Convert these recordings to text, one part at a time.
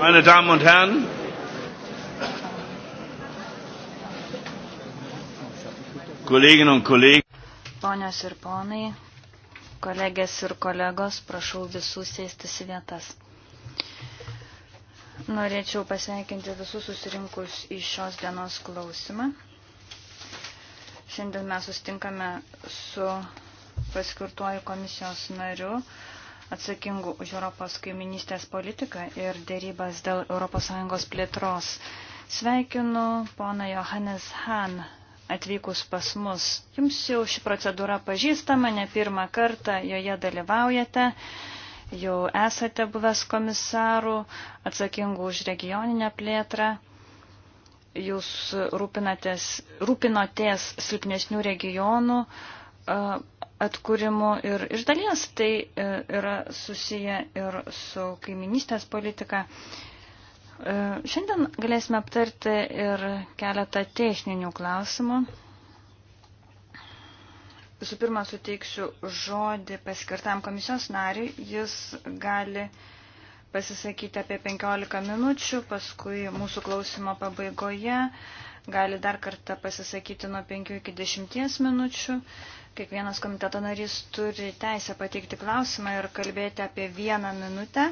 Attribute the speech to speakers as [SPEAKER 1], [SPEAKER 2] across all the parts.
[SPEAKER 1] Meine Damen und Herren,
[SPEAKER 2] Kolleginnen und Kollegen,
[SPEAKER 1] Ponios ir ponai, kolegės ir kolegos, prašau visus sėstis į vietas. Norėčiau pasveikinti visus susirinkus į šios dienos klausimą. Šiandien mes sustinkame su paskirtuoju komisijos nariu atsakingu už Europos kaiminystės politiką ir dėrybas dėl ES plėtros. Sveikinu poną Johannes Han atvykus pas mus. Jums jau ši procedūra pažįstama, ne pirmą kartą joje dalyvaujate, jau esate buvęs komisarų atsakingų už regioninę plėtrą jūs rūpinatės, rūpinotės silpnesnių regionų atkūrimu ir iš dalies tai e, yra susiję ir su kaiminystės politika. E, šiandien galėsime aptarti ir keletą techninių klausimų. Visų pirma, suteiksiu žodį paskirtam komisijos nariui. Jis gali pasisakyti apie 15 minučių, paskui mūsų klausimo pabaigoje gali dar kartą pasisakyti nuo 5 iki 10 minučių Kiekvienas komiteto narys turi teisę pateikti klausimą ir kalbėti apie vieną minutę.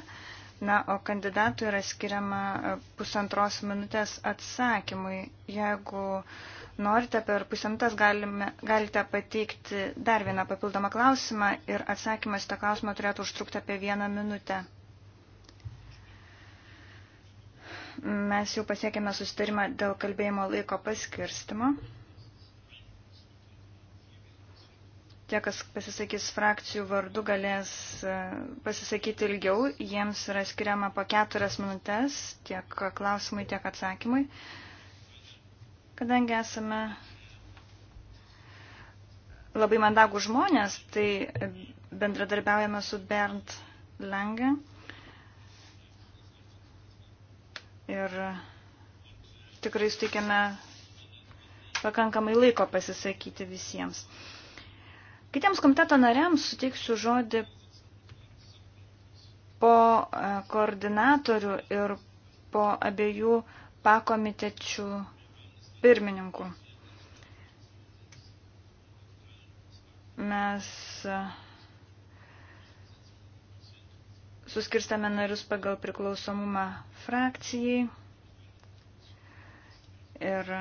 [SPEAKER 1] Na, o kandidatui yra skiriama e, pusantros minutės atsakymui. Jeigu norite, per pusantras galime, galite pateikti dar vieną papildomą klausimą ir atsakymas tą klausimą turėtų užtrukti apie vieną minutę. Mes jau pasiekėme susitarimą dėl kalbėjimo laiko paskirstimo. Tie, kas pasisakys frakcijų vardu, galės e, pasisakyti ilgiau. Jiems yra skiriama po keturias minutės tiek klausimui, tiek atsakymui. Kadangi esame labai mandagų žmonės, tai bendradarbiaujame su Bernd Lange. Ir tikrai suteikiame pakankamai laiko pasisakyti visiems. Kitiems komiteto nariams suteiksiu žodį po e, koordinatorių ir po abiejų pakomitečių pirmininkų. Mes e, suskirstame narius pagal priklausomumą frakcijai ir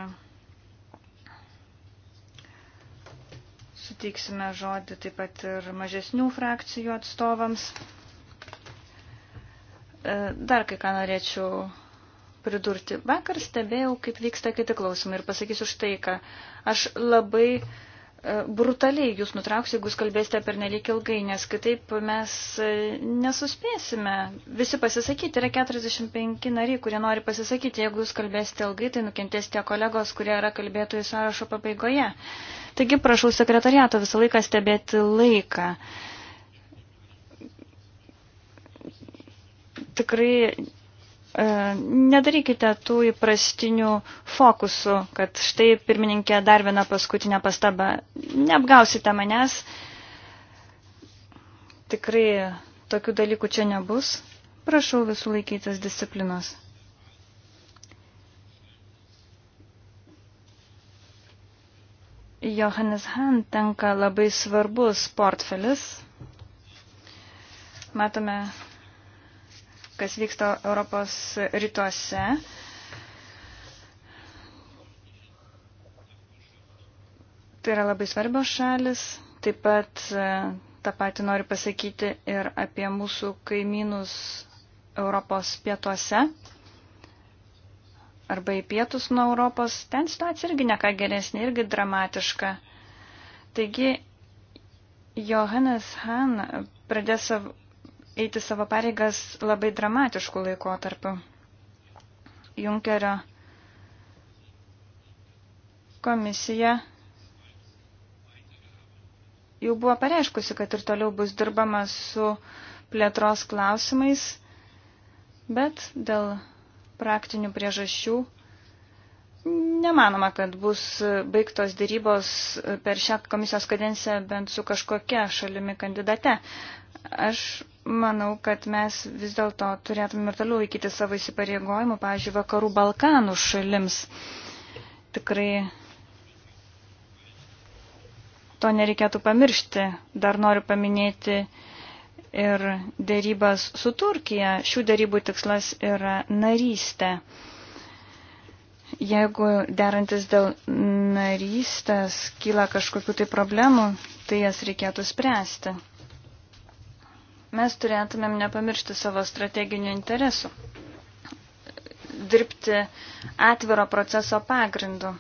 [SPEAKER 1] Suteiksime žodį taip pat ir mažesnių frakcijų atstovams. E, dar kai ką norėčiau pridurti. Vakar stebėjau, kaip vyksta kiti klausimai ir pasakysiu štai ką. Aš labai e, brutaliai jūs nutrauksiu, jeigu jūs kalbėsite per nelik ilgai, nes kitaip mes e, nesuspėsime visi pasisakyti. Yra 45 nariai, kurie nori pasisakyti. Jeigu jūs kalbėsite ilgai, tai nukentės tie kolegos, kurie yra kalbėtojų sąrašo pabaigoje. Taigi prašau sekretariato visą laiką stebėti laiką. Tikrai e, nedarykite tų įprastinių fokusų, kad štai pirmininkė dar viena paskutinė pastaba. Neapgausite manęs. Tikrai tokių dalykų čia nebus. Prašau visų laikytis disciplinos. Johannes Han tenka labai svarbus portfelis. Matome, kas vyksta Europos rytuose. Tai yra labai svarbios šalis. Taip pat e, tą patį noriu pasakyti ir apie mūsų kaimynus Europos pietuose arba į pietus nuo Europos, ten situacija irgi neką geresnė, irgi dramatiška. Taigi Johannes Han pradės savo, eiti savo pareigas labai dramatiškų laikotarpių. Junkerio komisija jau buvo pareiškusi, kad ir toliau bus dirbama su plėtros klausimais, bet dėl praktinių priežasčių nemanoma, kad bus baigtos dėrybos per šią komisijos kadenciją bent su kažkokia šalimi kandidate. Aš manau, kad mes vis dėlto turėtume ir toliau laikyti savo įsipareigojimų, pavyzdžiui, vakarų Balkanų šalims. Tikrai to nereikėtų pamiršti. Dar noriu paminėti ir dėrybas su Turkija. Šių dėrybų tikslas yra narystė. Jeigu derantis dėl narystės kyla kažkokiu tai problemu, tai jas reikėtų spręsti. Mes turėtumėm nepamiršti savo strateginių interesų. Dirbti atviro proceso pagrindu.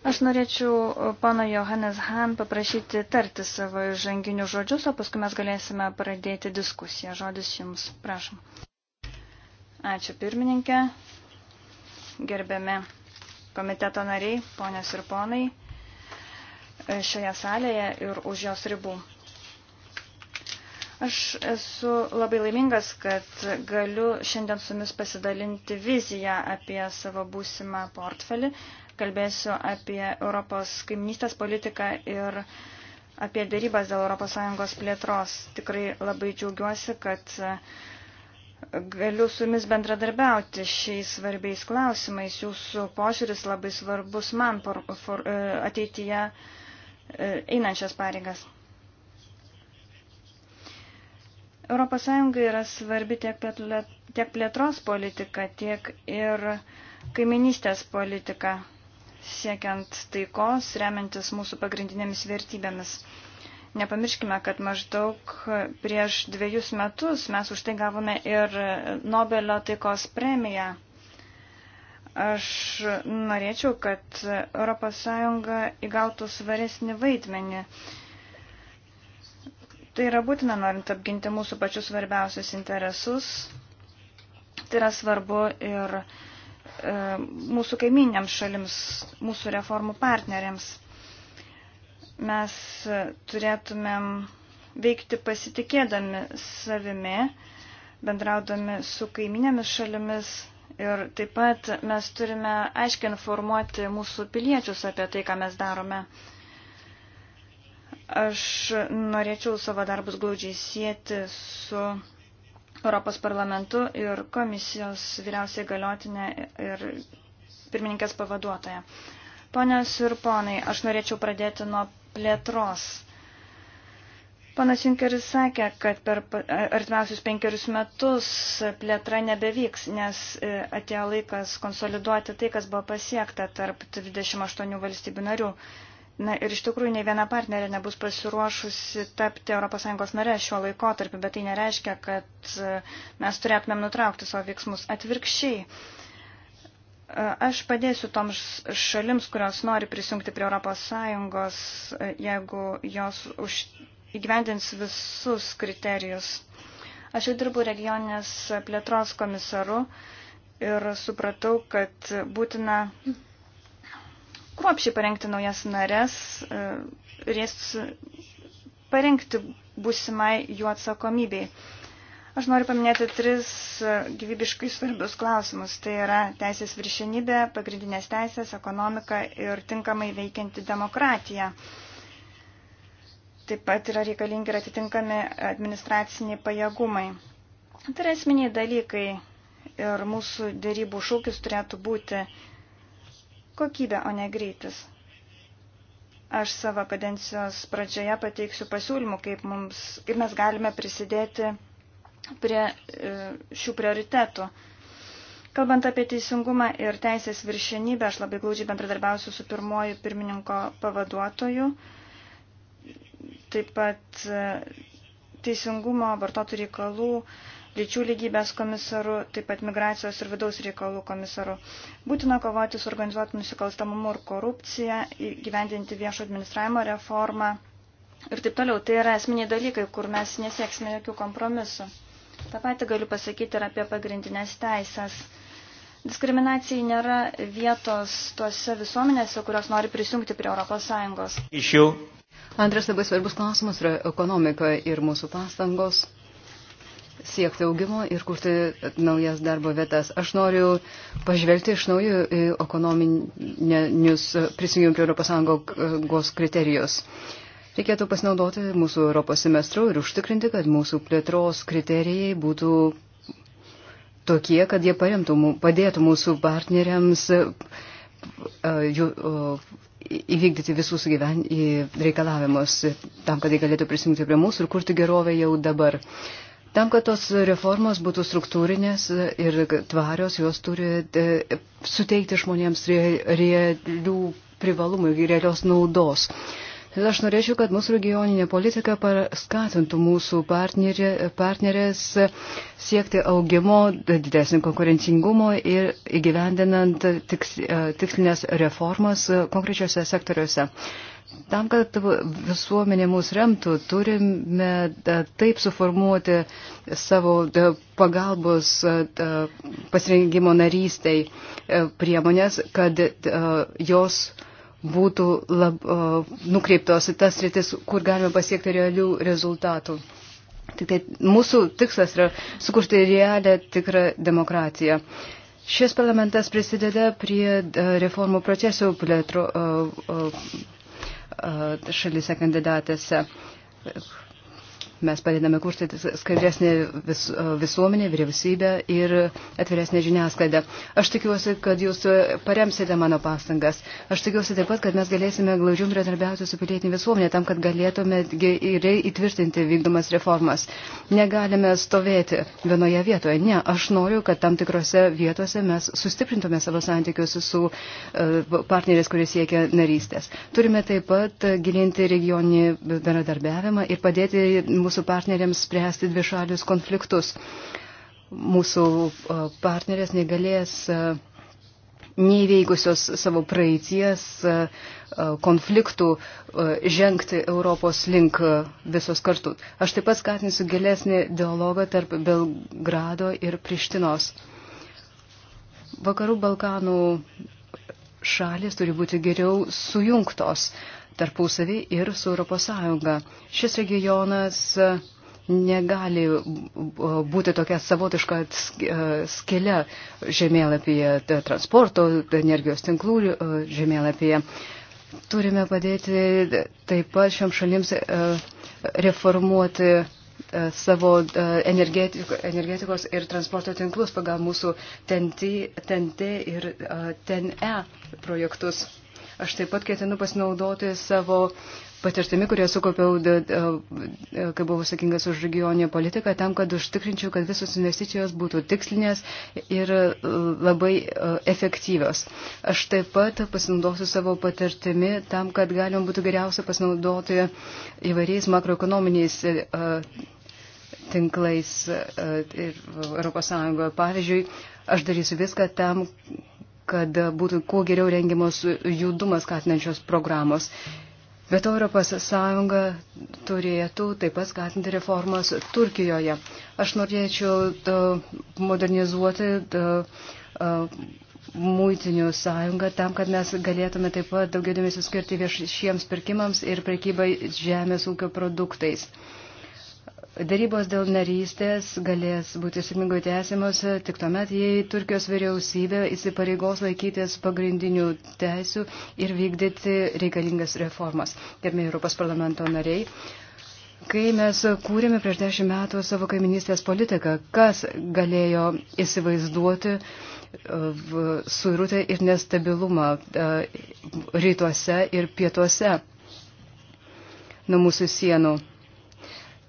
[SPEAKER 1] Aš norėčiau e, pono Johannes Han paprašyti tarti savo žanginių žodžius, o paskui mes galėsime pradėti diskusiją. Žodis jums, prašom. Ačiū pirmininkė, gerbiami komiteto nariai, ponios ir ponai, e, šioje salėje ir už jos ribų. Aš esu labai laimingas, kad galiu šiandien su jumis pasidalinti viziją apie savo būsimą portfelį, kalbėsiu apie Europos kaimynystės politiką ir apie dėrybas dėl ES plėtros. Tikrai labai džiaugiuosi, kad galiu su jumis bendradarbiauti šiais svarbiais klausimais. Jūsų požiūris labai svarbus man por, for, e, ateityje e, einančias pareigas. ES yra svarbi tiek plėtros politika, tiek ir kaiminystės politika siekiant taikos, remiantis mūsų pagrindinėmis vertybėmis. Nepamirškime, kad maždaug prieš dviejus metus mes už tai gavome ir Nobelio taikos premiją. Aš norėčiau, kad ES įgautų svaresnį vaidmenį. Tai yra būtina, norint apginti mūsų pačius svarbiausius interesus. Tai yra svarbu ir uh, E, mūsų kaiminėms šalims, mūsų reformų partneriams. Mes turėtumėm veikti pasitikėdami savimi, bendraudami su kaiminėmis šalimis ir taip pat mes turime aiškiai informuoti mūsų piliečius apie tai, ką mes darome. Aš norėčiau savo darbus glaudžiai sieti su Europos parlamentu ir komisijos vyriausiai galiotinė ir pirmininkės pavaduotoja. Ponios ir ponai, aš norėčiau pradėti nuo plėtros. Panas Junkeris sakė, kad per artimiausius penkerius metus plėtra nebevyks, nes e, atėjo laikas konsoliduoti tai, kas buvo pasiekta tarp 28 valstybių narių. Na ir iš tikrųjų ne viena partnerė nebus pasiruošusi tapti ES nare šiuo laikotarpiu, bet tai nereiškia, kad e, mes turėtumėm nutraukti savo veiksmus atvirkščiai. E, aš padėsiu toms šalims, kurios nori prisijungti prie ES, e, jeigu jos už... įgyvendins visus kriterijus. Aš jau dirbu regioninės plėtros komisaru ir supratau, kad būtina kruopšiai parengti naujas narės, e, reis parengti būsimai jų atsakomybei. Aš noriu paminėti tris e, gyvybiškai svarbius klausimus. Tai yra teisės viršenybė, pagrindinės teisės, ekonomika ir tinkamai veikianti demokratija. Taip pat yra reikalingi ir atitinkami administraciniai pajėgumai. Tai yra esminiai dalykai ir mūsų dėrybų šūkis turėtų būti kokybę, o ne greitis. Aš savo kadencijos pradžioje pateiksiu pasiūlymų, kaip, mums, kaip mes galime prisidėti prie e, šių prioritetų. Kalbant apie teisingumą ir teisės viršenybę, aš labai glaudžiai bendradarbiausiu su pirmoju pirmininko pavaduotoju. Taip pat e, teisingumo vartotojų reikalų lyčių lygybės komisaru, taip pat migracijos ir vidaus reikalų komisaru. Būtina kovoti su organizuotų nusikalstamumu ir korupcija, gyvendinti viešo administravimo reformą ir taip toliau. Tai yra esminiai dalykai, kur mes nesieksime jokių kompromisų. Ta pati galiu pasakyti ir apie pagrindinės teisės. Diskriminacijai nėra vietos tuose visuomenėse, kurios nori prisijungti prie ES.
[SPEAKER 2] Antras labai svarbus klausimas yra ekonomika ir mūsų pastangos siekti augimo ir kurti naujas darbo vietas. Aš noriu pažvelgti iš naujo į ekonominius prisijungimų prie ES kriterijus. Reikėtų pasinaudoti mūsų Europos semestru ir užtikrinti, kad mūsų plėtros kriterijai būtų tokie, kad jie paremtų, padėtų mūsų partneriams e, įvykdyti visus gyven, reikalavimus tam, kad jie galėtų prisijungti prie mūsų ir kurti gerovę jau dabar. Tam, kad tos reformos būtų struktūrinės ir tvarios, jos turi e, suteikti žmonėms realių privalumų ir realios naudos. Ir aš norėčiau, kad mūsų regioninė politika paskatintų mūsų partnerė, partnerės siekti augimo, didesnį konkurencingumo ir įgyvendinant tiks, e, tikslinės reformas konkrečiose sektoriuose. Tam, kad visuomenė mus remtų, turime e, taip suformuoti savo e, pagalbos e, pasirengimo narystiai priemonės, kad jos būtų lab, nukreiptos į tas rytis, kur galime pasiekti realių rezultatų. Tik tai mūsų tikslas yra sukurti realią tikrą demokratiją. Šis parlamentas prisideda prie reformų procesų plėtro. Uh, uh, šalise kandidatėse. Mes padedame kurti skaidresnį vis, visuomenę, vyriausybę ir atviresnę žiniasklaidą. Aš tikiuosi, kad jūs paremsite mano pastangas. Aš tikiuosi taip pat, kad mes galėsime glaudžiau bendradarbiauti su pilietinė visuomenė tam, kad galėtume ir įtvirtinti vykdomas reformas. Negalime stovėti vienoje vietoje. Ne, aš noriu, kad tam tikrose vietose mes sustiprintume savo santykius su e, partneriais, kurie siekia narystės. Turime taip pat gilinti regioninį bendradarbiavimą ir padėti mūsų mūsų partneriams spręsti dvišalius konfliktus. Mūsų e, partnerės negalės e, neįveikusios savo praeities e, konfliktų žengti Europos link visos kartu. Aš taip pat skatinsiu gilesnį dialogą tarp Belgrado ir Prištinos. Vakarų Balkanų šalis turi būti geriau sujungtos tarpusavį ir su ES. Šis regionas e, negali e, būti tokia savotiška skelia žemėlapyje, transporto, energijos tinklų e, žemėlapyje. Turime padėti taip pat šiam šalims reformuoti savo energetikos ir transporto tinklus pagal mūsų TNT, TNT ir TNE projektus. Aš taip pat ketinu pasinaudoti savo patirtimi, kurie sukaupiau, e, kai buvau sakingas už regioninę politiką, tam, kad užtikrinčiau, kad visos investicijos būtų tikslinės ir e, labai e, efektyvios. Aš taip pat pasinaudosiu savo patirtimi tam, kad galima būtų geriausia pasinaudoti įvairiais makroekonominiais tinklais ir Europos Sąjungoje. Pavyzdžiui, aš darysiu viską tam, kad būtų kuo geriau rengiamos judumą skatinančios programos. Bet Europos Sąjunga turėtų taip pat skatinti reformas Turkijoje. Aš norėčiau da, modernizuoti da, a, muitinių sąjungą tam, kad mes galėtume taip pat daugiau dėmesio skirti viešiems pirkimams ir prekybai žemės ūkio produktais. A, Darybos dėl narystės galės būti sėkmingai tęsiamos e, tik tuomet, jei Turkijos vyriausybė įsipareigos laikytis pagrindinių teisių ir vykdyti reikalingas reformas. Gerbėjai Europos parlamento nariai, kai mes kūrėme prieš dešimt metų savo kaiminystės politiką, kas galėjo įsivaizduoti e, suirutę ir nestabilumą e, rytuose ir pietuose nuo mūsų sienų.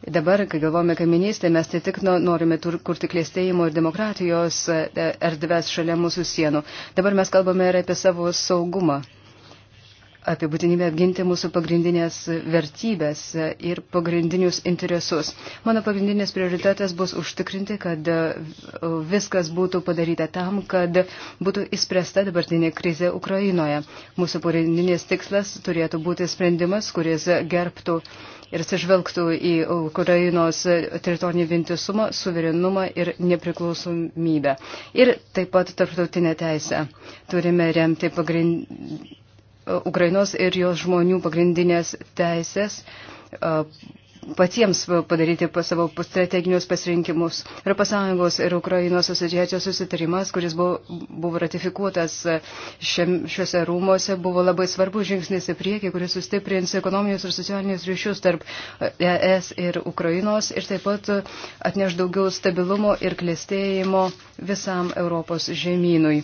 [SPEAKER 2] Dabar, kai galvojame kaiminystę, mes tai tik norime kurti klėstėjimo ir demokratijos e, e, erdves šalia mūsų sienų. Dabar mes kalbame ir apie savo saugumą, apie būtinybę apginti mūsų pagrindinės vertybės e, ir pagrindinius interesus. Mano pagrindinės prioritetas bus užtikrinti, kad viskas būtų padaryta tam, kad būtų įspręsta dabartinė krizė Ukrainoje. Mūsų pagrindinės tikslas turėtų būti sprendimas, kuris gerbtų ir atsižvelgtų į Ukrainos teritorinį vientisumą, suverenumą ir nepriklausomybę. Ir taip pat tarptautinę teisę. Turime remti pagrind... Ukrainos ir jos žmonių pagrindinės teisės patiems padaryti savo strateginius pasirinkimus. Europos Sąjungos ir Ukrainos asociacijos susitarimas, kuris buvo, buvo ratifikuotas e, šiam, šiuose rūmose, buvo labai svarbus žingsnis į priekį, kuris sustiprins ekonominius ir socialinius ryšius tarp ES e ir Ukrainos ir taip pat e, atneš daugiau stabilumo ir klėstėjimo visam Europos žemynui.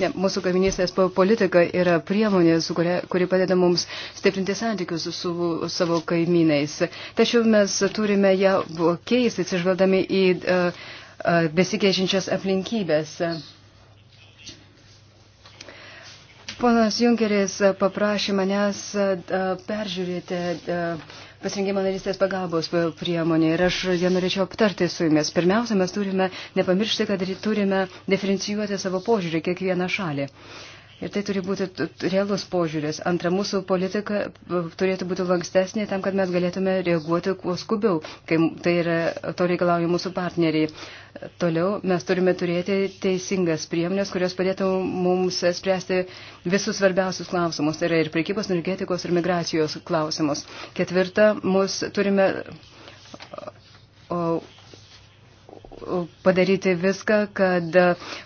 [SPEAKER 2] Ne, mūsų kaiminystės politika yra priemonė, kuria, kuri padeda mums stiprinti santykius su, su savo kaimynais. Tačiau mes turime ją keisti, atsižvelgdami į uh, uh, besikeičiančias aplinkybės. Ponas Junkeris paprašė manęs uh, peržiūrėti. Uh, pasirinkimo narystės pagalbos priemonė ir aš ją norėčiau aptarti su jumis. Pirmiausia, mes turime nepamiršti, kad turime diferencijuoti savo požiūrį kiekvieną šalį. Uh, Ir tai turi būti realus požiūris. Antra, mūsų politika turėtų būti lankstesnė tam, kad mes galėtume reaguoti kuo skubiau, kai tai yra, to reikalauja mūsų partneriai. Toliau mes turime turėti teisingas priemonės, kurios padėtų mums spręsti visus svarbiausius klausimus. Tai yra ir prekybos, energetikos, ir migracijos klausimus. Ketvirta, mus turime. O, padaryti viską, kad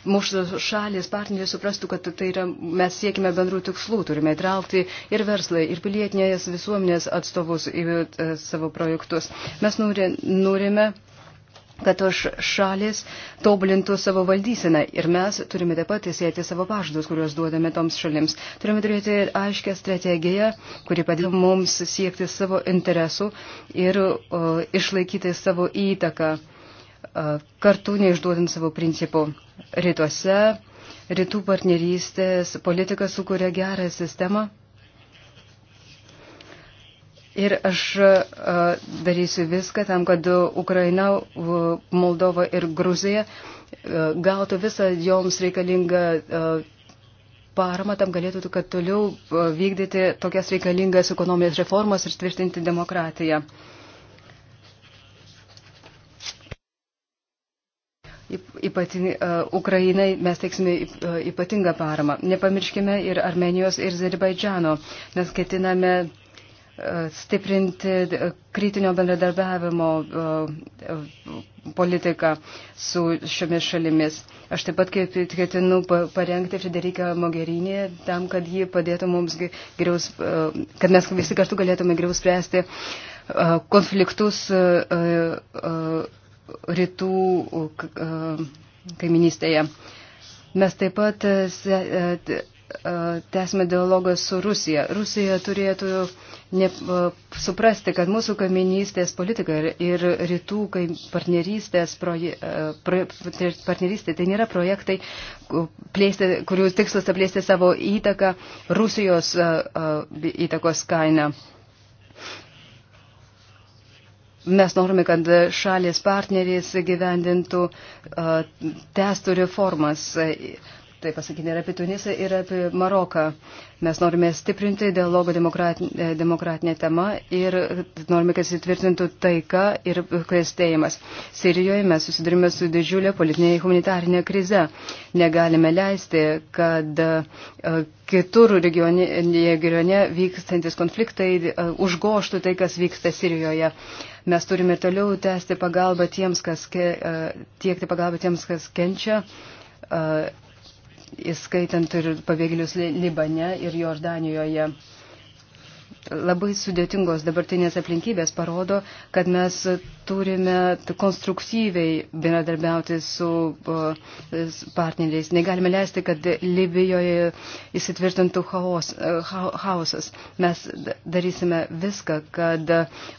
[SPEAKER 2] mūsų šalis partneriai suprastų, kad tai yra, mes siekime bendrų tikslų, turime įtraukti ir verslai, ir pilietinės visuomenės atstovus į e, savo projektus. Mes norime kad tos šalis tobulintų savo valdyseną ir mes turime taip pat įsėti savo pažadus, kuriuos duodame toms šalims. Turime turėti aiškę strategiją, kuri padėtų mums siekti savo interesų ir o, išlaikyti savo įtaką kartu neišduodant savo principų. Rytuose rytų partnerystės politika sukuria gerą sistemą. Ir aš darysiu viską tam, kad Ukraina, Moldova ir Gruzija gautų visą joms reikalingą paramą, tam galėtų, kad toliau vykdyti tokias reikalingas ekonomijos reformas ir tvirtinti demokratiją. Ypatingai uh, Ukrainai mes teiksime uh, ypatingą paramą. Nepamirškime ir Armenijos, ir Azerbaidžiano, nes ketiname uh, stiprinti uh, kritinio bendradarbiavimo uh, politiką su šiomis šalimis. Aš taip pat ketinu parengti Frederiką Mogerinį tam, kad ji padėtų mums geriau, uh, kad mes visi kartu galėtume geriau spręsti uh, konfliktus. Uh, uh, rytų kaiminystėje. Mes taip pat e, e, e, tęsime dialogą su Rusija. Rusija turėtų ne, suprasti, kad mūsų kaiminystės politika ir rytų partnerystės proje, pro, partnerystė tai nėra projektai, plėsti, kurių tikslas aplėsti savo įtaką Rusijos įtakos kainą. Mes norime, kad šalės partnerės gyvendintų, testų reformas. Tai pasakyti ir apie Tunisą, ir apie Maroką. Mes norime stiprinti dialogą demokratinė, demokratinė tema ir norime, kad įtvirtintų taika ir klėstėjimas. Sirijoje mes susidurime su didžiulė politinė humanitarinė krize. Negalime leisti, kad kitur regione, regione vykstantis konfliktai užgoštų tai, kas vyksta Sirijoje. Uh, Mes turime ir toliau tęsti pagalbą tiems, kas, ke, tiekti pagalbą tiems, kas kenčia, įskaitant ir pabėgėlius Libane ir Jordanijoje labai sudėtingos dabartinės aplinkybės parodo, kad mes turime konstruktyviai bendradarbiauti su partneriais. Negalime leisti, kad Libijoje įsitvirtintų chaos, e, chaosas. Mes darysime viską, kad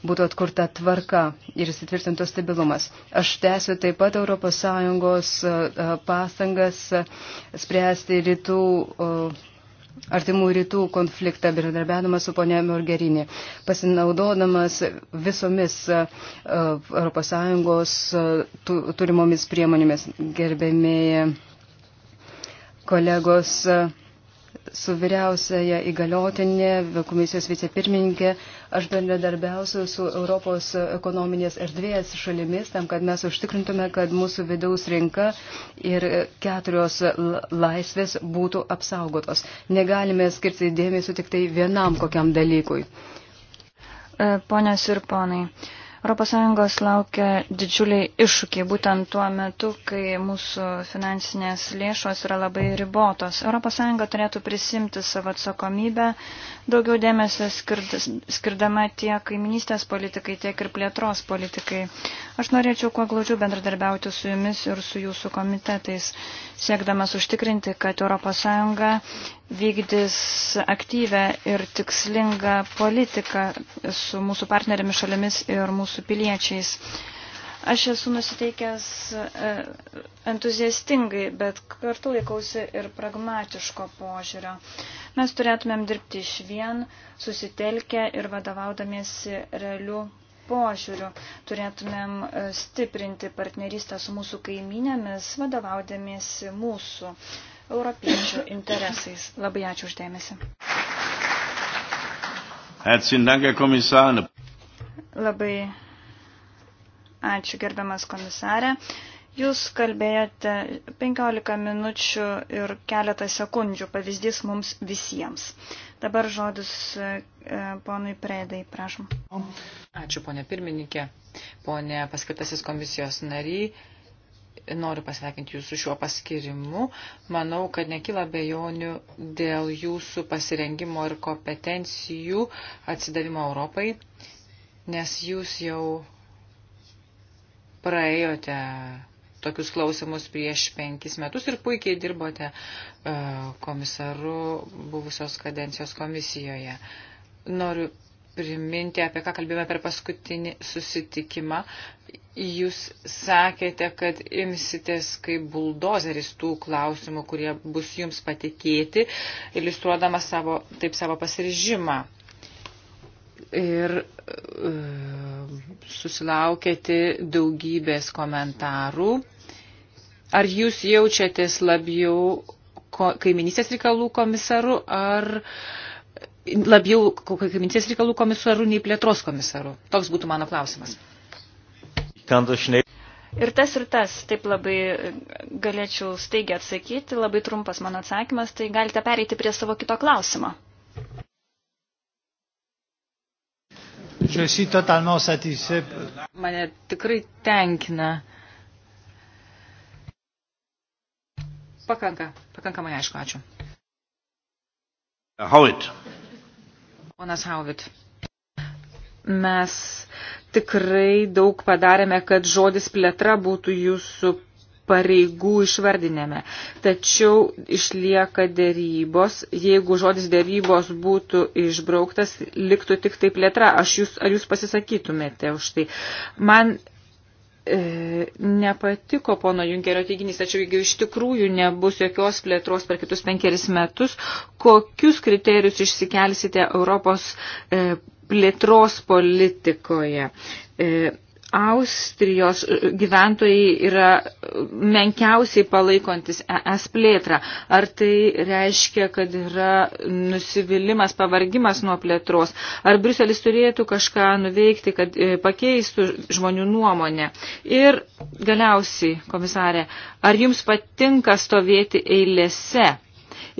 [SPEAKER 2] būtų atkurta tvarka ir įsitvirtintų stabilumas. Aš tęsiu taip pat ES e, e, pastangas spręsti rytų artimų rytų konfliktą bendradarbiavimą su ponė Morgerinė, pasinaudodamas visomis ES turimomis priemonėmis gerbėmėje kolegos. Uh, su vyriausiaja įgaliotinė, komisijos vicepirmininkė, aš bendradarbiausiu su Europos ekonominės erdvės šalimis, tam, kad mes užtikrintume, kad mūsų vidaus rinka ir keturios laisvės būtų apsaugotos. Negalime skirti dėmesio tik tai vienam kokiam dalykui. E,
[SPEAKER 1] ponios ir ponai. ES laukia didžiuliai iššūkiai, būtent tuo metu, kai mūsų finansinės lėšos yra labai ribotos. ES turėtų prisimti savo atsakomybę, daugiau dėmesio skirdama tiek kaiminystės politikai, tiek ir plėtros politikai. Aš norėčiau kuo glaudžiau bendradarbiauti su jumis ir su jūsų komitetais siekdamas užtikrinti, kad ES vykdys aktyvę ir tikslingą politiką su mūsų partnerėmis šalimis ir mūsų piliečiais. Aš esu nusiteikęs e, entuziastingai, bet kartu laikausi ir pragmatiško požiūrio. Mes turėtumėm dirbti iš vien, susitelkę ir vadovaudamiesi realių požiūriu. Turėtumėm e, stiprinti partnerystę su mūsų kaiminėmis, vadovaudamiesi mūsų europiečių interesais. Labai ačiū uždėmesi. Labai ačiū gerbiamas komisarė. Jūs kalbėjote 15 minučių ir keletą sekundžių, pavyzdys mums visiems. Dabar žodis e, e, ponui Predai, prašom.
[SPEAKER 3] Ačiū, ponė pirmininkė. Ponė paskirtasis komisijos nariai, noriu pasveikinti jūsų šiuo paskirimu. Manau, kad nekyla bejonių dėl jūsų pasirengimo ir kompetencijų atsidavimo Europai, nes jūs jau praėjote tokius klausimus prieš penkis metus ir puikiai dirbote e, komisaru buvusios kadencijos komisijoje. Noriu priminti, apie ką kalbėjome per paskutinį susitikimą. Jūs sakėte, kad imsitės kaip buldozeris tų klausimų, kurie bus jums patikėti, iliustruodama savo, taip savo pasiryžimą ir e, susilaukėte daugybės komentarų. Ar jūs jaučiatės labiau kaiminystės reikalų komisaru ar labiau kaiminystės reikalų komisaru nei plėtros komisaru? Toks būtų mano klausimas.
[SPEAKER 1] Ir tas ir tas, taip labai galėčiau staigiai atsakyti, labai trumpas mano atsakymas, tai galite pereiti prie savo kito klausimo.
[SPEAKER 3] Mane tikrai tenkina. Pakanka, pakankamai aišku, ačiū. Howitt. Ponas Howitt. Mes tikrai daug padarėme, kad žodis plėtra būtų jūsų pareigų išvardinėme. Tačiau išlieka dėrybos. Jeigu žodis dėrybos būtų išbrauktas, liktų tik tai plėtra. Aš jūs, ar jūs pasisakytumėte už tai? Man e, nepatiko pono Junkerio teiginys, tačiau jeigu iš tikrųjų nebus jokios plėtros per kitus penkeris metus, kokius kriterijus išsikelsite Europos e, plėtros politikoje? E, Austrijos e, gyventojai yra menkiausiai palaikantis ES plėtrą. Ar tai reiškia, kad yra nusivylimas, pavargimas nuo plėtros? Ar Bruselis turėtų kažką nuveikti, kad e, pakeistų žmonių nuomonę? Ir galiausiai, komisarė, ar jums patinka stovėti eilėse?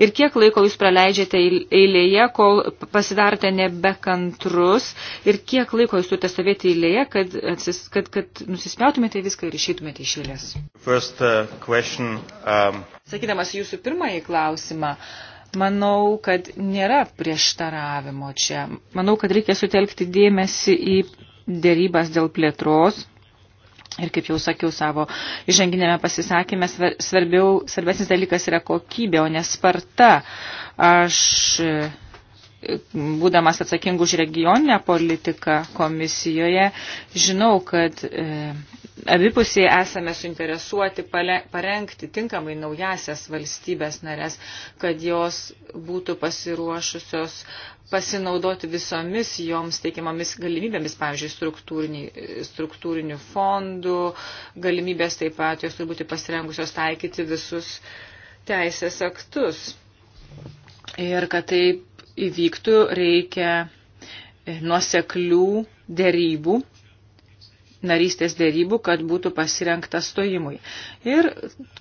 [SPEAKER 3] ir kiek laiko jūs praleidžiate eilėje, kol pasidarote nebekantrus ir kiek laiko jūs turite stovėti eilėje, kad, atsis, kad, kad nusispjautumėte viską ir išeitumėte iš eilės.
[SPEAKER 1] First, uh, question, um...
[SPEAKER 3] Sakydamas jūsų pirmąjį klausimą, manau, kad nėra prieštaravimo čia. Manau, kad reikia sutelkti dėmesį į dėrybas dėl plėtros Ir kaip jau sakiau savo įženginėme pasisakymė, svarbiau, svarbesnis dalykas yra kokybė, o ne sparta. Aš būdamas atsakingų už regioninę politiką komisijoje, žinau, kad e, abipusiai esame suinteresuoti pale, parengti tinkamai naujasias valstybės narės, kad jos būtų pasiruošusios pasinaudoti visomis joms teikiamomis galimybėmis, pavyzdžiui, struktūrinių fondų, galimybės taip pat jos turi būti pasirengusios taikyti visus teisės aktus. Ir kad tai įvyktų, reikia e, nuoseklių dėrybų, narystės dėrybų, kad būtų pasirengta stojimui. Ir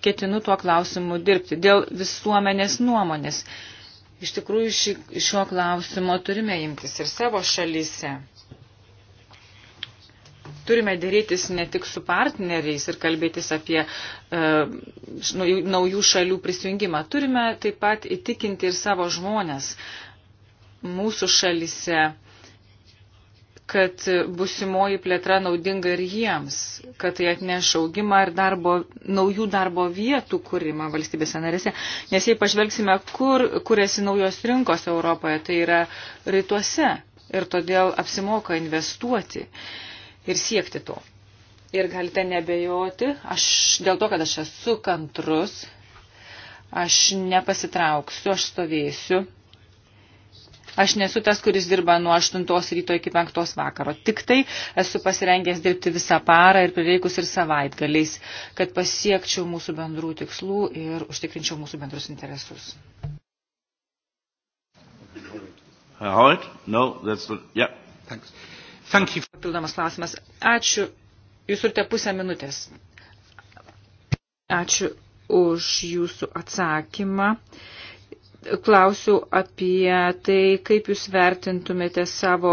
[SPEAKER 3] ketinu tuo klausimu dirbti dėl visuomenės nuomonės. Iš tikrųjų, ši, šio klausimo turime imtis ir savo šalyse. Turime dėrėtis ne tik su partneriais ir kalbėtis apie e, naujų šalių prisijungimą. Turime taip pat įtikinti ir savo žmonės, mūsų šalise, kad busimoji plėtra naudinga ir jiems, kad tai atneš augimą ir darbo, naujų darbo vietų kūrimą valstybėse narėse. Nes jei pažvelgsime, kur kuriasi naujos rinkos Europoje, tai yra rytuose ir todėl apsimoka investuoti ir siekti to. Ir galite nebejoti, aš dėl to, kad aš esu kantrus, aš nepasitrauksiu, aš stovėsiu Aš nesu tas, kuris dirba nuo 8 ryto iki 5 vakaro. Tik tai esu pasirengęs dirbti visą parą ir prireikus ir savaitgaliais, kad pasiekčiau mūsų bendrų tikslų ir užtikrinčiau mūsų bendrus interesus.
[SPEAKER 1] Howard? No, that's the... Yeah. Thanks. Thank you.
[SPEAKER 3] Papildomas klausimas. Ačiū. Jūs turite pusę minutės. Ačiū už jūsų atsakymą. Uh, klausiau apie tai, kaip jūs vertintumėte savo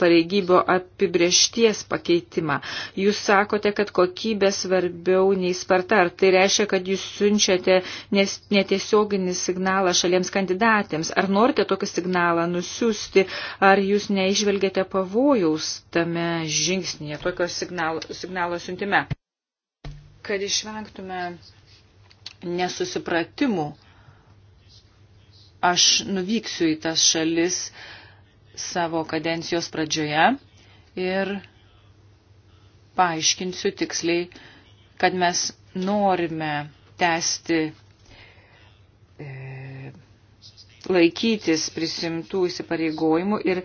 [SPEAKER 3] pareigybo apibriešties pakeitimą. Jūs sakote, kad kokybė svarbiau nei sparta. Ar tai reiškia, kad jūs siunčiate netiesioginį signalą šaliems kandidatėms? Ar norite tokį signalą nusiųsti? Ar jūs neižvelgiate pavojaus tame žingsnėje, tokio signalo, signalo siuntime? Kad išvengtume nesusipratimų Aš nuvyksiu į tas šalis savo kadencijos pradžioje ir paaiškinsiu tiksliai, kad mes norime tęsti e, laikytis prisimtų įsipareigojimų ir e,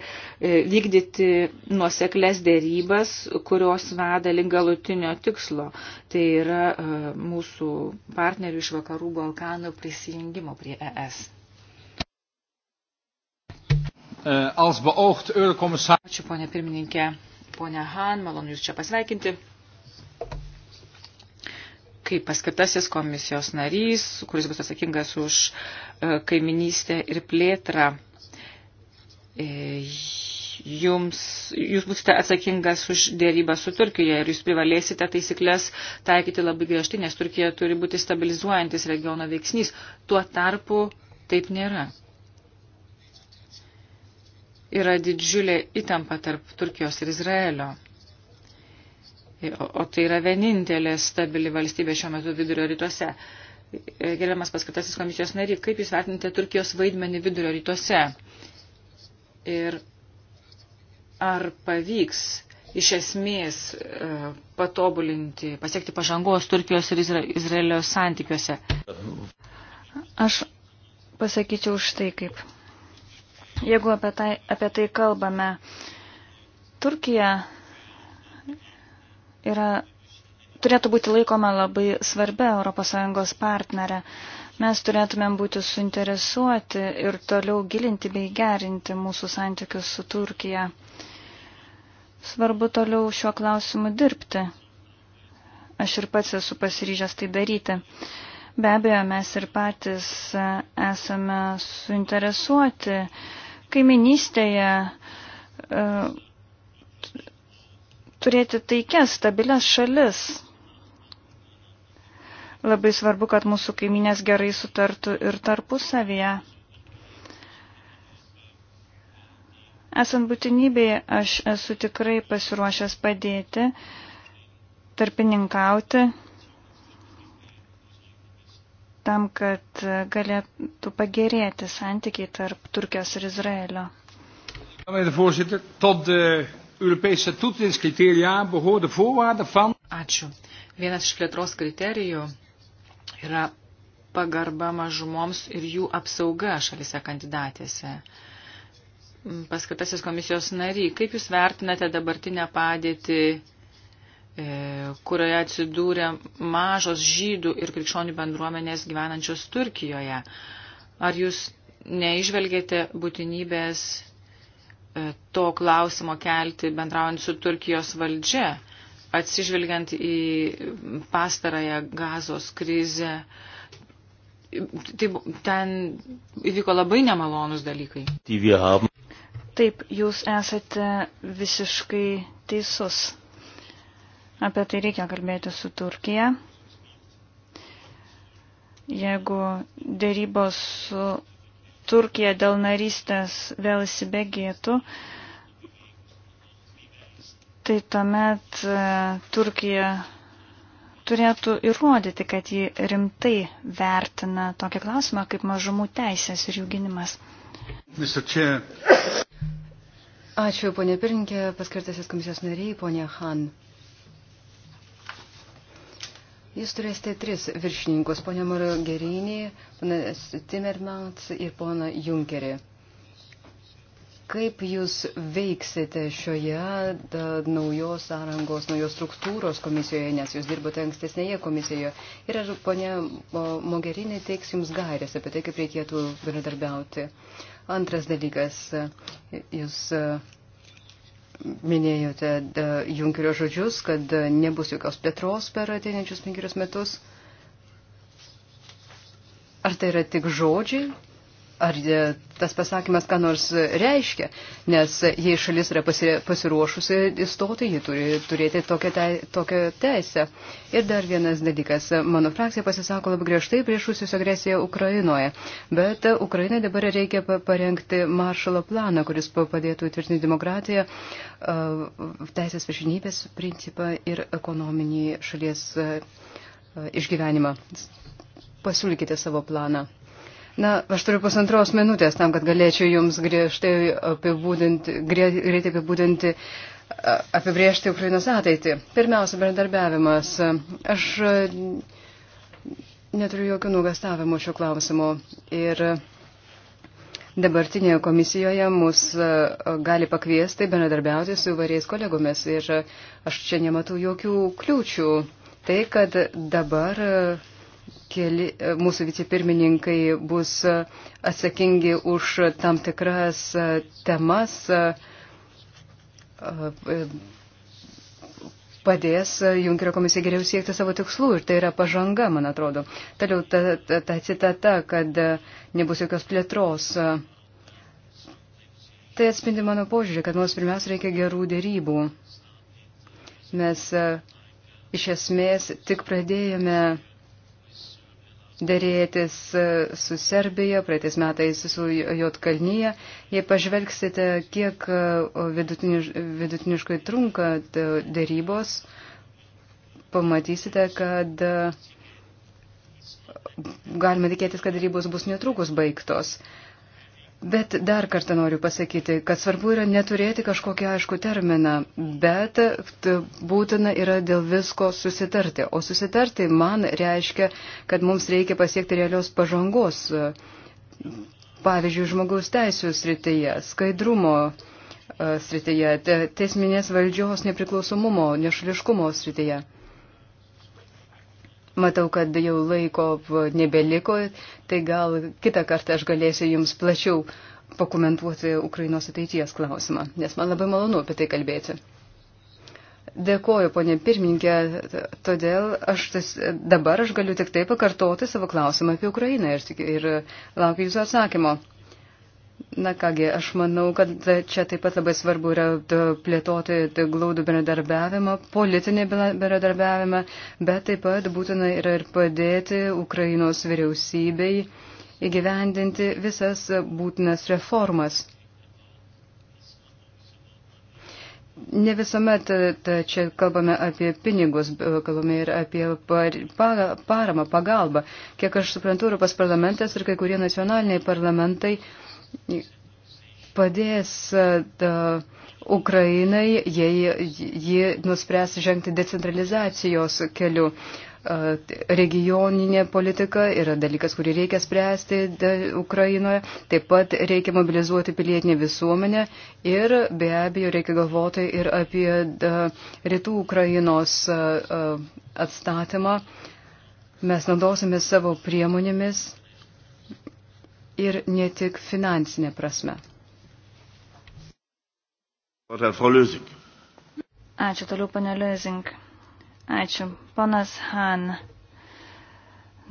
[SPEAKER 3] vykdyti nuoseklės dėrybas, kurios veda link galutinio tikslo. Tai yra e, mūsų partnerių iš Vakarų Balkanų prisijungimo prie ES. Eh, als beoogd eurocommissaris. Ačiū, ponė pirmininkė. Pone Han, malonu Jūs čia pasveikinti. Kaip paskirtasis komisijos narys, kuris bus atsakingas už eh, kaiminystę ir plėtrą, eh, jums, jūs būsite atsakingas už dėrybą su Turkija ir jūs privalėsite taisyklės taikyti labai griežtai, nes Turkija turi būti stabilizuojantis regiono veiksnys. Tuo tarpu taip nėra yra didžiulė įtampa tarp Turkijos ir Izraelio. O tai yra vienintelė stabili valstybė šiuo metu vidurio rytuose. Gerbiamas paskatasis komisijos nary, kaip jūs vertinate Turkijos vaidmenį vidurio rytuose? Ir ar pavyks iš esmės e, patobulinti, pasiekti pažangos Turkijos ir Izraelio santykiuose?
[SPEAKER 1] Aš pasakyčiau štai kaip Jeigu apie tai, apie tai kalbame, Turkija yra, turėtų būti laikoma labai svarbia ES partnerė. Mes turėtumėm būti suinteresuoti ir toliau gilinti bei gerinti mūsų santykius su Turkija. Svarbu toliau šiuo klausimu dirbti. Aš ir pats esu pasiryžęs tai daryti. Be abejo, mes ir patys e, esame suinteresuoti uh, kaiminystėje e, turėti taikės, stabilias šalis. Labai svarbu, kad mūsų kaiminės gerai sutartų ir tarpusavyje. Esant būtinybėje, aš esu tikrai pasiruošęs padėti, tarpininkauti tam, kad galėtų pagerėti santykiai tarp Turkijos ir Izraelio. Ačiū. Vienas iš
[SPEAKER 3] plėtros kriterijų yra pagarba mažumoms ir jų apsauga šalise kandidatėse. Mm, Paskatasis komisijos nariai, kaip Jūs vertinate dabartinę padėtį E, kurioje atsidūrė mažos žydų ir krikščionių bendruomenės gyvenančios Turkijoje. Ar jūs neižvelgėte būtinybės e, to klausimo kelti bendraujant su Turkijos valdžia, atsižvelgiant į pastarąją gazos krizę? Tai ten įvyko labai nemalonus dalykai.
[SPEAKER 1] Taip, jūs esate visiškai teisus. Apie tai reikia kalbėti su Turkija. Jeigu dėrybos su Turkija dėl narystės vėl įsibėgėtų, tai tuomet e, Turkija turėtų įrodyti, kad ji rimtai vertina tokį klausimą kaip mažumų teisės ir jų gynimas.
[SPEAKER 2] Ačiū, ponė Pirinkė, paskirtasis komisijos nariai, ponė Han. Jūs turėsite tris viršininkus, ponę Maro Gerinį, poną Timmermans ir poną Junkerį. Kaip jūs veiksite šioje da, naujos sąrangos, naujos struktūros komisijoje, nes jūs dirbote ankstesnėje komisijoje. Ir ar ponė Mogerinė teiks jums gairės apie tai, kaip reikėtų bendradarbiauti. Antras dalykas, jūs. Uh, minėjote Junkerio žodžius, kad nebus jokios plėtros per ateinančius penkerius metus. Ar tai yra tik žodžiai, ar e, tas pasakymas ką nors reiškia, nes e, jei šalis yra pasiruošusi įstoti, ji turi turėti tokią, te, tokią teisę. Ir dar vienas dalykas. Mano frakcija pasisako labai griežtai prieš Rusijos agresiją Ukrainoje, bet e, Ukrainai dabar reikia parengti maršalo planą, kuris padėtų įtvirtinti demokratiją, teisės viršinybės principą ir ekonominį šalies išgyvenimą. Pasiūlykite savo planą. Na, aš turiu pusantros minutės tam, kad galėčiau jums griežtai apibūdinti, greitai apibūdinti, apibriežti Ukrainos ateitį. Pirmiausia, bendarbiavimas. Aš e, neturiu jokių nugastavimų šio klausimu. Ir dabartinėje komisijoje mus e, gali pakviesti bendradarbiauti su įvairiais kolegomis ir aš čia nematau jokių kliūčių. Tai, kad dabar keli e, mūsų vicepirmininkai bus e, atsakingi už tam tikras e, temas, padės Junkerio komisija geriau siekti savo tikslų ir tai yra pažanga, man atrodo. Toliau ta, ta, ta citata, kad nebus jokios plėtros. Tai atspindi mano požiūrį, kad mums pirmiausia reikia gerų dėrybų. Mes iš esmės tik pradėjome dėrėtis e, su Serbija, praeitais metais su Jotkalnyje. Jei pažvelgsite, kiek e, vidutiniš, vidutiniškai trunka e, dėrybos, pamatysite, kad galima tikėtis, kad dėrybos bus netrukus baigtos. Bet dar kartą noriu pasakyti, kad svarbu yra neturėti kažkokią aišku terminą, bet būtina yra dėl visko susitarti. O susitarti man reiškia, kad mums reikia pasiekti realios pažangos, pavyzdžiui, žmogaus teisų srityje, skaidrumo e, srityje, teisminės valdžios nepriklausomumo, nešališkumo srityje. Matau, kad jau laiko nebeliko, tai gal kitą kartą aš galėsiu jums plačiau pakomentuoti Ukrainos ateities klausimą, nes man labai malonu apie tai kalbėti. Dėkoju, ponė pirmininkė, todėl aš tas, dabar aš galiu tik tai pakartoti savo klausimą apie Ukrainą ir, ir laukiu jūsų atsakymo. Na kągi, aš manau, kad čia taip pat labai svarbu yra plėtoti glaudų bendradarbiavimą, politinį bendradarbiavimą, bet taip pat būtina yra ir padėti Ukrainos vyriausybei įgyvendinti visas būtinas reformas. Ne visuomet ta, čia kalbame apie pinigus, kalbame ir apie par, par, paramą, pagalbą. Kiek aš suprantu, Europos parlamentas ir kai kurie nacionaliniai parlamentai uh, padės e, Ukrainai, jei ji nuspręs žengti decentralizacijos keliu. E, regioninė politika yra dalykas, kurį reikia spręsti Ukrainoje. Taip pat reikia mobilizuoti pilietinę visuomenę ir be abejo reikia galvoti ir apie rytų Ukrainos e, atstatymą. Mes naudosime savo priemonėmis ir ne tik finansinė prasme. Ačiū
[SPEAKER 1] toliau, pane Lezing. Ačiū. Ponas Han.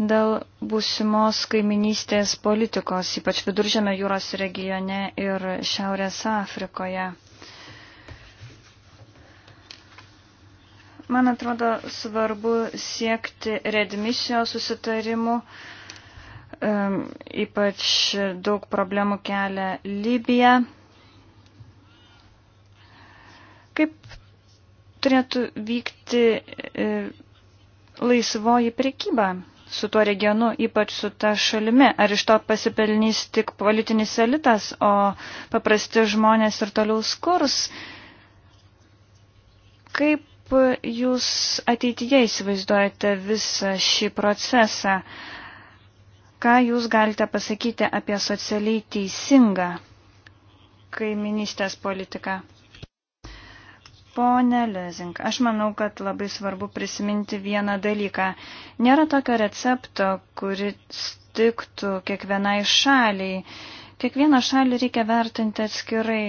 [SPEAKER 1] Dėl būsimos kaiminystės politikos, ypač viduržėme jūros regione ir Šiaurės Afrikoje. Man atrodo svarbu siekti redmisijos susitarimų Ypač daug problemų kelia Libija. Kaip turėtų vykti e, laisvoji prekyba su tuo regionu, ypač su ta šalimi? Ar iš to pasipelnys tik politinis elitas, o paprasti žmonės ir toliau skurs? Kaip jūs ateityje įsivaizduojate visą šį procesą? Ką Jūs galite pasakyti apie socialiai teisingą kaiminystės politiką? Pone Lezink, aš manau, kad labai svarbu prisiminti vieną dalyką. Nėra tokio recepto, kuris tiktų kiekvienai šaliai. Kiekvieną šalį reikia vertinti atskirai.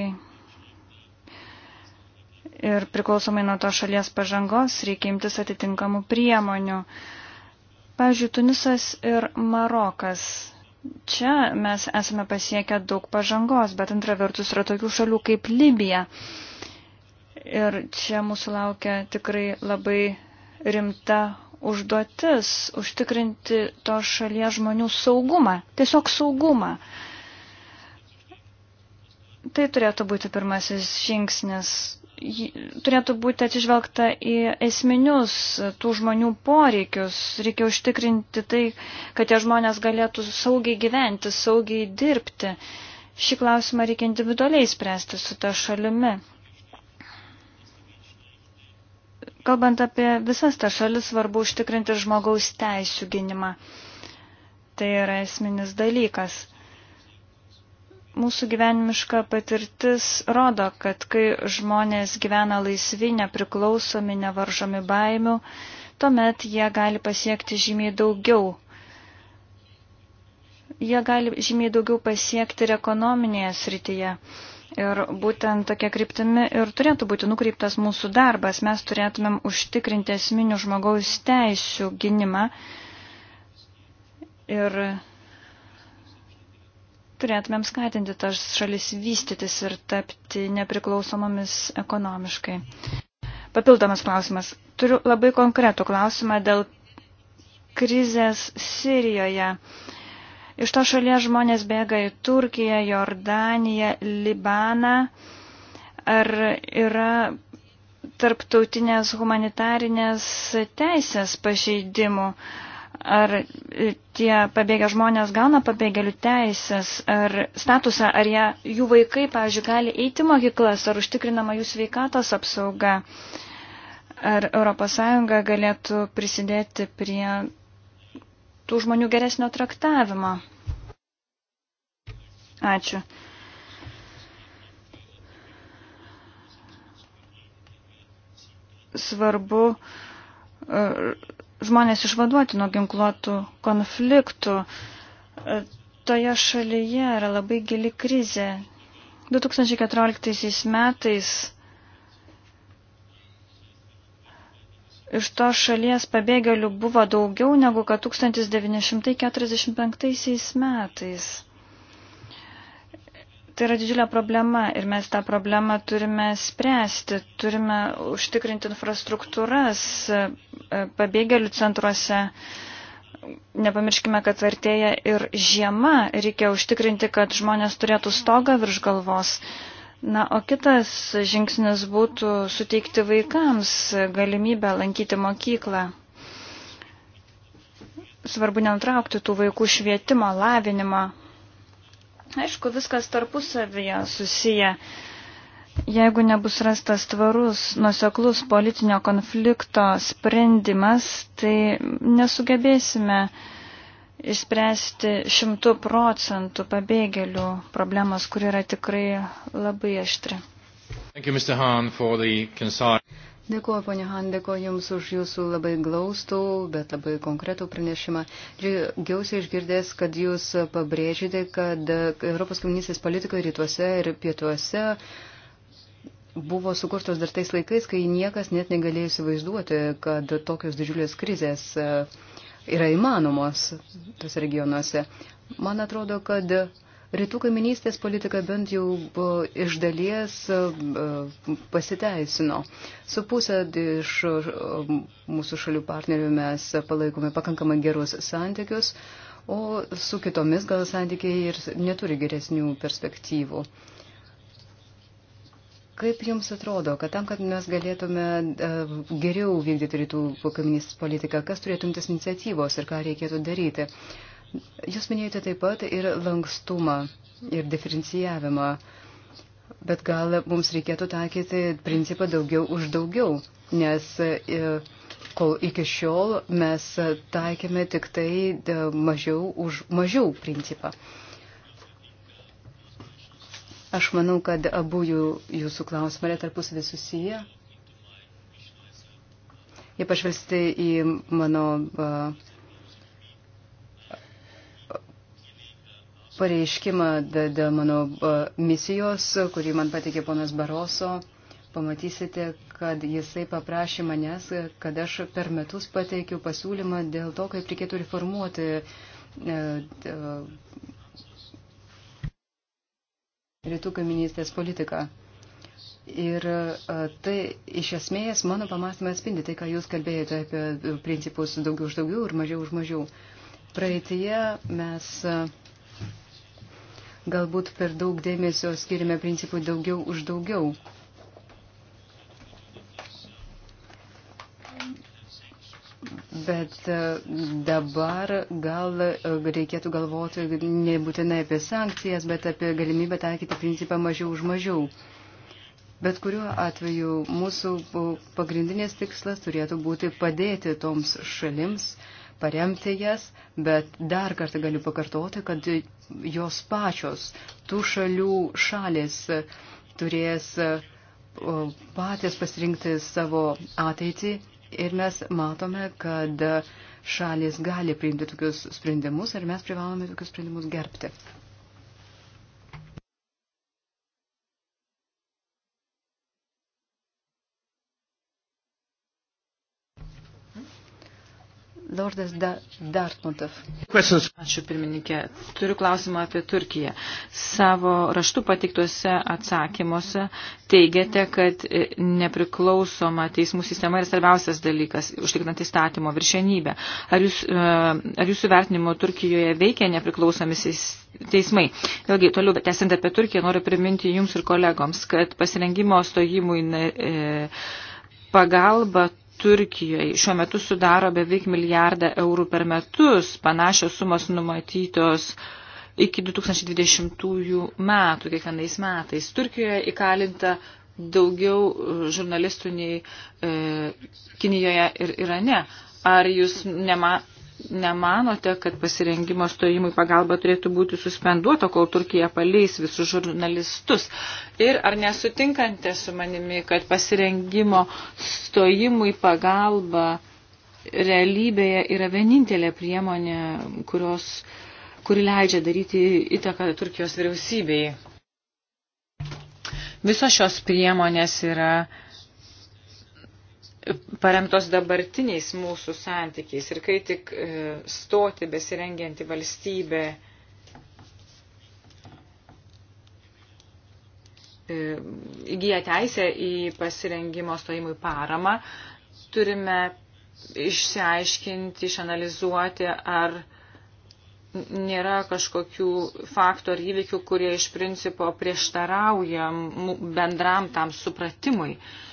[SPEAKER 1] Ir priklausomai nuo to šalies pažangos reikia imtis atitinkamų priemonių. Uh, Pavyzdžiui, Tunisas ir Marokas. Čia mes esame pasiekę daug pažangos, bet antra vertus yra tokių šalių kaip Libija. Ir čia mūsų laukia tikrai labai rimta užduotis užtikrinti to šalies žmonių saugumą, tiesiog saugumą. Tai turėtų būti pirmasis žingsnis turėtų būti atsižvelgta į esminius tų žmonių poreikius. Reikia užtikrinti tai, kad tie žmonės galėtų saugiai gyventi, saugiai dirbti. Šį klausimą reikia individualiai spręsti su ta šalimi. Kalbant apie visas tas šalis, svarbu užtikrinti žmogaus teisų gynimą. Tai yra esminis dalykas. Mūsų gyvenimiška patirtis rodo, kad kai žmonės gyvena laisvi, nepriklausomi, nevaržomi baimių, tuomet jie gali pasiekti žymiai daugiau. Jie gali žymiai daugiau pasiekti ir ekonominėje srityje. Ir būtent tokia kryptimi ir turėtų būti nukreiptas mūsų darbas. Mes turėtumėm užtikrinti esminių žmogaus teisių gynimą. Ir turėtumėm skatinti tas šalis vystytis ir tapti nepriklausomomis ekonomiškai. Papildomas klausimas. Turiu labai konkretų klausimą dėl krizės Sirijoje. Iš to šalies žmonės bėga į Turkiją, Jordaniją, Libaną. Ar yra tarptautinės humanitarinės teisės pažeidimų? Uh, ar tie pabėgę žmonės gauna pabėgėlių teisės ar statusą, ar jie, jų vaikai, pavyzdžiui, gali eiti mokyklas, ar užtikrinama jų sveikatos apsauga, ar ES galėtų prisidėti prie tų žmonių geresnio traktavimo. Ačiū. Svarbu žmonės išvaduoti nuo ginkluotų konfliktų. E, toje šalyje yra labai gili krizė. 2014 metais iš tos šalies pabėgėlių buvo daugiau negu kad 1945 metais. Tai yra didžiulė problema ir mes tą problemą turime spręsti, turime užtikrinti infrastruktūras e, pabėgėlių centruose. Nepamirškime, kad artėja ir žiema, reikia užtikrinti, kad žmonės turėtų stogą virš galvos. Na, o kitas žingsnis būtų suteikti vaikams galimybę lankyti mokyklą. Svarbu nenutraukti tų vaikų švietimo, lavinimo. Aišku, viskas tarpusavyje susiję. Jeigu nebus rastas tvarus, nuseklus politinio konflikto sprendimas, tai nesugebėsime išspręsti šimtų procentų pabėgėlių problemos,
[SPEAKER 2] kur yra tikrai labai aštri.
[SPEAKER 1] You, Hahn,
[SPEAKER 2] Dėkuoju, ponia Han, dėkuoju Jums už Jūsų labai glaustų, bet labai konkretų pranešimą. Džiaugiausi išgirdęs, kad Jūs pabrėžite, kad Europos komunistės politikoje rytuose ir pietuose buvo sukurtos dar tais laikais, kai niekas net negalėjo įsivaizduoti, kad tokios didžiulės krizės yra įmanomos tose regionuose. Man atrodo, kad Rytų kaiminystės politika bent jau e, iš dalies e, e, pasiteisino. Su pusė iš mūsų šalių partnerių mes palaikome pakankamai gerus santykius, o su kitomis gal santykiai ir neturi geresnių perspektyvų. Kaip Jums atrodo, kad tam, kad mes galėtume geriau vykdyti rytų kaiminystės politiką, kas turėtų imtis iniciatyvos ir ką reikėtų daryti? Jūs minėjote taip pat ir lankstumą ir diferencijavimą, bet gal mums reikėtų taikyti principą daugiau už daugiau, nes e, kol iki šiol mes taikėme tik tai e, mažiau už mažiau principą. Aš manau, kad abu jūsų klausimai yra tarpusavį susiję. Jei pažvelgsite į mano uh, pareiškimą dėl mano misijos, kurį man patikė ponas Baroso, pamatysite, kad jisai paprašė manęs, kad aš per metus pateikiau pasiūlymą dėl to, kaip reikėtų reformuoti e, rytų kaiminystės politiką. Ir tai iš esmės mano pamastymą atspindi tai, ką jūs kalbėjote apie principus daugiau už daugiau ir mažiau už mažiau. Praeitie mes uh, galbūt per daug dėmesio skiriame principui daugiau už daugiau. Bet e, dabar gal e, reikėtų galvoti nebūtinai apie sankcijas, bet apie galimybę taikyti principą mažiau už mažiau. Bet kuriuo atveju mūsų e, pagrindinės tikslas turėtų būti padėti toms šalims, uh, paremti jas, bet dar kartą galiu pakartoti, kad jos pačios, tų šalių šalis turės e, patys pasirinkti savo ateitį ir mes matome, kad šalis gali priimti tokius sprendimus ir mes privalome tokius sprendimus gerbti. Lordas da
[SPEAKER 3] Dartmouthas. Ačiū pirmininkė. Turiu klausimą apie Turkiją. Savo raštu patiktuose atsakymuose teigiate, kad e, nepriklausoma teismų sistema yra svarbiausias dalykas, užtikrinant įstatymo viršenybę. Ar, jūs, e, ar jūsų vertinimo Turkijoje veikia nepriklausomi teismai? Vėlgi, toliau, tęsiant apie Turkiją, noriu priminti jums ir kolegoms, kad pasirengimo stojimui. E, pagalba Turkijai šiuo metu sudaro beveik milijardą eurų per metus, panašios sumos numatytos iki 2020 metų kiekvienais metais. Turkijoje įkalinta daugiau žurnalistų nei e, Kinijoje ir Irane. Ar jūs nema, nemanote, kad pasirengimo stojimui pagalba turėtų būti suspenduota, kol Turkija paleis visus žurnalistus? Ir ar nesutinkante su manimi, kad pasirengimo stojimui pagalba realybėje yra vienintelė priemonė, kurios, kuri leidžia daryti įtaką Turkijos vyriausybei? Visos šios priemonės yra paremtos dabartiniais mūsų santykiais. Ir kai tik e, stoti besirengianti valstybė e, įgyja teisę į pasirengimo stojimui paramą, turime išsiaiškinti, išanalizuoti, ar nėra kažkokių faktų ar įvykių, kurie iš principo prieštarauja bendram tam supratimui. Uh,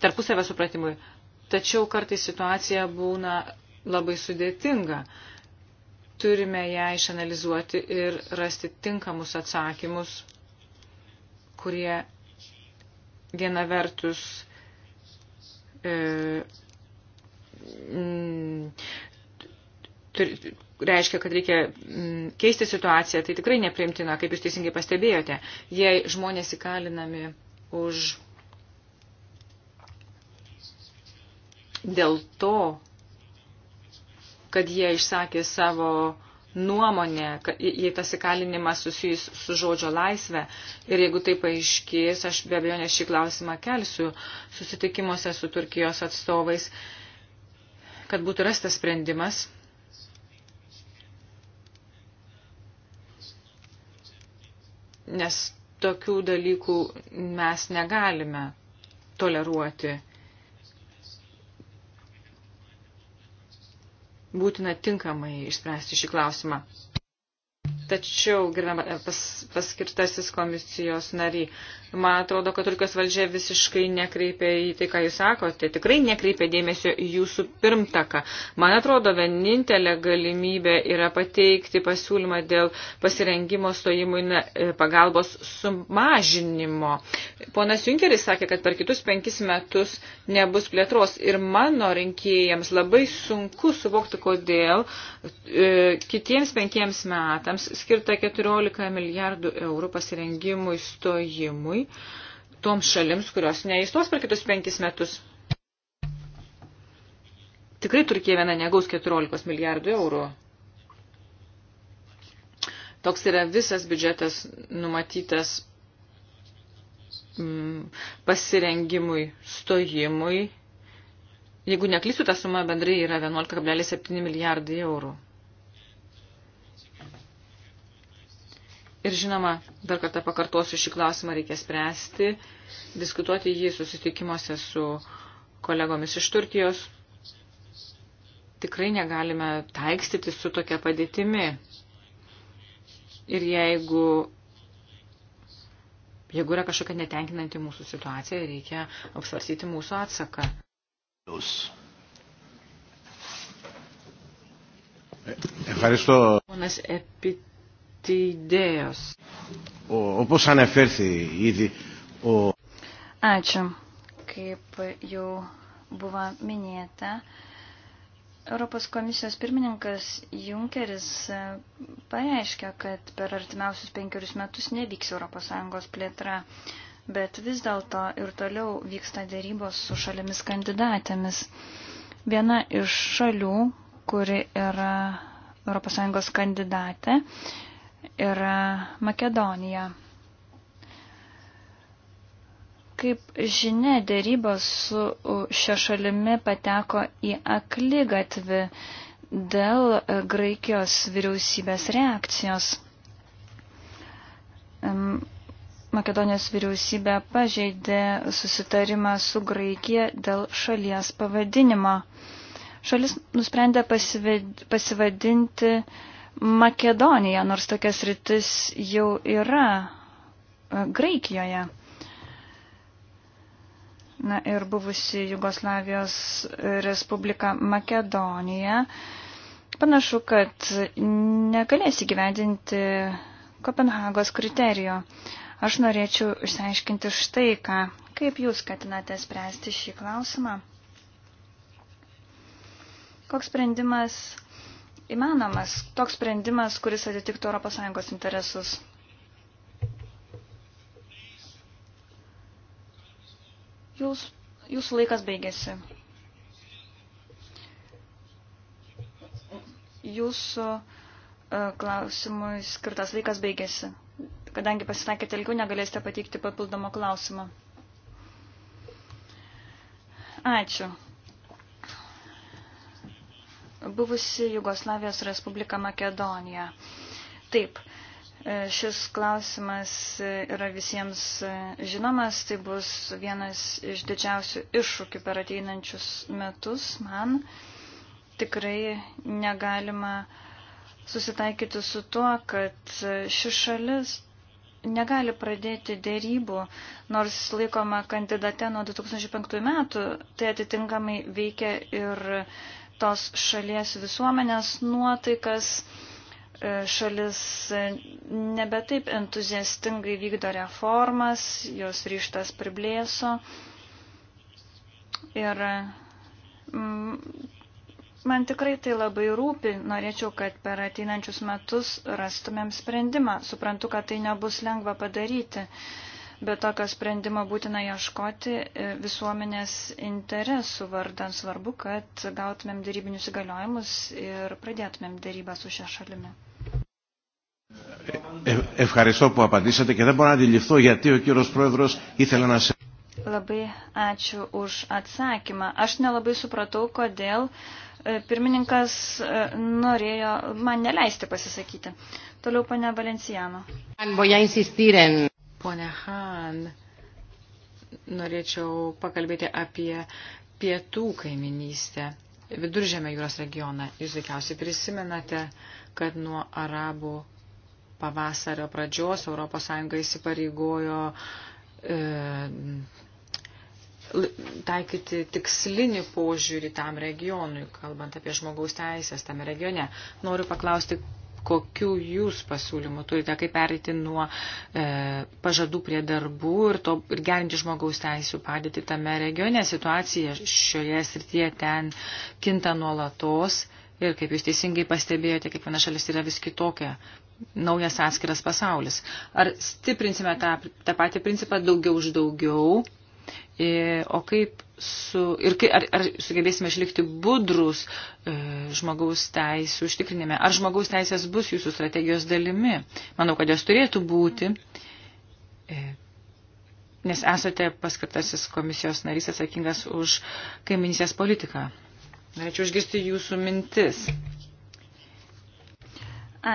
[SPEAKER 3] tarpusavio supratimui. Tačiau kartais situacija būna labai sudėtinga. Turime ją išanalizuoti ir rasti tinkamus atsakymus, kurie viena vertus e, mm, tur, reiškia, kad reikia mm, keisti situaciją, tai tikrai nepriimtina, kaip jūs teisingai pastebėjote, jei žmonės įkalinami už dėl to, kad jie išsakė savo nuomonę, jei tas įkalinimas susijęs su žodžio laisvė. Ir jeigu tai paaiškės, aš be abejo ne šį klausimą kelsiu susitikimuose su Turkijos atstovais, kad būtų rastas sprendimas. Nes tokių dalykų mes negalime toleruoti. būtina tinkamai išspręsti šį klausimą. Tačiau, gerbama pas, paskirtasis komisijos nariai, Man atrodo, kad Turkijos valdžia visiškai nekreipia į tai, ką jūs sakote, tikrai nekreipia dėmesio į jūsų pirmtaką. Man atrodo, vienintelė galimybė yra pateikti pasiūlymą dėl pasirengimo stojimui e, pagalbos sumažinimo. Ponas Junkeris sakė, kad per kitus penkis metus nebus plėtros ir mano rinkėjams labai sunku suvokti, kodėl e, kitiems penkiems metams skirta 14 milijardų eurų pasirengimui stojimui paramai toms šalims, kurios neįstos per kitus penkis metus. Tikrai Turkija viena negaus 14 milijardų eurų. Toks yra visas biudžetas numatytas mm, pasirengimui, stojimui. Jeigu neklysiu, ta suma bendrai yra 11,7 milijardai eurų. Ir žinoma, dar kartą pakartosiu, šį klausimą reikia spręsti, diskutuoti jį susitikimuose su kolegomis iš Turkijos. Tikrai negalime taikstyti su tokia padėtimi. Ir jeigu, jeigu yra kažkokia netenkinanti mūsų situacija, reikia apsvarstyti mūsų atsaką. Ponas
[SPEAKER 1] Epit. Tidėjos. O, όπως αναφέρθη ήδη ο... Ačiū. Kaip jau buvo minėta, Europos komisijos pirmininkas Junkeris pareiškia, kad per artimiausius penkerius metus nevyks ES plėtra, bet vis dėlto ir toliau vyksta dėrybos su šalimis kandidatėmis. Viena iš šalių, kuri yra ES kandidatė, yra Makedonija. Kaip žinia, dėrybos su šia šalimi pateko į aklygatvį dėl e, Graikijos vyriausybės reakcijos. Makedonijos vyriausybė pažeidė susitarimą su Graikija dėl šalies pavadinimo. Šalis nusprendė pasivadinti uh, Makedonija, nors tokias rytis jau yra e, Graikijoje. Na ir buvusi Jugoslavijos Respublika Makedonija. Panašu, kad negalės įgyvendinti Kopenhagos kriterijo. Aš norėčiau išsiaiškinti štai ką. Kaip jūs skatinate spręsti šį klausimą? Koks sprendimas įmanomas toks sprendimas, kuris atitiktų ES interesus? Jūs, jūsų laikas baigėsi. Jūsų e, klausimui skirtas laikas baigėsi. Kadangi pasisakėte ilgiau, negalėsite pateikti papildomą klausimą. Ačiū buvusi Jugoslavijos Respublika Makedonija. Taip, e, šis klausimas yra visiems e, žinomas, tai bus vienas iš didžiausių iššūkių per ateinančius metus man. Tikrai negalima susitaikyti su tuo, kad ši šalis negali pradėti dėrybų, nors laikoma kandidate nuo 2005 metų, tai atitinkamai veikia ir tos šalies visuomenės nuotaikas. E, šalis nebetaip entuziastingai vykdo reformas, jos ryštas priblėso. Ir mm, man tikrai tai labai rūpi. Norėčiau, kad per ateinančius metus rastumėm sprendimą. Suprantu, kad tai nebus lengva padaryti bet tokio sprendimo būtina ieškoti e, visuomenės interesų vardan svarbu, kad gautumėm darybinius įgaliojimus ir pradėtumėm darybą su šia šalimi. E, Ευχαριστώ που απαντήσατε και δεν μπορώ να αντιληφθώ γιατί ο κύριος Πρόεδρος ήθελε να σε... Labai ačiū už atsakymą. Aš nelabai supratau, kodėl e, pirmininkas norėjo man neleisti pasisakyti. Toliau pane Valencijano.
[SPEAKER 3] Pone Han, norėčiau pakalbėti apie pietų kaiminystę, viduržėme jūros regioną. Jūs veikiausiai prisimenate, kad nuo arabų pavasario pradžios ES įsipareigojo e, taikyti tikslinį požiūrį tam regionui, kalbant apie žmogaus teisės tame regione. Noriu paklausti, kokių jūs pasiūlymų turite, kaip perėti nuo e, pažadų prie darbų ir, to, ir gerinti žmogaus teisų padėti tame regione. Situacija šioje srityje ten kinta nuolatos ir, kaip jūs teisingai pastebėjote, kiekviena šalis yra vis kitokia, naujas atskiras pasaulis. Ar stiprinsime tą, tą patį principą daugiau už daugiau? E, o kaip su, ir kai, ar, ar sugebėsime išlikti budrus e, žmogaus teisų užtikrinime? Ar žmogaus teisės bus jūsų strategijos dalimi? Manau, kad jos turėtų būti, e, nes esate paskirtasis komisijos narys atsakingas už kaiminysės politiką. Norėčiau išgirsti jūsų mintis.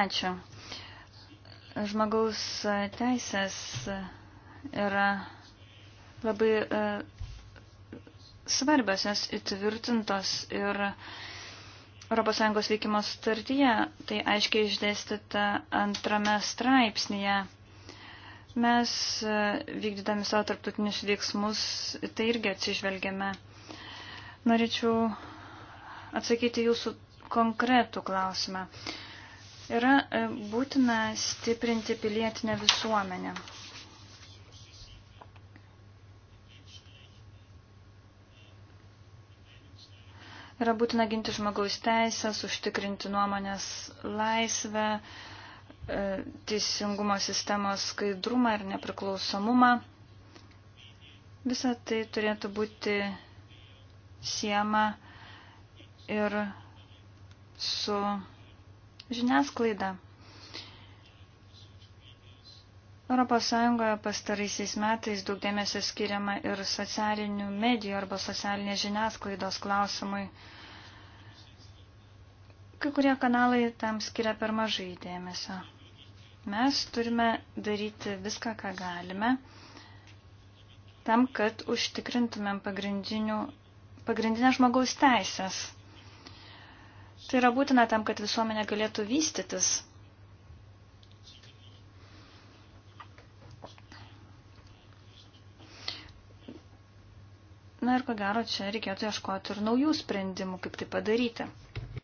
[SPEAKER 1] Ačiū. Žmogaus teisės yra labai e, svarbios, nes įtvirtintos ir ES veikimo sutartyje, tai aiškiai išdėstyta antrame straipsnėje. Mes e, vykdydami savo tarptautinius veiksmus, tai irgi atsižvelgiame. Norėčiau atsakyti jūsų konkretų klausimą. Yra e, būtina stiprinti pilietinę visuomenę. Yra būtina ginti žmogaus teisės, užtikrinti nuomonės laisvę, e, teisingumo sistemos skaidrumą ir nepriklausomumą. Visa tai turėtų būti siema ir su žiniasklaida. ES pastaraisiais metais daug dėmesio skiriama ir socialinių medijų arba socialinės žiniasklaidos klausimui. Kai kurie kanalai tam skiria per mažai dėmesio. Mes turime daryti viską, ką galime, tam, kad užtikrintumėm pagrindinę žmogaus teisės. Tai yra būtina tam, kad visuomenė galėtų vystytis Na ir ko gero, čia reikėtų ieškoti ir naujų sprendimų, kaip tai padaryti.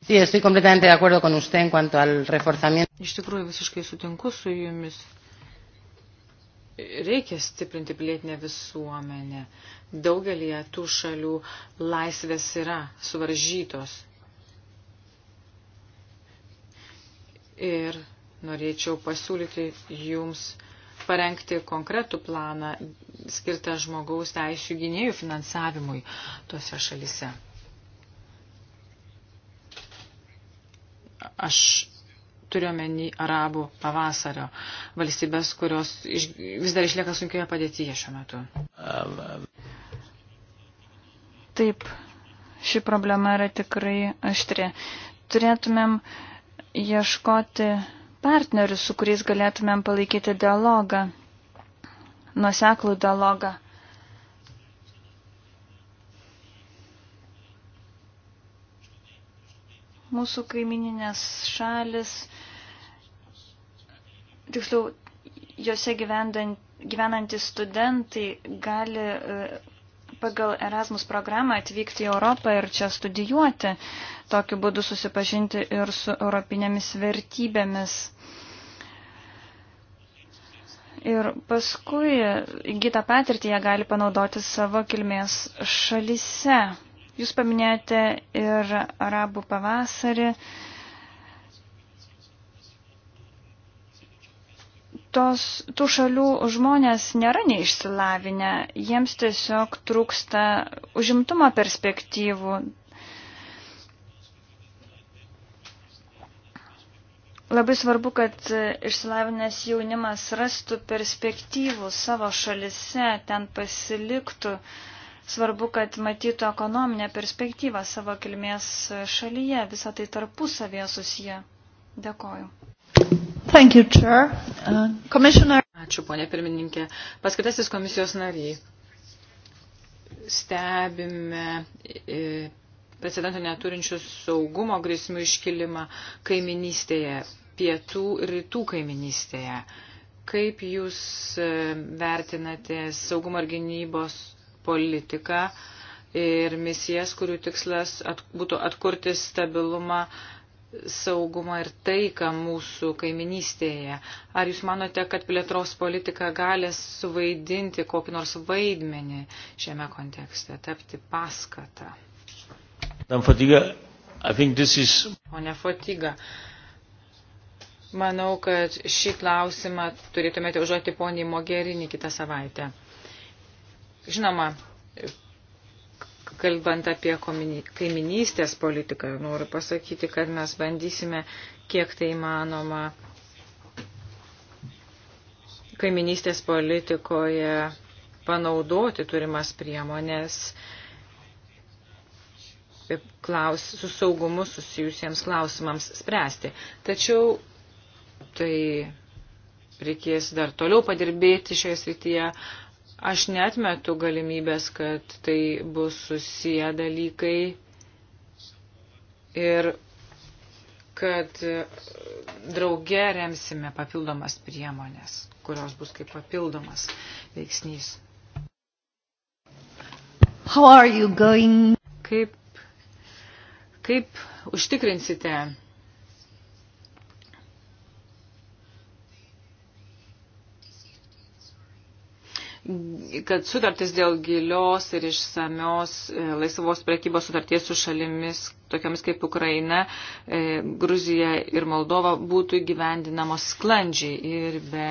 [SPEAKER 2] Sí, estoy completamente de acuerdo
[SPEAKER 3] con usted en cuanto al reforzamiento. Iš tikrųjų, visiškai sutinku su jumis. Reikia stiprinti pilietinę visuomenę. Daugelį tų šalių laisvės yra suvaržytos. Ir norėčiau pasiūlyti jums parengti konkretų planą skirtą žmogaus teisų gynėjų finansavimui tuose šalise. Aš turiuomenį arabų pavasario valstybės, kurios iš, vis dar išlieka sunkioje padėtyje šiuo metu.
[SPEAKER 1] Taip, ši problema yra tikrai aštri. Turėtumėm ieškoti partnerius, su kuriais galėtumėm palaikyti dialogą, nuseklų dialogą. Mūsų kaimininės šalis, tiksliau, jose gyvendantis gyvenantys studentai gali e, pagal Erasmus programą atvykti į Europą ir čia studijuoti, tokiu būdu susipažinti ir su europinėmis vertybėmis. Ir paskui įgytą patirtį jie gali panaudoti savo kilmės šalise. Jūs paminėjote ir arabų pavasarį, tos, tų šalių žmonės nėra neišsilavinę, jiems tiesiog trūksta užimtumo perspektyvų. Labai svarbu, kad išsilavinęs jaunimas rastų perspektyvų savo šalise, ten pasiliktų. Svarbu, kad matytų ekonominę perspektyvą savo kilmės šalyje. Visą tai tarpusavėje susiję. Dėkoju. Thank you, Chair. Uh, Commissioner. Ačiū, ponė
[SPEAKER 3] pirmininkė. Paskirtasis komisijos nariai. Stebime e, precedento neturinčius saugumo grėsmių iškilimą kaiminystėje, pietų ir rytų kaiminystėje. Kaip Jūs e, vertinate saugumo ir gynybos politiką ir misijas, kurių tikslas at, būtų atkurti stabilumą saugumą ir taiką mūsų kaiminystėje. Ar jūs manote, kad plėtros politika gali suvaidinti kokį nors vaidmenį šiame kontekste, tapti paskatą? Is... O ne fatiga. Manau, kad šį klausimą turėtumėte užduoti poniai Mogerinį kitą savaitę. Žinoma, kalbant apie kaiminystės politiką, noriu pasakyti, kad mes bandysime, kiek tai manoma, kaiminystės politikoje panaudoti turimas priemonės klaus, su saugumu susijusiems klausimams spręsti. Tačiau tai reikės dar toliau padirbėti šioje srityje, Aš netmetu galimybės, kad tai bus susiję dalykai ir kad drauge remsime papildomas priemonės, kurios bus kaip papildomas veiksnys. How are you going? Kaip, kaip užtikrinsite kad sutartis dėl gilios ir išsamios e, laisvos prekybos sutarties su šalimis, tokiamis kaip Ukraina, e, Gruzija ir Moldova, būtų įgyvendinamos sklandžiai ir be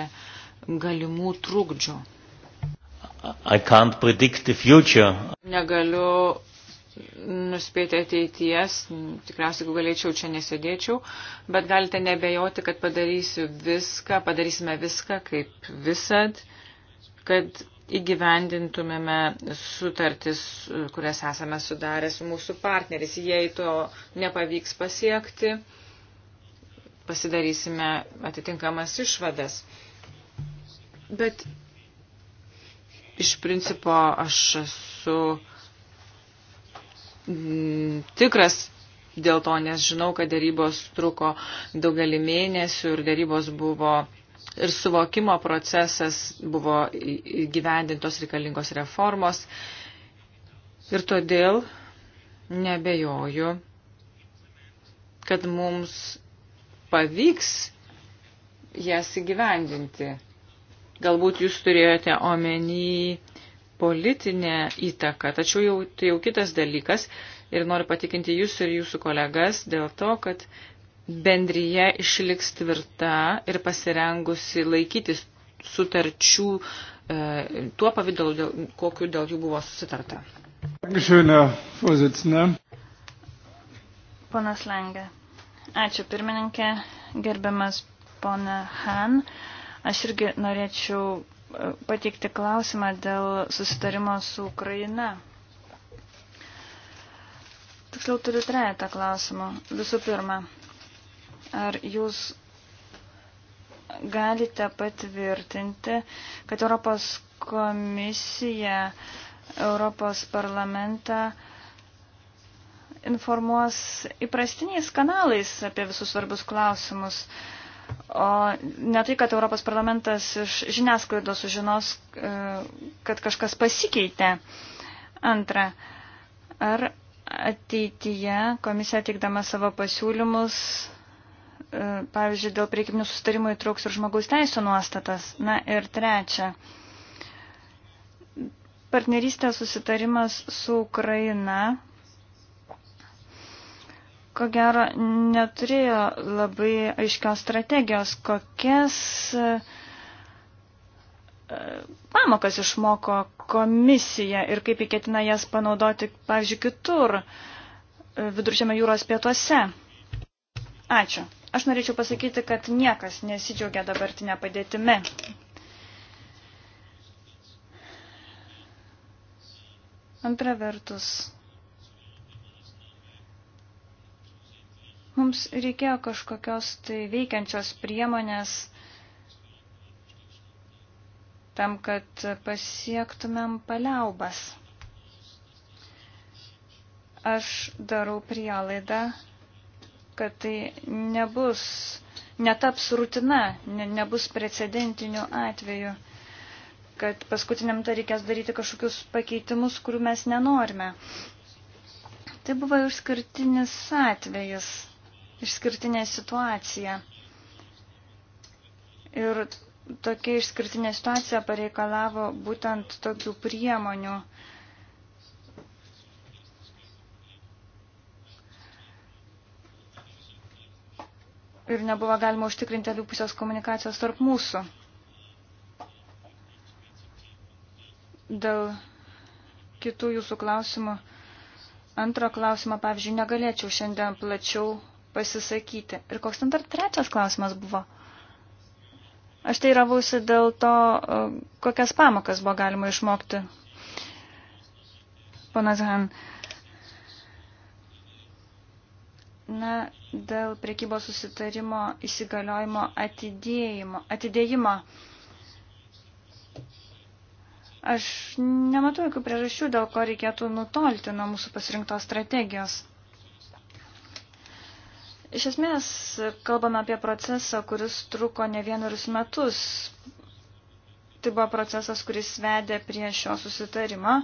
[SPEAKER 3] galimų trūkdžių. Negaliu nuspėti ateities, tikriausiai, jeigu galėčiau, čia nesėdėčiau, bet galite nebejoti, kad padarysiu viską, padarysime viską kaip visad kad įgyvendintumėme sutartis, kurias esame sudarę su mūsų partneris. Jei to nepavyks pasiekti, pasidarysime atitinkamas išvadas. Bet iš principo aš esu mm, tikras dėl to, nes žinau, kad darybos truko daugelį mėnesių ir darybos buvo ir suvokimo procesas buvo gyvendintos reikalingos reformos. Ir todėl nebejoju, kad mums pavyks jas įgyvendinti. Galbūt jūs turėjote omeny politinę įtaką, tačiau jau, tai jau kitas dalykas ir noriu patikinti jūs ir jūsų kolegas dėl to, kad bendryje išliks tvirta ir pasirengusi laikytis sutarčių e, tuo pavydalu, kokiu dėl jų buvo susitarta.
[SPEAKER 1] Ponas Lengė. Ačiū pirmininkė, gerbiamas pona Han. Aš irgi norėčiau e, pateikti klausimą dėl susitarimo su Ukraina. Tiksliau turiu trejata klausimų. Visų pirma, Ar jūs galite patvirtinti, kad Europos komisija Europos parlamentą informuos įprastiniais kanalais apie visus svarbus klausimus, o ne tai, kad Europos parlamentas iš žiniasklaidos sužinos, e, kad kažkas pasikeitė. Antra, ar ateityje komisija teikdama savo pasiūlymus E, pavyzdžiui, dėl priekybinių sustarimų įtrauks ir žmogaus teisų nuostatas. Na ir trečia, partnerystės susitarimas su Ukraina, ko gero, neturėjo labai aiškios strategijos, kokias e, pamokas išmoko komisija ir kaip įketina jas panaudoti, pavyzdžiui, kitur e, viduržėme jūros pietuose. Ačiū. Aš norėčiau pasakyti, kad niekas nesidžiaugia dabartinę padėtimi. Antra vertus, mums reikėjo kažkokios tai veikiančios priemonės tam, kad pasiektumėm paliaubas. Aš darau prielaidą, kad tai nebus, netaps rutina, ne, nebus precedentinių atvejų, kad paskutiniam tai reikės daryti kažkokius pakeitimus, kurių mes nenorime. Tai buvo išskirtinis atvejis, išskirtinė situacija. Ir tokia išskirtinė situacija pareikalavo būtent tokių priemonių. Uh, ir nebuvo galima užtikrinti abipusios komunikacijos tarp mūsų. Dėl kitų jūsų klausimų, antro klausimo, pavyzdžiui, negalėčiau šiandien plačiau pasisakyti. Ir koks ten dar trečias klausimas buvo? Aš tai ravausi dėl to, e, kokias pamokas buvo galima išmokti. Ponas Han, uh, Na, dėl priekybos susitarimo įsigaliojimo atidėjimo, atidėjimo. Aš nematau jokių priežasčių, dėl ko reikėtų nutolti nuo mūsų pasirinktos strategijos. Iš esmės, kalbame apie procesą, kuris truko ne vienerius metus. Tai buvo procesas, kuris vedė prie šio susitarimo.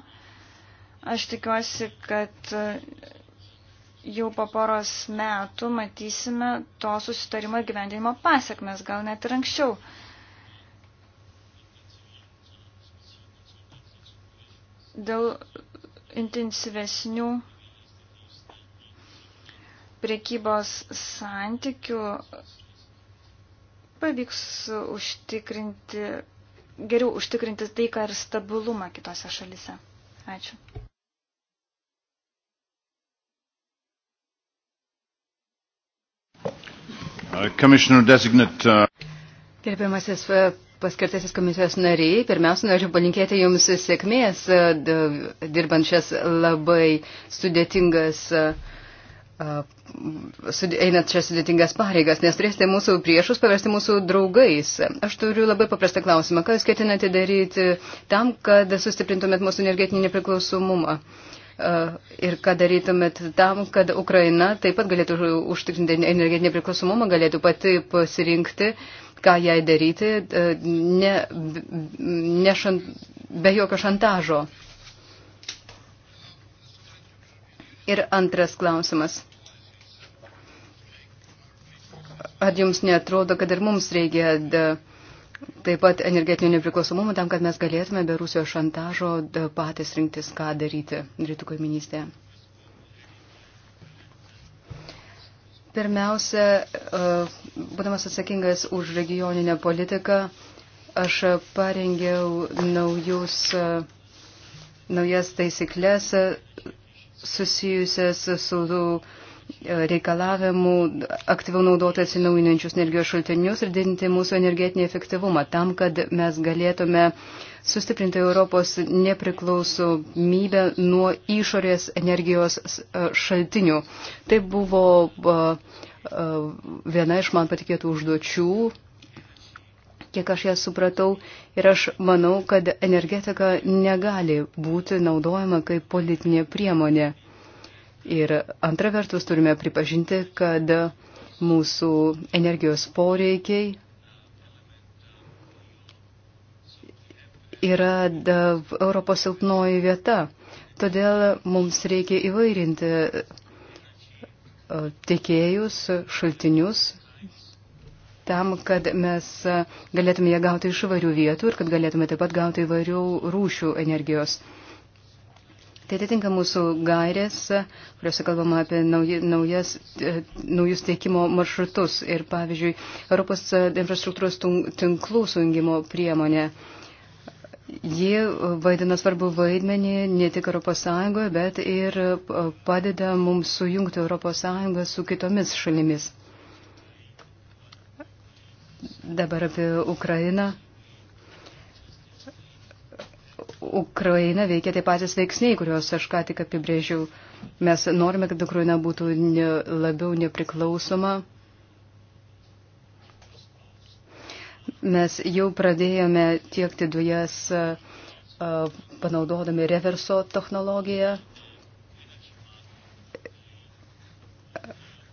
[SPEAKER 1] Aš tikiuosi, kad jau po poros metų matysime to susitarimo gyvendinimo pasiekmes, gal net ir anksčiau. Dėl intensyvesnių priekybos santykių pavyks užtikrinti, geriau užtikrinti taiką ir stabilumą kitose šalise. Ačiū. Uh, uh,
[SPEAKER 2] Gerbiamasis uh, paskirtasis komisijos nariai, pirmiausia, noriu palinkėti Jums sėkmės dirbant šias labai sudėtingas, einat šias sudėtingas pareigas, nes turėsite mūsų priešus paversti mūsų draugais. Aš turiu labai paprastą klausimą. Ką Jūs ketinate daryti tam, kad sustiprintumėt mūsų energetinį nepriklausomumą? Uh, E, ir ką darytumėt tam, kad Ukraina taip pat galėtų užtikrinti energetinį priklausomumą, galėtų pati pasirinkti, ką jai daryti, e, ne, ne šan, be jokio šantažo. Ir antras klausimas. Ar jums netrodo, kad ir mums reikia Taip pat energetinio nepriklausomumo tam, kad mes galėtume be Rusijos šantažo patys rinktis, ką daryti rytų kaiminystėje. Pirmiausia, e, būdamas atsakingas už regioninę politiką, aš parengiau naujus, e, naujas taisyklės e, susijusias su reikalavimų aktyviau naudoti atsinaujinančius energijos šaltinius ir didinti mūsų energetinį efektyvumą tam, kad mes galėtume sustiprinti Europos nepriklausomybę nuo išorės energijos e, šaltinių. Tai buvo e, e, viena iš man patikėtų užduočių, kiek aš ją supratau, ir aš manau, kad energetika negali būti naudojama kaip politinė priemonė. Ir antra vertus turime pripažinti, kad mūsų energijos poreikiai yra Europos silpnoji vieta. Todėl mums reikia įvairinti e, tiekėjus, šaltinius, tam, kad mes galėtume ją gauti iš įvairių vietų ir kad galėtume taip pat gauti įvairių rūšių energijos. Tai atitinka mūsų gairės, kuriuose kalbama apie naujas, e, naujus tiekimo maršrutus ir, pavyzdžiui, Europos e, infrastruktūros tinklų sujungimo priemonė. Ji vaidina svarbu vaidmenį ne tik ES, bet ir e, padeda mums sujungti ES su kitomis šalimis. Dabar apie Ukrainą. Ukraina veikia tie patys veiksniai, kuriuos aš ką tik apibrėžiau. Mes norime, kad Ukraina būtų ne, labiau nepriklausoma. Mes jau pradėjome tiekti dujas panaudodami reverso technologiją.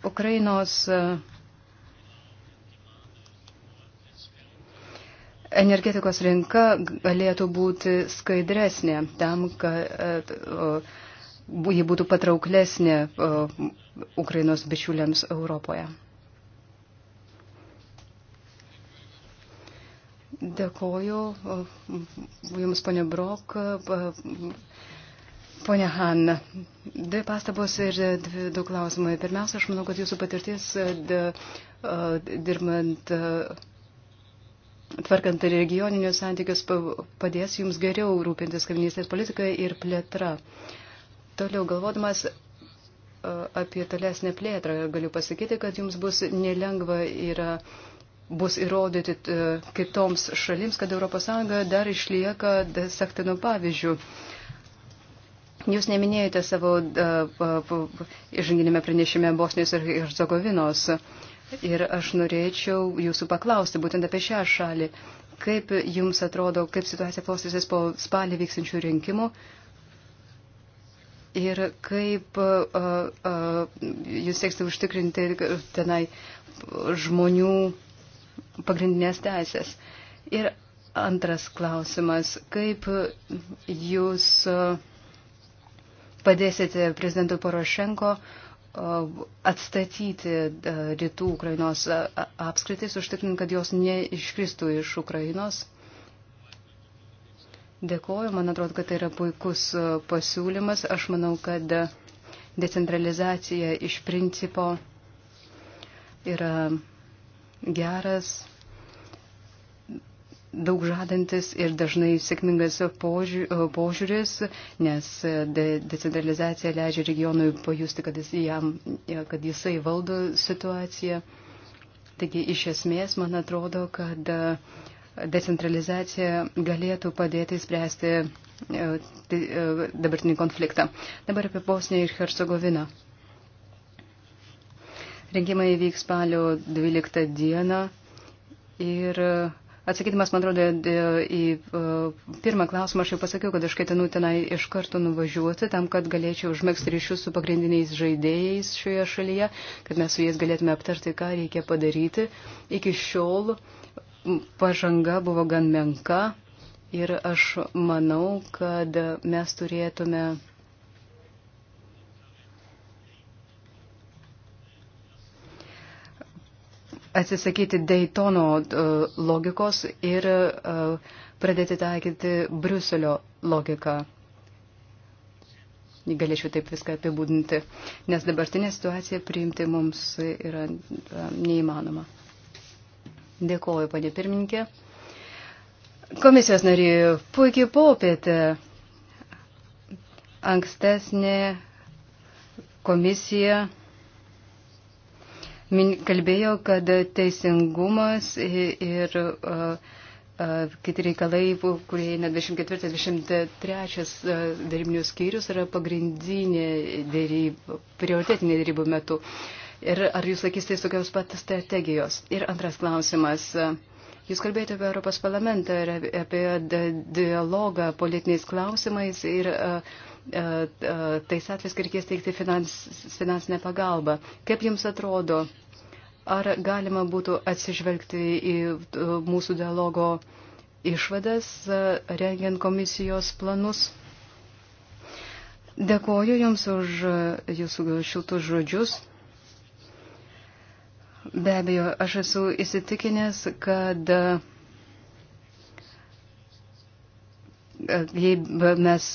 [SPEAKER 2] Ukrainos uh, energetikos rinka galėtų būti skaidresnė tam, kad e, ji būtų patrauklesnė Ukrainos bičiuliams Europoje. Dėkoju Jums, ponė Brok, ponė Hanna. Dvi pastabos ir dvi, du klausimai. Pirmiausia, aš manau, kad Jūsų patirtis e, e, dirbant. De, tvarkant regioninius santykius, padės jums geriau rūpintis kaiminystės politiką ir plėtra. Toliau galvodamas e, apie tolesnę plėtrą, galiu pasakyti, kad jums bus nelengva yra bus įrodyti e, kitoms šalims, kad ES dar išlieka sektinų pavyzdžių. Jūs neminėjote savo e, išžanginėme pranešime Bosnijos ir Hercegovinos. Uh, Ir aš norėčiau jūsų paklausti būtent apie šią šalį. Kaip jums atrodo, kaip situacija klostysis po spalį vyksančių rinkimų? Ir kaip uh, uh, jūs sieksite užtikrinti tenai žmonių pagrindinės teisės? Ir antras klausimas, kaip jūs padėsite prezidentui Porošenko uh, Uh, atstatyti uh, rytų Ukrainos uh, apskritis, užtikrinti, kad jos neiškristų iš Ukrainos. Dėkoju, man atrodo, kad tai yra puikus pasiūlymas. Aš manau, kad decentralizacija iš principo yra geras daug žadantis ir dažnai sėkmingas požiūris, nes de decentralizacija leidžia regionui pajusti, kad, jis, jam, kad jisai valdo situaciją. Taigi iš esmės man atrodo, kad decentralizacija galėtų padėti spręsti e, tai, e, dabartinį konfliktą. Dabar apie Bosniją ir Hercegoviną. Rinkimai vyks spalio 12 dieną ir Atsakydamas, man atrodo, į pirmą klausimą aš jau pasakiau, kad aš ketinu tenai iš karto nuvažiuoti tam, kad galėčiau užmėgsti ryšius su pagrindiniais žaidėjais šioje šalyje, kad mes su jais galėtume aptarti, ką reikia padaryti. Iki šiol pažanga buvo gan menka ir aš manau, kad mes turėtume atsisakyti Daytono e, logikos ir e, pradėti taikyti Bruselio logiką. Galėčiau taip viską apibūdinti, nes dabartinė situacija priimti mums yra e, neįmanoma. Dėkoju, panė pirmininkė. Komisijos nariai, puikiai popietė. Ankstesnė komisija min, kalbėjo, kad teisingumas ir kiti reikalai, kurie eina 24-23 darybinių skyrius, yra pagrindinė dėryb, prioritetinė dėrybų metu. Ir ar jūs laikysitės tokios pat strategijos? Ir antras klausimas. Jūs kalbėjote apie Europos parlamentą ir apie dialogą politiniais klausimais ir tais atvejais, kai reikės teikti finans, finansinę pagalbą. Kaip jums atrodo, Ar galima būtų atsižvelgti į e, mūsų dialogo išvadas, e, rengiant komisijos planus? Dėkoju Jums už e, Jūsų šiltus žodžius. Be abejo, aš esu įsitikinęs, kad jei mes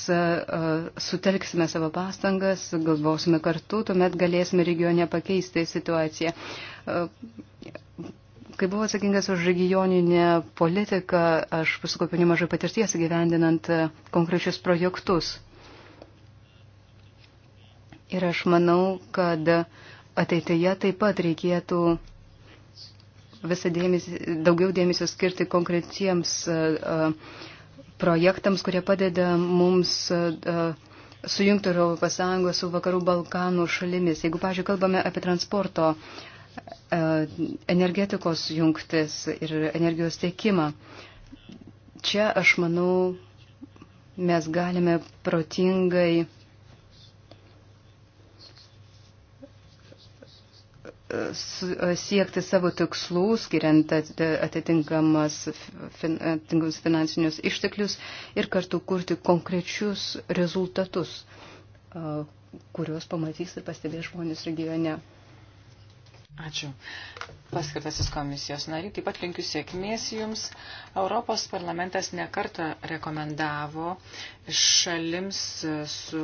[SPEAKER 2] sutelksime savo pastangas, galvosime kartu, tuomet galėsime regione pakeisti situaciją. Kai buvau atsakingas už regioninę politiką, aš pasikaupiau nemažai patirties gyvendinant konkrečius projektus. Ir aš manau, kad ateityje taip pat reikėtų visą dėmesį, daugiau dėmesio skirti konkretiems uh, projektams, kurie padeda mums e, e, sujungti Europos Sąjungą su Vakarų Balkanų šalimis. Jeigu, pažiūrėjau, kalbame apie transporto, e, energetikos jungtis ir energijos tiekimą, čia aš manau, mes galime protingai E, siekti savo tikslų, skiriant e, atitinkamas finansinius išteklius ir kartu kurti konkrečius rezultatus, e, kuriuos pamatys ir pastebės žmonės regione. Ačiū. Paskirtasis
[SPEAKER 3] komisijos nariai, taip pat linkiu sėkmės jums. Europos parlamentas nekarta rekomendavo šalims su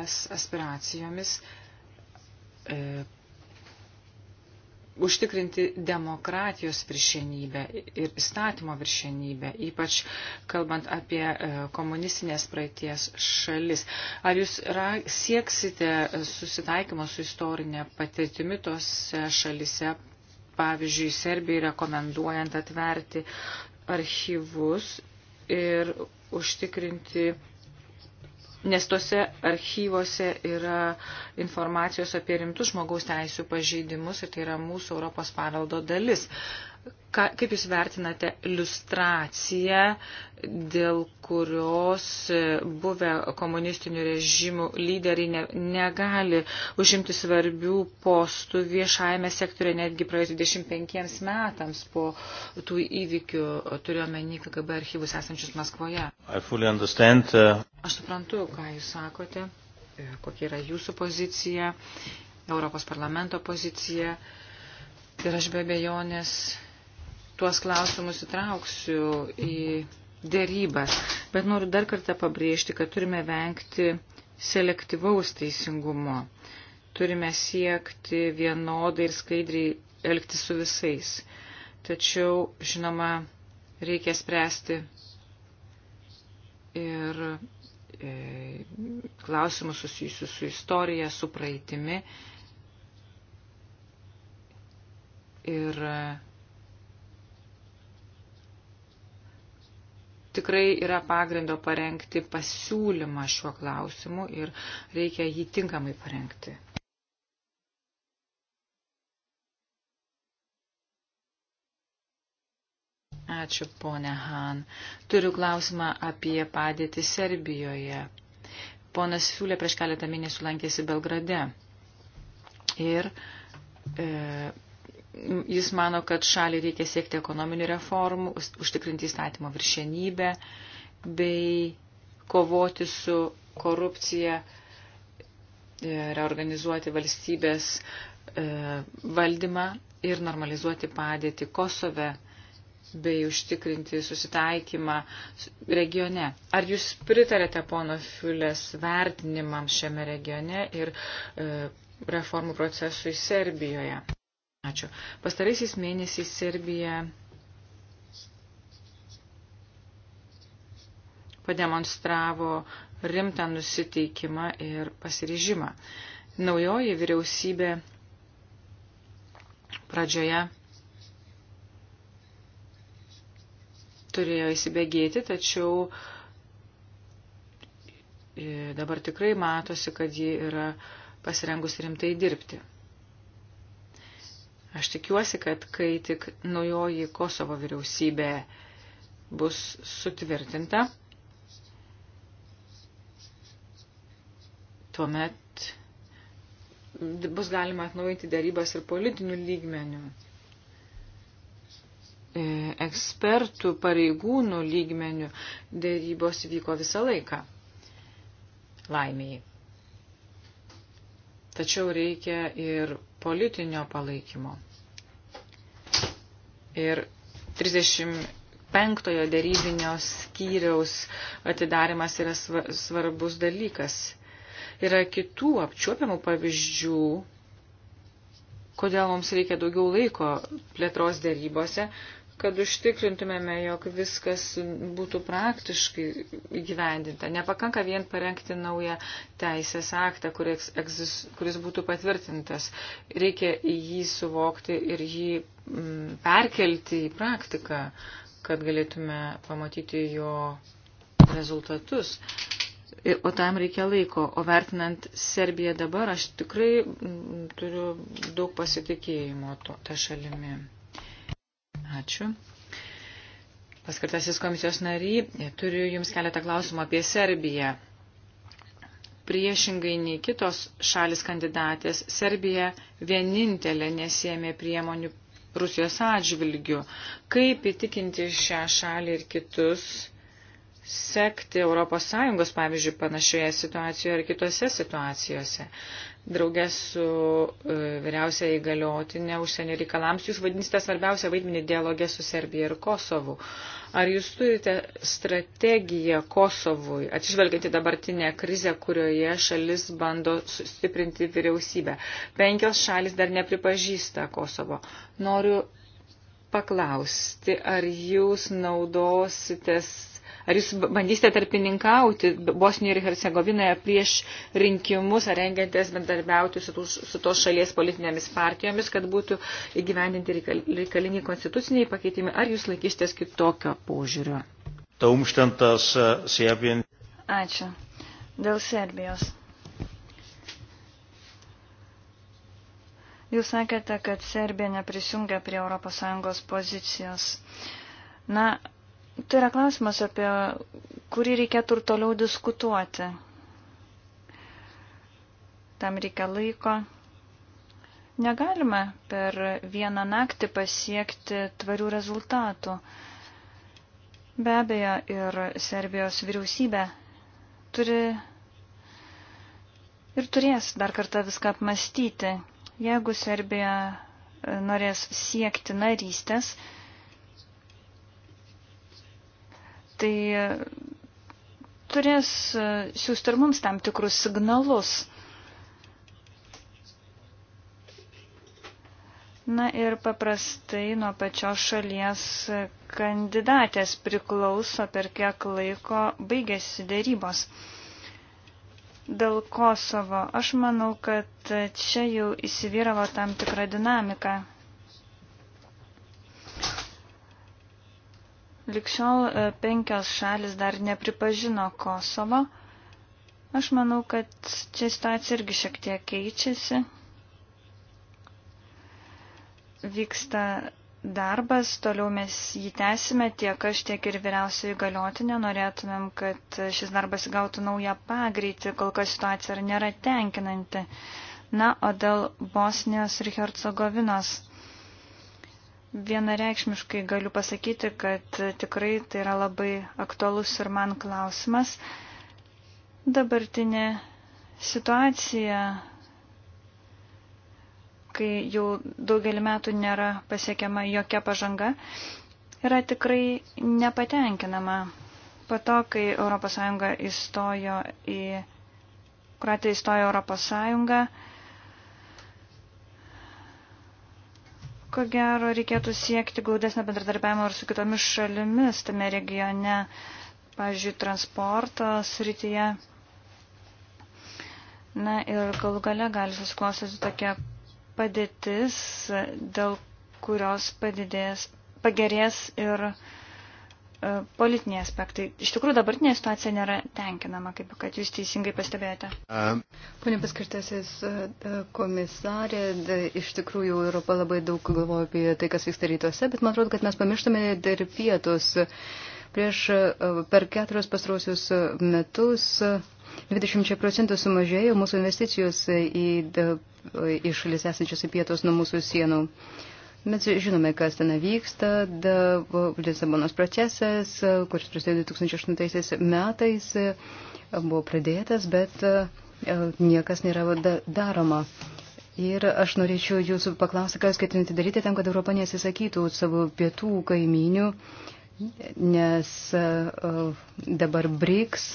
[SPEAKER 3] ES aspiracijomis užtikrinti demokratijos viršenybę ir įstatymo viršenybę, ypač kalbant apie e, komunistinės praeities šalis. Ar jūs sieksite susitaikymo su istorinė patirtimi tose šalise, pavyzdžiui, Serbijai rekomenduojant atverti archyvus ir užtikrinti nes tose archyvose yra informacijos apie rimtus žmogaus teisų pažeidimus ir tai yra mūsų Europos paveldo dalis. Ka, kaip Jūs vertinate iliustraciją, dėl kurios e, buvę komunistinių režimų lyderiai ne, negali užimti svarbių postų viešajame sektorė netgi praėjus 25 metams po tų įvykių, turiuomenį KGB archyvus esančius Maskvoje?
[SPEAKER 1] Uh,
[SPEAKER 3] aš suprantu, ką Jūs sakote, e, kokia yra Jūsų pozicija, Europos parlamento pozicija ir aš be abejonės tuos klausimus įtrauksiu į dėrybas. Bet noriu dar kartą pabrėžti, kad turime vengti selektyvaus teisingumo. Turime siekti vienodai ir skaidriai elgti su visais. Tačiau, žinoma, reikia spręsti ir e, klausimus susijusius su istorija, su praeitimi. Ir e, tikrai yra pagrindo parengti pasiūlymą šiuo klausimu ir reikia jį tinkamai parengti. Ačiū, ponė Han. Turiu klausimą apie padėtį Serbijoje. Ponas Siūlė prieš keletą mėnesių lankėsi Belgrade ir e, Jis mano, kad šaliai reikia siekti ekonominių reformų, užtikrinti įstatymo viršenybę bei kovoti su korupcija, e, reorganizuoti valstybės e, valdymą ir normalizuoti padėtį Kosove bei užtikrinti susitaikymą regione. Ar jūs pritarėte pono Fiulės vertinimams šiame regione ir e, reformų procesui Serbijoje? Ačiū. Pastaraisiais mėnesiais Serbija pademonstravo rimtą nusiteikimą ir pasiryžimą. Naujoji vyriausybė pradžioje turėjo įsibėgėti, tačiau e, dabar tikrai matosi, kad ji yra pasirengus rimtai dirbti. Aš tikiuosi, kad kai tik naujoji Kosovo vyriausybė bus sutvirtinta, tuomet bus galima atnaujinti darybas ir politinių lygmenių. E, ekspertų pareigūnų lygmenių darybos vyko visą laiką. Laimėjai. Tačiau reikia ir politinio palaikymo. Ir 35-ojo dėrybinio skyriaus atidarimas yra svarbus dalykas. Yra kitų apčiuopiamų pavyzdžių, kodėl mums reikia daugiau laiko plėtros dėrybose, kad užtikrintumėme, jog viskas būtų praktiškai įgyvendinta. Nepakanka vien parengti naują teisės aktą, kuris, egzis, kuris būtų patvirtintas. Reikia jį suvokti ir jį m, mm, perkelti į praktiką, kad galėtume pamatyti jo rezultatus. Ir, o tam reikia laiko. O vertinant Serbiją dabar, aš tikrai m, mm, turiu daug pasitikėjimo to, tą šalimi. Ačiū. Paskirtasis komisijos nary, turiu Jums keletą klausimų apie Serbiją. Priešingai nei kitos šalis kandidatės, Serbija vienintelė nesėmė priemonių Rusijos atžvilgių. Kaip įtikinti šią šalį ir kitus sekti ES, pavyzdžiui, panašioje situacijoje ar kitose situacijose? draugės su e, vyriausia įgaliotinė užsienio reikalams. Jūs vadinsite svarbiausią vaidmenį dialogė su Serbija ir Kosovu. Ar jūs turite strategiją Kosovui, atsižvelgiant į dabartinę krizę, kurioje šalis bando sustiprinti vyriausybę? Penkios šalis dar nepripažįsta Kosovo. Noriu paklausti, ar jūs naudositės Ar jūs bandysite tarpininkauti Bosnijoje ir Hercegovinoje prieš rinkimus, ar rengėtės bendarbiauti su, su tos šalies politinėmis partijomis, kad būtų įgyvendinti reikaliniai konstituciniai pakeitimai, ar jūs laikysitės kitokio požiūrio?
[SPEAKER 1] Ačiū. Dėl Serbijos. Jūs sakėte, kad Serbija neprisijungia prie ES pozicijos. Na, Tai yra klausimas, apie kurį reikėtų ir toliau diskutuoti. Tam reikia laiko. Negalime per vieną naktį pasiekti tvarių rezultatų. Be abejo, ir Serbijos vyriausybė turi ir turės dar kartą viską apmastyti. Jeigu Serbija norės siekti narystės, tai e, turės e, siūsti ir mums tam tikrus signalus. Na ir paprastai nuo pačios šalies kandidatės priklauso, per kiek laiko baigėsi dėrybos. Dėl Kosovo aš manau, kad čia jau įsivyravo tam tikrą dinamiką. Likščiol e, penkios šalis dar nepripažino Kosovo. Aš manau, kad čia situacija irgi šiek tiek keičiasi. Vyksta darbas, toliau mes jį tęsime, tiek aš, tiek ir vyriausiai galiotinė, norėtumėm, kad šis darbas gautų naują pagreitį, kol kas situacija nėra tenkinanti. Na, o dėl Bosnijos ir Hercegovinos. Vienareikšmiškai galiu pasakyti, kad tikrai tai yra labai aktualus ir man klausimas. Dabartinė situacija, kai jau daugelį metų nėra pasiekiama jokia pažanga, yra tikrai nepatenkinama. Po to, kai ES įstojo į, Kroatija įstojo ES, Ko gero reikėtų siekti glaudesnio bendradarbiavimo ir su kitomis šalimis tame regione, pavyzdžiui, transporto srityje. Na ir galų gale gali susiklostyti tokia padėtis, dėl kurios padidės, pagerės ir uh, E, politiniai aspektai. Iš tikrųjų dabartinė situacija nėra tenkinama, kaip kad jūs teisingai pastebėjote.
[SPEAKER 2] Pone paskirtasis e, e, komisarė, iš tikrųjų Europa labai daug galvoja apie tai, kas vyksta rytuose, bet man atrodo, kad mes pamirštame ir pietus. Prieš per keturios pastarosius metus 20 procentų sumažėjo mūsų investicijos į, į šalis esančias į pietus nuo mūsų sienų. Uh, Mes žinome, kas ten vyksta, Lisabonos procesas, kuris prasidėjo 2008 metais, buvo pradėtas, bet e, niekas nėra daroma. Ir aš norėčiau jūsų paklausti, ką jūs ketinate daryti tam, kad Europa nesisakytų savo pietų kaiminių, nes e, e, dabar BRICS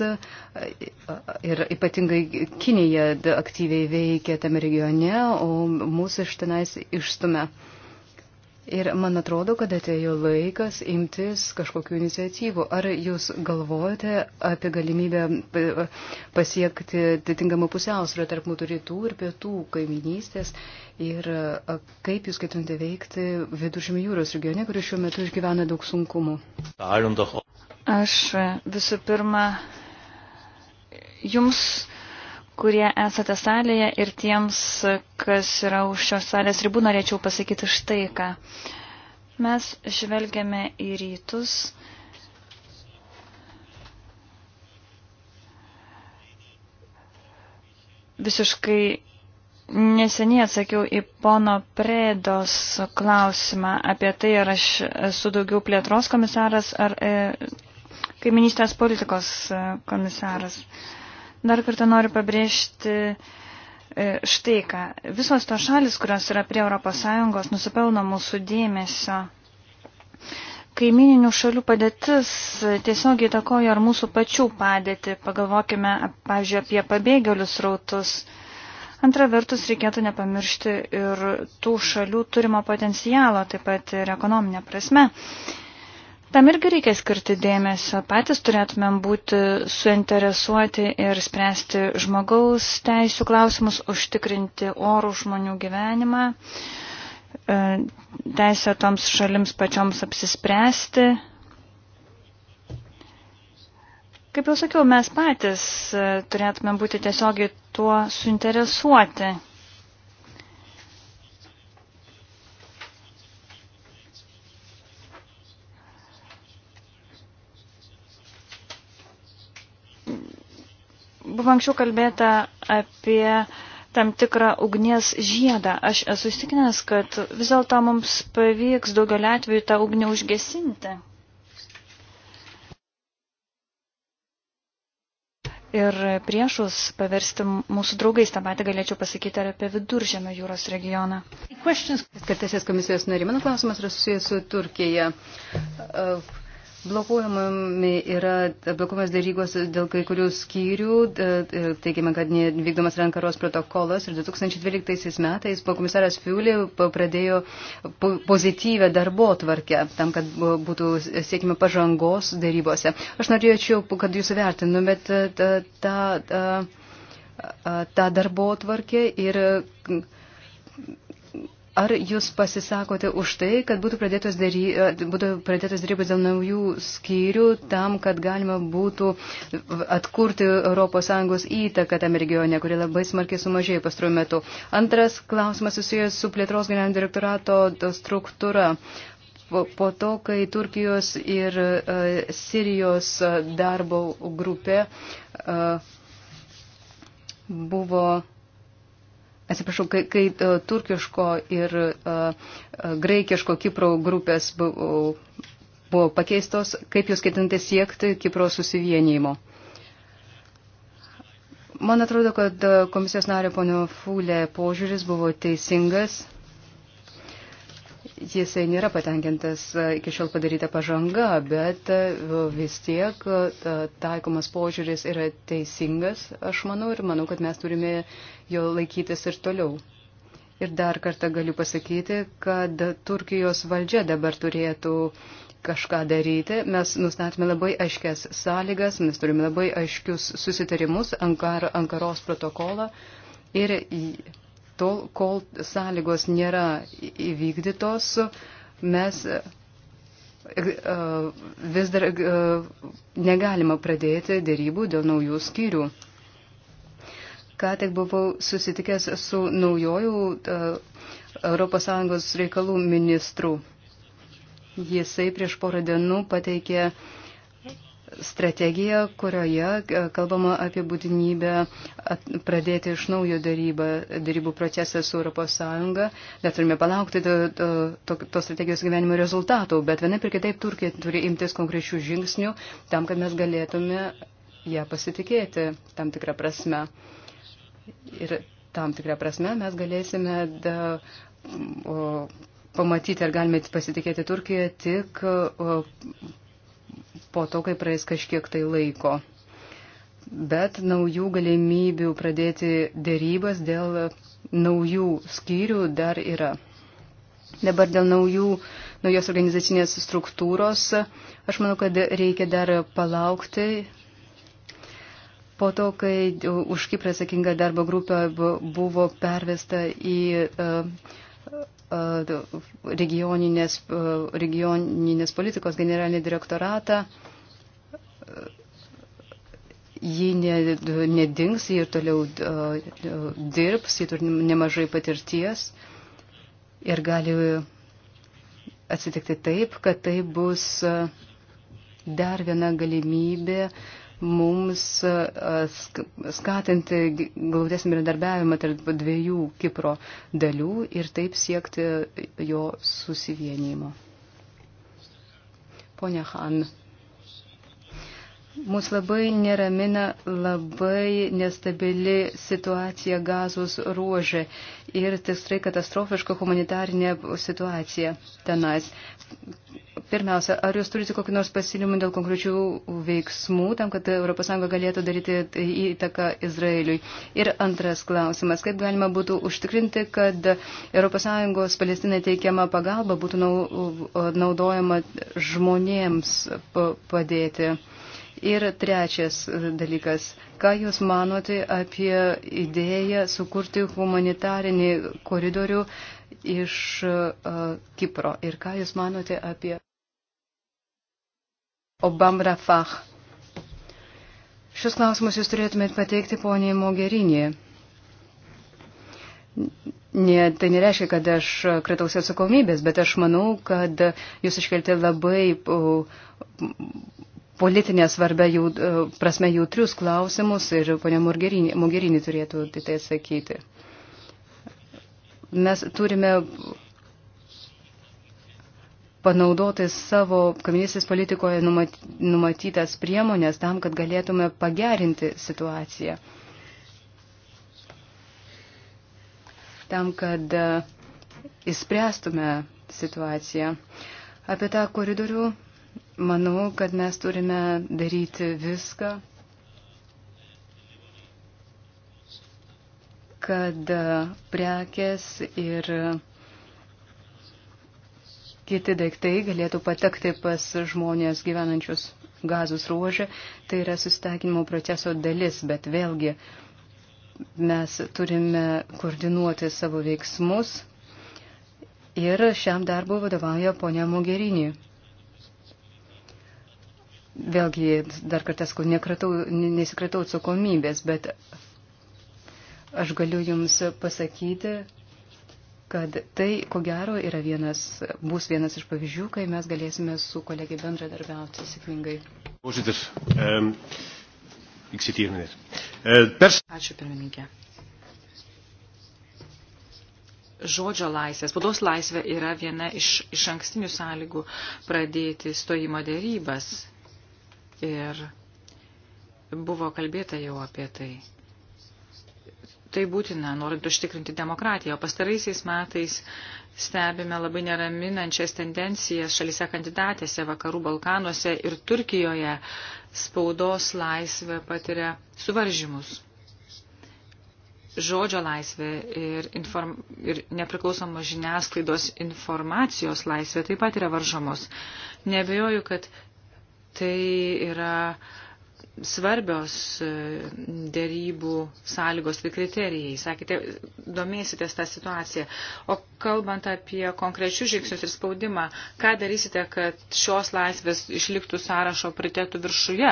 [SPEAKER 2] ir ypatingai Kinija aktyviai veikia tame regione, o mūsų iš tenais išstumia. Ir man atrodo, kad atėjo laikas imtis kažkokių iniciatyvų. Ar jūs galvojate apie galimybę e, pasiekti atitinkamą pusiausvyrą tarp mūsų rytų ir pietų kaiminystės? Ir e, kaip jūs ketinate veikti viduržymį jūros regione, kuris šiuo metu išgyvena daug sunkumų?
[SPEAKER 1] Aš visų pirma, jums kurie esate salėje ir tiems, kas yra už šios salės ribų, norėčiau pasakyti štai ką. Mes žvelgiame į rytus. Visiškai neseniai atsakiau į pono Predos klausimą apie tai, ar aš esu daugiau plėtros komisaras ar e, kaiminystės politikos e, komisaras. E, Dar kartą noriu pabrėžti e, štai ką. Visos tos šalis, kurios yra prie ES, nusipelno mūsų dėmesio. Kaimininių šalių padėtis tiesiog įtakoja ir mūsų pačių padėtį. Pagalvokime, pavyzdžiui, apie pabėgėlius rautus. Antra vertus, reikėtų nepamiršti ir tų šalių turimo potencialo, taip pat ir ekonominė prasme. Tam irgi reikia skirti dėmesio. Patys turėtumėm būti suinteresuoti ir spręsti žmogaus teisų klausimus, užtikrinti orų žmonių gyvenimą, e, teisę toms šalims pačioms apsispręsti. Kaip jau sakiau, mes patys e, turėtume būti tiesiogiai tuo suinteresuoti. Buvo anksčiau kalbėta apie tam tikrą ugnies žiedą. Aš esu įstikinęs, kad vis dėlto mums pavyks daugelį atvejų tą ugnį užgesinti. Ir priešus paversti mūsų draugais, tą patį galėčiau pasakyti ir apie viduržėmio jūros regioną.
[SPEAKER 2] Questions. Kad teisės komisijos nariai, mano klausimas yra susijęs su Turkija. Uh, Blokuojami yra blokuojamas darygos dėl kai kurių skyrių, e, teigiama, kad vykdomas rankaros protokolas ir 2012 metais komisaras Fiulė pradėjo pozityvę darbo tvarkę tam, kad būtų siekime pažangos darybose. Aš norėčiau, kad jūs vertinumėt e, tą, tą, e, tą darbo tvarkę ir Ar jūs pasisakote už tai, kad būtų pradėtos, dėry, e, būtų pradėtos dėrybos dėl naujų skyrių tam, kad galima būtų atkurti ES įtaką tame regione, kuri labai smarkiai sumažėjo pastaruoju metu? Antras klausimas susijęs su plėtros generalinio direktorato struktūra. Po, po to, kai Turkijos ir uh, Sirijos e, darbo grupė uh, buvo Atsiprašau, kai, kai e, turkiško ir e, e, graikiško Kipro grupės buvo, buvo pakeistos, kaip jūs ketinate siekti Kipro susivienijimo? Man atrodo, kad komisijos nario ponio Fulė požiūris buvo teisingas jisai nėra patenkintas e, iki šiol padaryta pažanga, bet e, vis tiek e, taikomas požiūris yra teisingas, aš manau, ir manau, kad mes turime jo laikytis ir toliau. Ir dar kartą galiu pasakyti, kad Turkijos valdžia dabar turėtų kažką daryti. Mes nustatome labai aiškias sąlygas, mes turime labai aiškius susitarimus, Ankar, Ankaros protokolą ir tol, kol sąlygos nėra įvykdytos, mes e, e, vis dar e, negalima pradėti dėrybų dėl naujų skyrių. Ką tik buvau susitikęs su naujojų ES reikalų ministru. Jisai prieš porą dienų pateikė uh, strategiją, kurioje e, kalbama apie būtinybę pradėti iš naujo darybą, darybų procesą su ES. Dar turime palaukti to, to, to, to strategijos gyvenimo rezultatų, bet vienaip ir kitaip Turkija turi imtis konkrečių žingsnių tam, kad mes galėtume ją pasitikėti tam tikrą prasme. Ir tam tikrą prasme mes galėsime da, o, pamatyti, ar galime pasitikėti Turkiją tik o, po to, kai praeis kažkiek tai laiko. Bet naujų galimybių pradėti dėrybas dėl naujų skyrių dar yra. Dabar dėl naujų, naujos organizacinės struktūros, aš manau, kad reikia dar palaukti. Po to, kai už Kiprą atsakinga darbo grupė buvo pervesta į uh, E, regioninės, e, regioninės politikos generalinį direktoratą, e, ji nedings, ji ir toliau dirbs, ji turi nemažai patirties ir gali atsitikti taip, kad tai bus dar viena galimybė uh, mums skatinti glaudesnį bendradarbiavimą tarp dviejų Kipro dalių ir taip siekti jo susivienimo. Pone Han, Mus labai neramina labai nestabili situacija gazos ruožė ir tikrai katastrofiška humanitarinė situacija tenais. Pirmiausia, ar jūs turite kokį nors pasiūlymą dėl konkrečių veiksmų tam, kad ES galėtų daryti įtaką Izraeliui? Ir antras klausimas, kaip galima būtų užtikrinti, kad ES Palestinai teikiama pagalba būtų naudojama žmonėms padėti? Ir trečias dalykas, ką Jūs manote apie idėją sukurti humanitarinį koridorių iš uh, Kipro ir ką Jūs manote apie Obam Rafah? Šios klausimus Jūs turėtumėt pateikti poniai Mogerinį. Ne, tai nereiškia, kad aš kratausi atsakomybės, bet aš manau, kad jūs iškelti labai politinė svarbia jų, e, prasme jautrius klausimus ir ponia Mogherini, Mogherini turėtų tai-, tai atsakyti. Mes turime panaudoti savo kaminystės politikoje numatytas priemonės tam, kad galėtume pagerinti situaciją. Tam, kad įspręstume e, situaciją. Apie tą koridorių Manau, kad mes turime daryti viską, kad e, prekes ir kiti daiktai galėtų patekti pas žmonės gyvenančius gazos ruožę. Tai yra susitakinimo proceso dalis, bet vėlgi mes turime koordinuoti savo veiksmus ir šiam darbui vadovauja ponia Mogerinė. Vėlgi, dar kartą sakau, nesikratau atsakomybės, bet aš galiu Jums pasakyti, kad tai, ko gero, yra vienas, bus vienas iš pavyzdžių, kai mes galėsime su kolegiai bendradarbiauti sėkmingai.
[SPEAKER 1] Ehm, eh,
[SPEAKER 3] Ačiū pirmininkė. Žodžio laisvė, spaudos laisvė yra viena iš, iš ankstinių sąlygų pradėti stojimo dėrybas Ir buvo kalbėta jau apie tai. Tai būtina, norint užtikrinti demokratiją. O pastaraisiais metais stebime labai neraminančias tendencijas šalise kandidatėse, vakarų Balkanuose ir Turkijoje spaudos laisvė patiria suvaržymus. Žodžio laisvė ir, inform, ir nepriklausomos žiniasklaidos informacijos laisvė taip pat yra varžomos. Nebejoju, kad Tai yra svarbios e, dėrybų sąlygos ir kriterijai. Sakėte, domėsitės tą situaciją. O kalbant apie konkrečius žingsnius ir spaudimą, ką darysite, kad šios laisvės išliktų sąrašo pritėtų viršuje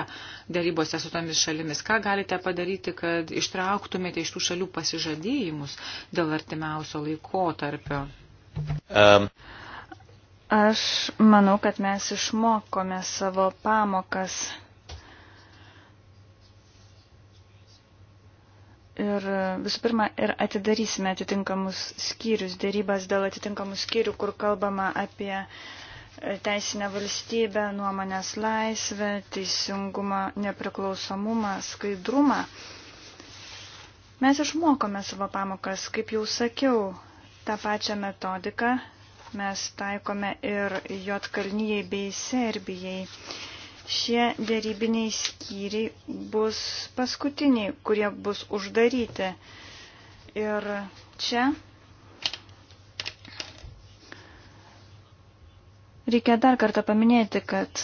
[SPEAKER 3] dėrybose su tomis šalimis? Ką galite padaryti, kad ištrauktumėte iš tų šalių pasižadėjimus dėl artimiausio laiko tarpio?
[SPEAKER 1] Um. Aš manau, kad mes išmokome savo pamokas. Ir visų pirma, ir atidarysime atitinkamus skyrius, dėrybas dėl atitinkamų skyrių, kur kalbama apie teisinę valstybę, nuomonės laisvę, teisingumą, nepriklausomumą, skaidrumą. Mes išmokome savo pamokas, kaip jau sakiau, tą pačią metodiką mes taikome ir Jotkalnyjai bei Serbijai. Šie dėrybiniai skyriai bus paskutiniai, kurie bus uždaryti. Ir čia reikia dar kartą paminėti, kad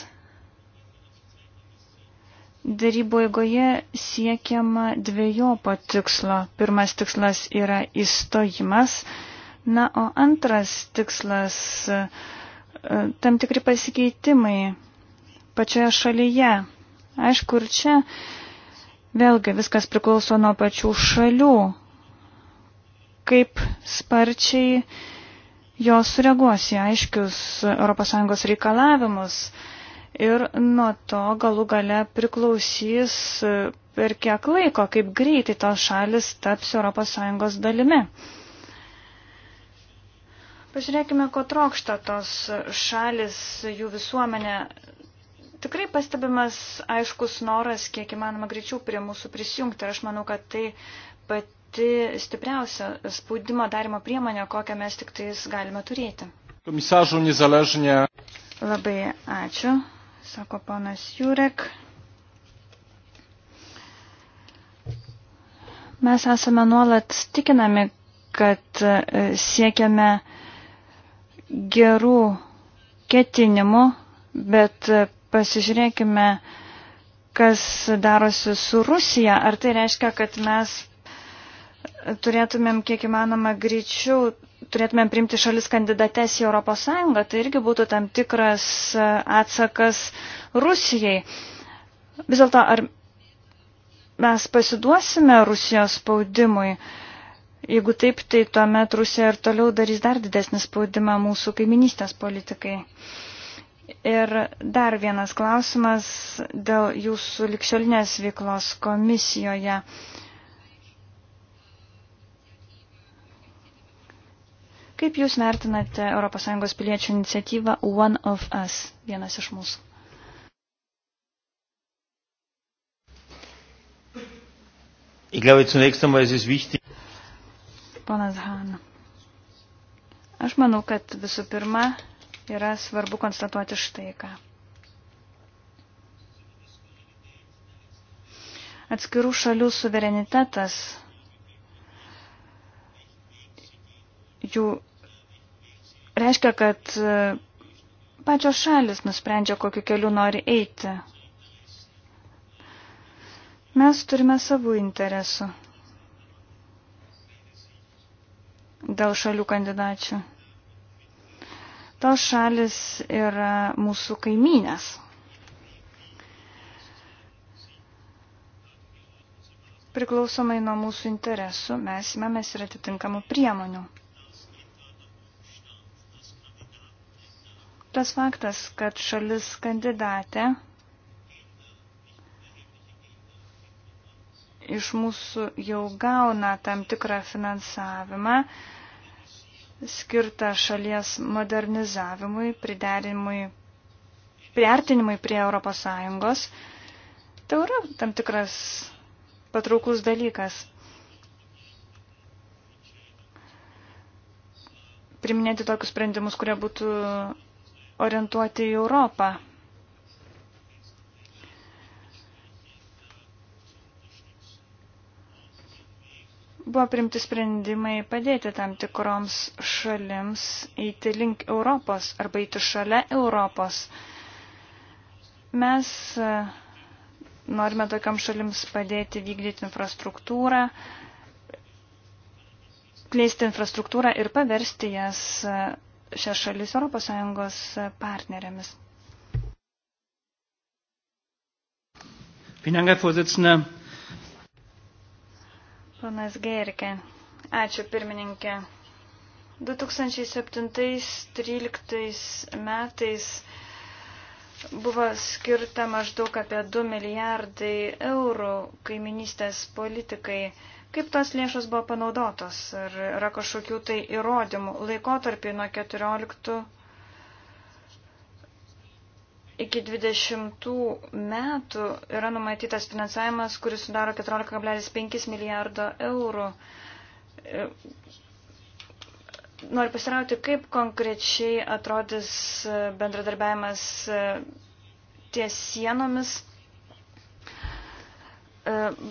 [SPEAKER 1] Darybų eigoje siekiama dviejopo tikslo. Pirmas tikslas yra įstojimas, Na, o antras tikslas e, - tam tikri pasikeitimai pačioje šalyje. Aišku, ir čia vėlgi viskas priklauso nuo pačių šalių, kaip sparčiai jos sureaguos į aiškius ES reikalavimus ir nuo to galų gale priklausys e, per kiek laiko, kaip greitai tos šalis taps ES dalimi. Pažiūrėkime, ko trokšta tos šalis, jų visuomenė. Tikrai pastebimas aiškus noras, kiek įmanoma greičiau prie mūsų prisijungti. Ir aš manau, kad tai pati stipriausia spaudimo darimo priemonė, kokią mes tik tais galime turėti. Komisažų nezaležinė. Labai ačiū, sako ponas Jurek. Mes esame nuolat tikinami, kad siekiame gerų ketinimų, bet pasižiūrėkime, kas darosi su Rusija. Ar tai reiškia, kad mes turėtumėm kiek įmanoma greičiau, turėtumėm priimti šalis kandidates į ES, tai irgi būtų tam tikras atsakas Rusijai. Vis dėlto, ar mes pasiduosime Rusijos spaudimui? Uh, Jeigu taip, tai tuomet Rusija ir toliau darys dar didesnį spaudimą mūsų kaiminystės politikai. Ir dar vienas klausimas dėl jūsų likščiolinės veiklos komisijoje. Kaip Jūs vertinate ES piliečių iniciatyvą One of Us, vienas iš mūsų? Ich glaube, zunächst einmal ist es wichtig, Ponas Hanna. Aš manau, kad visų pirma yra svarbu konstatuoti štai ką. Atskirų šalių suverenitetas, jų reiškia, kad e, pačios šalis nusprendžia, kokiu keliu nori eiti. Mes turime savų interesų. dėl šalių kandidačių. Tos šalis yra mūsų kaimynės. Priklausomai nuo mūsų interesų mes imamės ir atitinkamų priemonių. Tas faktas, kad šalis kandidatė iš mūsų jau gauna tam tikrą finansavimą skirtą šalies modernizavimui, priderinimui, priartinimui prie ES. Tai yra tam tikras patrauklus dalykas. Priminėti tokius sprendimus, kurie būtų orientuoti į Europą. Buvo primti sprendimai padėti tam tikroms šalims eiti link Europos arba eiti šalia Europos. Mes e, norime tokiam šalims padėti vykdyti infrastruktūrą, plėsti infrastruktūrą ir paversti jas e, šias šalis ES e, partnerėmis. Vielen Dank, Herr Vorsitzender. Panas Gerke. Ačiū pirmininkė. 2007-2013 metais buvo skirta maždaug apie 2 milijardai eurų kaiminystės politikai. Kaip tos lėšos buvo panaudotos? Ar yra kažkokių tai įrodymų laikotarpį nuo 14 Iki 20 metų yra numatytas finansavimas, kuris sudaro 14,5 milijardo eurų. E, noriu pasirauti, kaip konkrečiai atrodys bendradarbiavimas e, ties sienomis. E,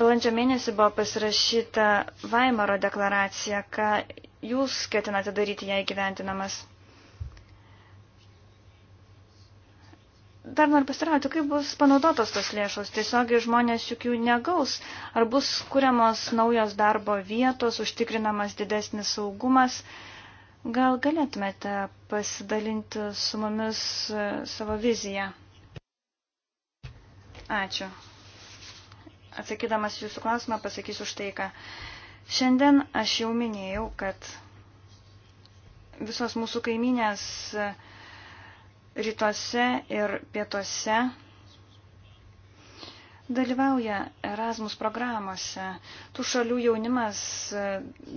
[SPEAKER 1] balandžio mėnesį buvo pasirašyta Vaimaro deklaracija, ką jūs ketinate daryti, jei gyventinamas. dar noriu pasirauti, kaip bus panaudotos tos lėšos. Tiesiogiai žmonės juk jų negaus. Ar bus kuriamos naujos darbo vietos, užtikrinamas didesnis saugumas. Gal galėtumėte pasidalinti su mumis e, savo viziją? Ačiū. Atsakydamas jūsų klausimą pasakysiu štai ką. Šiandien aš jau minėjau, kad visos mūsų kaiminės uh, rytuose ir pietuose dalyvauja Erasmus programuose. Tų šalių jaunimas e,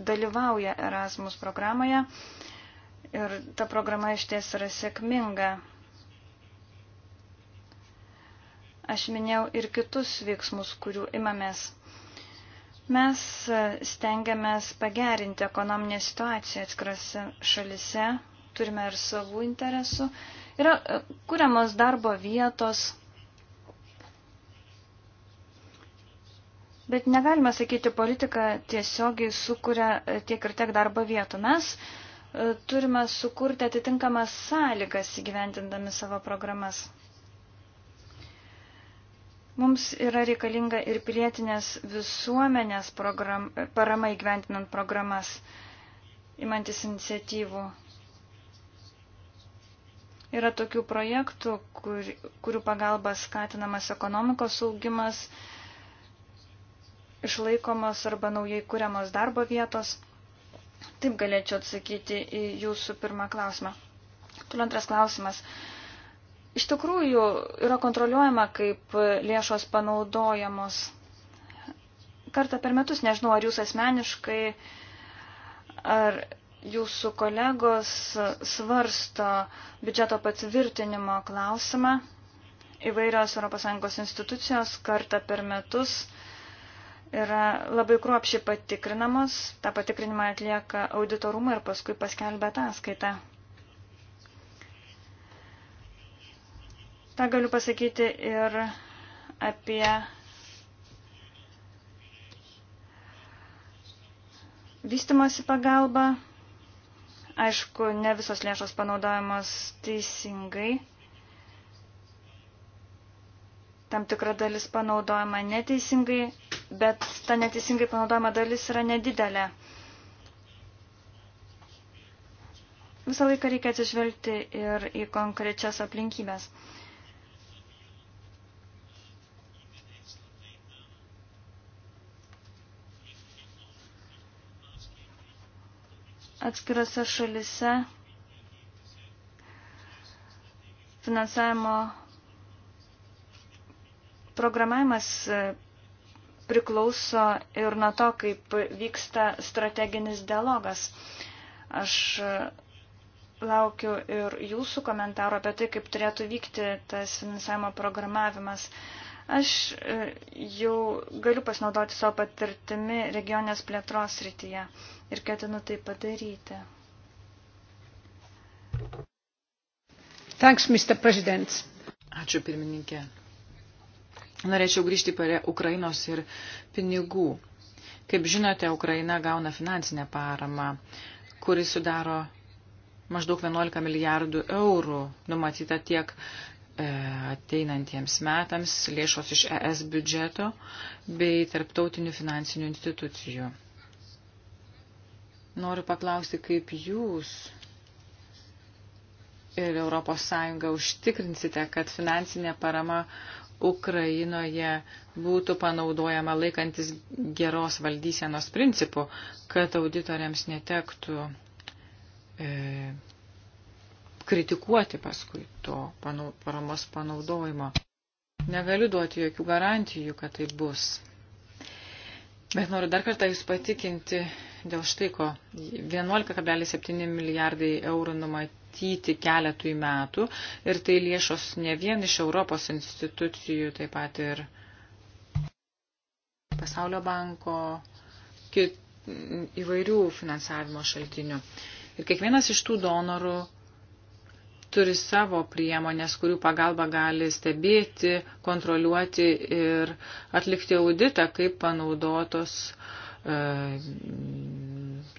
[SPEAKER 1] dalyvauja Erasmus programoje ir ta programa iš ties yra sėkminga. Aš minėjau ir kitus veiksmus, kurių imamės. Mes e, stengiamės pagerinti ekonominę situaciją atskirose šalise turime ir savų interesų. Yra e, kuriamos darbo vietos, bet negalime sakyti, politika tiesiogiai sukuria e, tiek ir tiek darbo vietų. Mes e, turime sukurti atitinkamas sąlygas įgyventindami savo programas. Mums yra reikalinga ir pilietinės visuomenės program, parama įgyventinant programas, imantis iniciatyvų. Yra tokių projektų, kur, kurių pagalba skatinamas ekonomikos augimas, išlaikomos arba naujai kuriamos darbo vietos. Taip galėčiau atsakyti į jūsų pirmą klausimą. Toliau antras klausimas. Iš tikrųjų yra kontroliuojama, kaip lėšos panaudojamos. Kartą per metus, nežinau, ar jūs asmeniškai, ar jūsų kolegos svarsto biudžeto patvirtinimo klausimą. Įvairios ES institucijos kartą per metus yra labai kruopšiai patikrinamos. Ta patikrinimą atlieka auditorumai ir paskui paskelbia ataskaitą. Ta galiu pasakyti ir apie vystimosi pagalbą. Aišku, ne visos lėšos panaudojamos teisingai. Tam tikra dalis panaudojama neteisingai, bet ta neteisingai panaudojama dalis yra nedidelė. Visą laiką reikia atsižvelgti ir į konkrečias aplinkybės. atskirose šalise finansavimo programavimas e, priklauso ir nuo to, kaip vyksta strateginis dialogas. Aš e, laukiu ir jūsų komentaro apie tai, kaip turėtų vykti tas finansavimo programavimas. Aš e, jau galiu pasinaudoti savo patirtimi regionės plėtros rytyje ir ketinu tai padaryti.
[SPEAKER 3] Thanks, Mr. President. Ačiū pirmininkė. Norėčiau grįžti prie Ukrainos ir pinigų. Kaip žinote, Ukraina gauna finansinę paramą, kuri sudaro maždaug 11 milijardų eurų, numatyta tiek e, ateinantiems metams lėšos iš ES biudžeto bei tarptautinių finansinių institucijų. Noriu paklausti, kaip jūs ir ES užtikrinsite, kad finansinė parama Ukrainoje būtų panaudojama laikantis geros valdysenos principų, kad auditoriams netektų e, kritikuoti paskui to panau, paramos panaudojimo. Negaliu duoti jokių garantijų, kad tai bus. Bet noriu dar kartą Jūs patikinti, dėl štai ko. 11,7 milijardai eurų numatyti keletui metų ir tai lėšos ne vien iš Europos institucijų, taip pat ir Pasaulio banko, kit, įvairių finansavimo šaltinių. Ir kiekvienas iš tų donorų turi savo priemonės, kurių pagalba gali stebėti, kontroliuoti ir atlikti auditą, kaip panaudotos uh, E,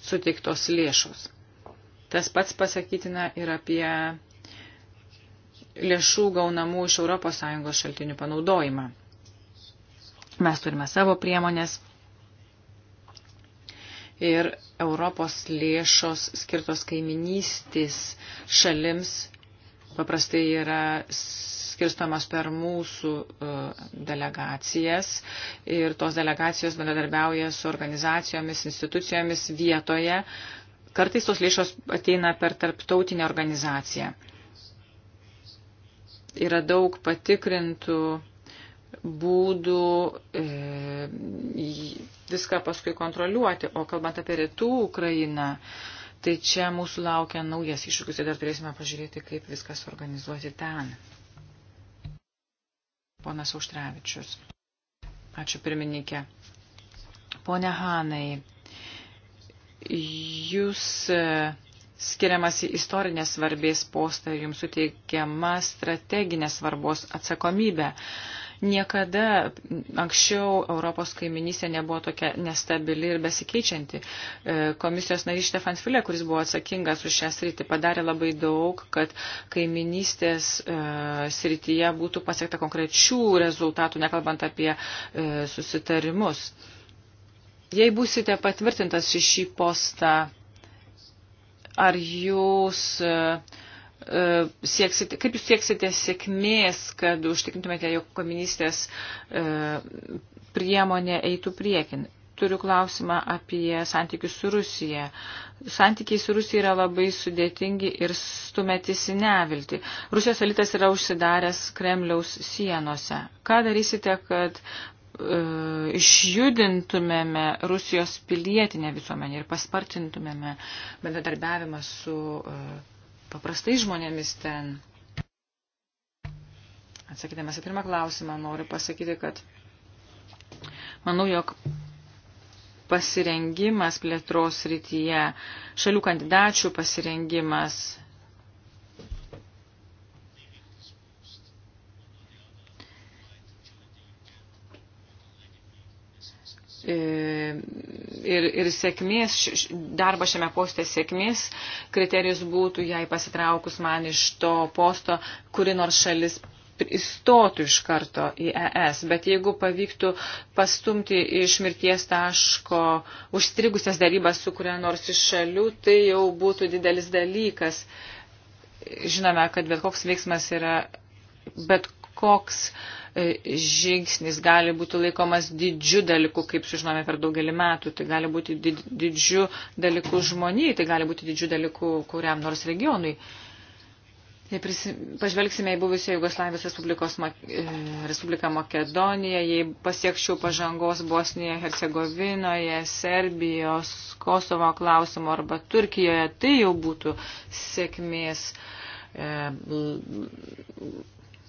[SPEAKER 3] suteiktos lėšos. Tas pats pasakytina ir apie lėšų gaunamų iš ES šaltinių panaudojimą. Mes turime savo priemonės ir Europos lėšos skirtos kaiminystės šalims paprastai yra skirstamos per mūsų e, delegacijas ir tos delegacijos bendradarbiauja su organizacijomis, institucijomis vietoje. Kartais tos lėšos ateina per tarptautinę organizaciją. Yra daug patikrintų būdų e, viską paskui kontroliuoti. O kalbant apie rytų Ukrainą, tai čia mūsų laukia naujas iššūkis ir tai dar turėsime pažiūrėti, kaip viskas organizuoti ten. Ponas Užtrevičius. Ačiū pirmininkė. Pone Hanai, jūs e, skiriamas į istorinės svarbės postą ir jums suteikiama strateginės svarbos atsakomybė. Niekada anksčiau Europos kaiminysė nebuvo tokia nestabili ir besikeičianti. E, komisijos narys Štefan Filė, kuris buvo atsakingas už šią sritį, padarė labai daug, kad kaiminystės e, srityje būtų pasiekta konkrečių rezultatų, nekalbant apie e, susitarimus. Jei būsite patvirtintas į šį postą, ar jūs uh, E, sieksite, kaip jūs sieksite sėkmės, kad užtikrintumėte, jog komunistės e, priemonė eitų priekin? Turiu klausimą apie santykius su Rusija. Santykiai su Rusija yra labai sudėtingi ir stumetis į nevilti. Rusijos elitas yra užsidaręs Kremliaus sienose. Ką darysite, kad e, išjudintumėme Rusijos pilietinę visuomenę ir paspartintumėme bendradarbiavimą su uh, paprastai žmonėmis ten. Atsakydamas į pirmą klausimą, noriu pasakyti, kad manau, jog pasirengimas plėtros rytyje, šalių kandidačių pasirengimas E, ir, ir sėkmės, darbo šiame poste sėkmės kriterijus būtų, jei pasitraukus man iš to posto, kuri nors šalis įstotų iš karto į ES, bet jeigu pavyktų pastumti iš mirties taško užstrigusias darybas su kuria nors iš šalių, tai jau būtų didelis dalykas. Žinome, kad bet koks veiksmas yra, bet koks uh, E, žingsnis gali būti laikomas didžiu dalyku, kaip sužinome per daugelį metų. Tai gali būti didžiu dalyku žmoniai, tai gali būti didžiu dalyku kuriam nors regionui. Jei pažvelgsime į buvusią Jugoslavijos Respublikos, e, Respubliką Makedoniją, jei pasiekščiau pažangos Bosnijoje, Hercegovinoje, Serbijos, Kosovo klausimo arba Turkijoje, tai jau būtų sėkmės e,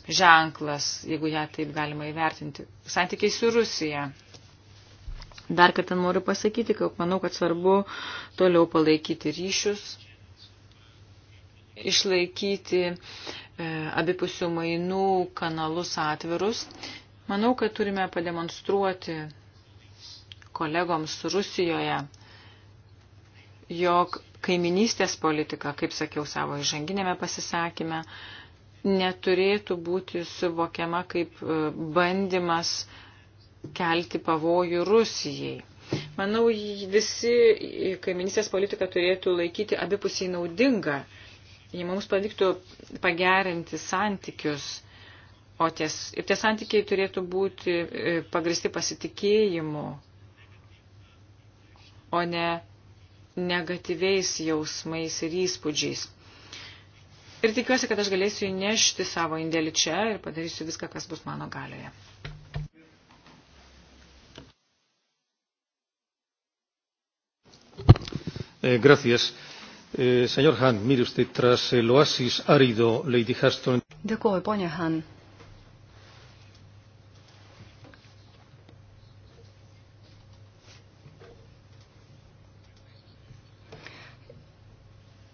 [SPEAKER 3] ženklas, jeigu ją taip galima įvertinti. Santykiai su Rusija. Dar kartą noriu pasakyti, kad manau, kad svarbu toliau palaikyti ryšius, išlaikyti e, abipusių mainų kanalus atvirus. Manau, kad turime pademonstruoti kolegoms Rusijoje, jog kaiminystės politika, kaip sakiau savo įžanginėme pasisakyme, e, neturėtų būti suvokiama kaip e, bandymas kelti pavojų Rusijai. Manau, visi e, kaiminysės politika turėtų laikyti abipusiai naudinga. Jei mums pavyktų pagerinti santykius, o ties, ir tie santykiai turėtų būti e, pagristi pasitikėjimu, o ne negatyviais jausmais ir įspūdžiais ir tikiuosi, kad aš galėsiu įnešti savo indėlį čia ir padarysiu viską, kas bus mano galioje.
[SPEAKER 1] Eh, gracias. Eh, señor Hahn, mire usted, tras el oasis árido, Lady Haston.
[SPEAKER 2] Dėkuoju, ponia Hahn.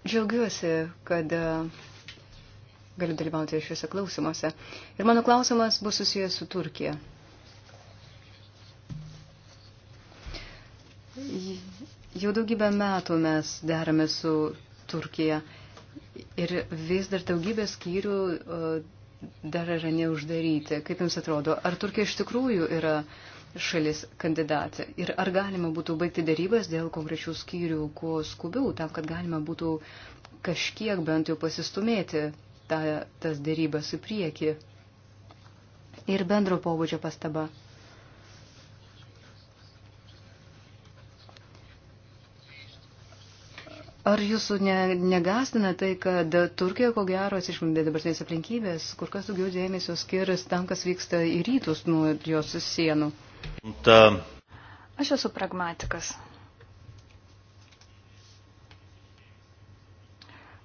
[SPEAKER 2] Džiaugiuosi, kad galiu dalyvauti šiuose klausimuose. Ir mano klausimas bus susijęs su Turkija. Jau daugybę metų mes derame su Turkija ir vis dar daugybė skyrių e, dar yra neuždaryti. Kaip Jums atrodo, ar Turkija iš tikrųjų yra šalis kandidatė. Ir ar galima būtų baigti darybas dėl konkrečių skyrių kuo skubiau, tam, kad galima būtų kažkiek bent jau pasistumėti ta, tas dėrybas į priekį. Ir bendro pobūdžio pastaba. Ar jūsų ne, negastina tai, kad Turkija, ko gero, atsižvelgiant dabartinės aplinkybės, kur kas daugiau dėmesio skiris tam, kas vyksta į rytus nuo jos sienų?
[SPEAKER 1] Ta... Aš esu pragmatikas.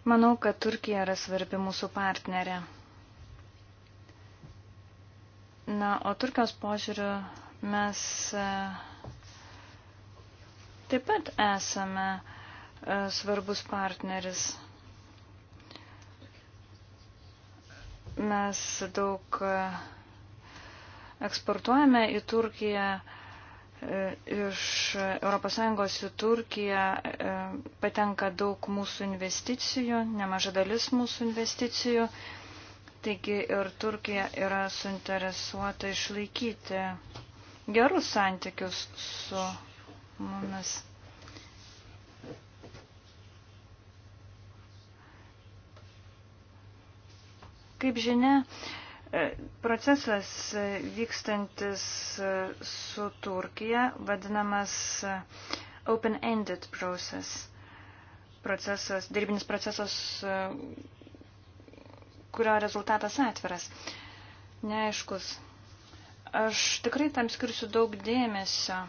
[SPEAKER 1] Manau, kad Turkija yra svarbi mūsų partnerė. Na, o Turkijos požiūriu mes e, taip pat esame e, svarbus partneris. Mes daug e, eksportuojame į Turkiją E, iš ES į Turkiją e, patenka daug mūsų investicijų, nemaža dalis mūsų investicijų. Taigi ir Turkija yra suinteresuota išlaikyti gerus santykius su mumis. Kaip žinia, E, procesas e, vykstantis e, su Turkija vadinamas open-ended process. Procesas, dirbinis procesas, kurio rezultatas atviras, neaiškus. Aš tikrai tam skirsiu daug dėmesio.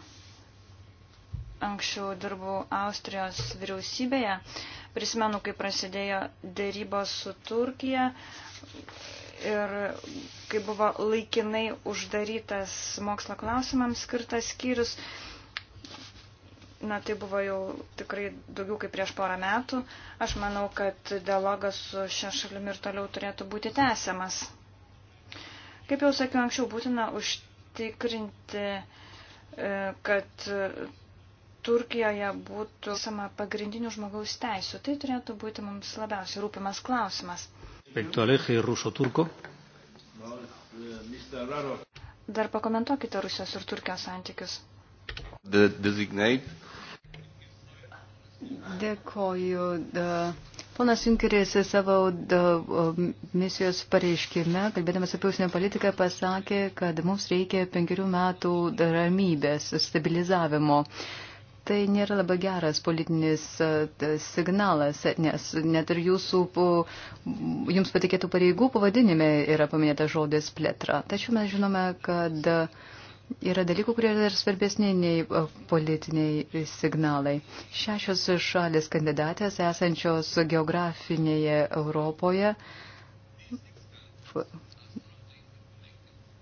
[SPEAKER 1] Anksčiau dirbau Austrijos vyriausybėje. Prisimenu, kai prasidėjo dėrybos su Turkija ir kai buvo laikinai uždarytas mokslo klausimams skirtas skyrius, na tai buvo jau tikrai daugiau kaip prieš porą metų, aš manau, kad dialogas su šia šalimi ir toliau turėtų būti tęsiamas. Kaip jau sakiau anksčiau, būtina užtikrinti, e, kad Turkijoje būtų sama pagrindinių žmogaus teisų. Tai turėtų būti mums labiausiai rūpimas klausimas
[SPEAKER 3] respecto al eje ruso-turco?
[SPEAKER 1] Dar pakomentuokite Rusijos ir Turkijos santykius.
[SPEAKER 2] Dėkoju. Ponas Junkeris savo misijos pareiškime, kalbėdamas apie užsienio politiką, pasakė, kad mums reikia penkerių metų ramybės, stabilizavimo. Uh, tai nėra labai geras politinis e, signalas, nes net ir jūsų, jums patikėtų pareigų pavadinime yra paminėta žodis plėtra. Tačiau mes žinome, kad yra dalykų, kurie yra dar svarbesni nei e, politiniai signalai. Šešios šalis kandidatės esančios geografinėje Europoje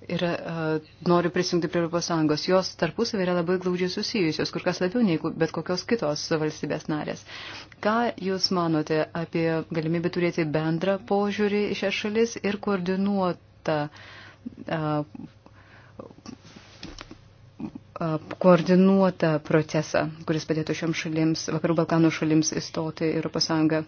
[SPEAKER 2] ir uh, e, nori prisijungti prie Europos Sąjungos. Jos tarpusavį yra labai glaudžiai susijusios, kur kas labiau nei bet kokios kitos valstybės narės. Ką Jūs manote apie galimybę turėti bendrą požiūrį į šią šalis ir koordinuotą, uh, uh, koordinuotą procesą, kuris padėtų šioms šalims, Vakarų Balkanų šalims įstoti į Europos Sąjungą?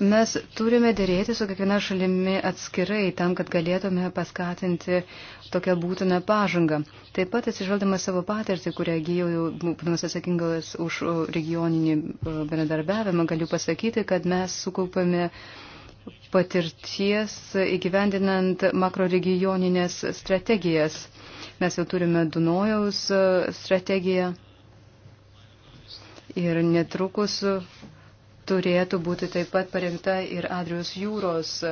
[SPEAKER 2] Mes turime dėrėti su kiekviena šalimi atskirai tam, kad galėtume paskatinti tokią būtiną pažangą. Taip pat atsižvelgdama savo patirtį, kurią gyjau, būdamas atsakingas už regioninį e, bendradarbiavimą, galiu pasakyti, kad mes sukaupame patirties įgyvendinant makroregioninės strategijas. Mes jau turime Dunojaus e, strategiją ir netrukus turėtų būti taip pat parengta ir Adrius jūros e,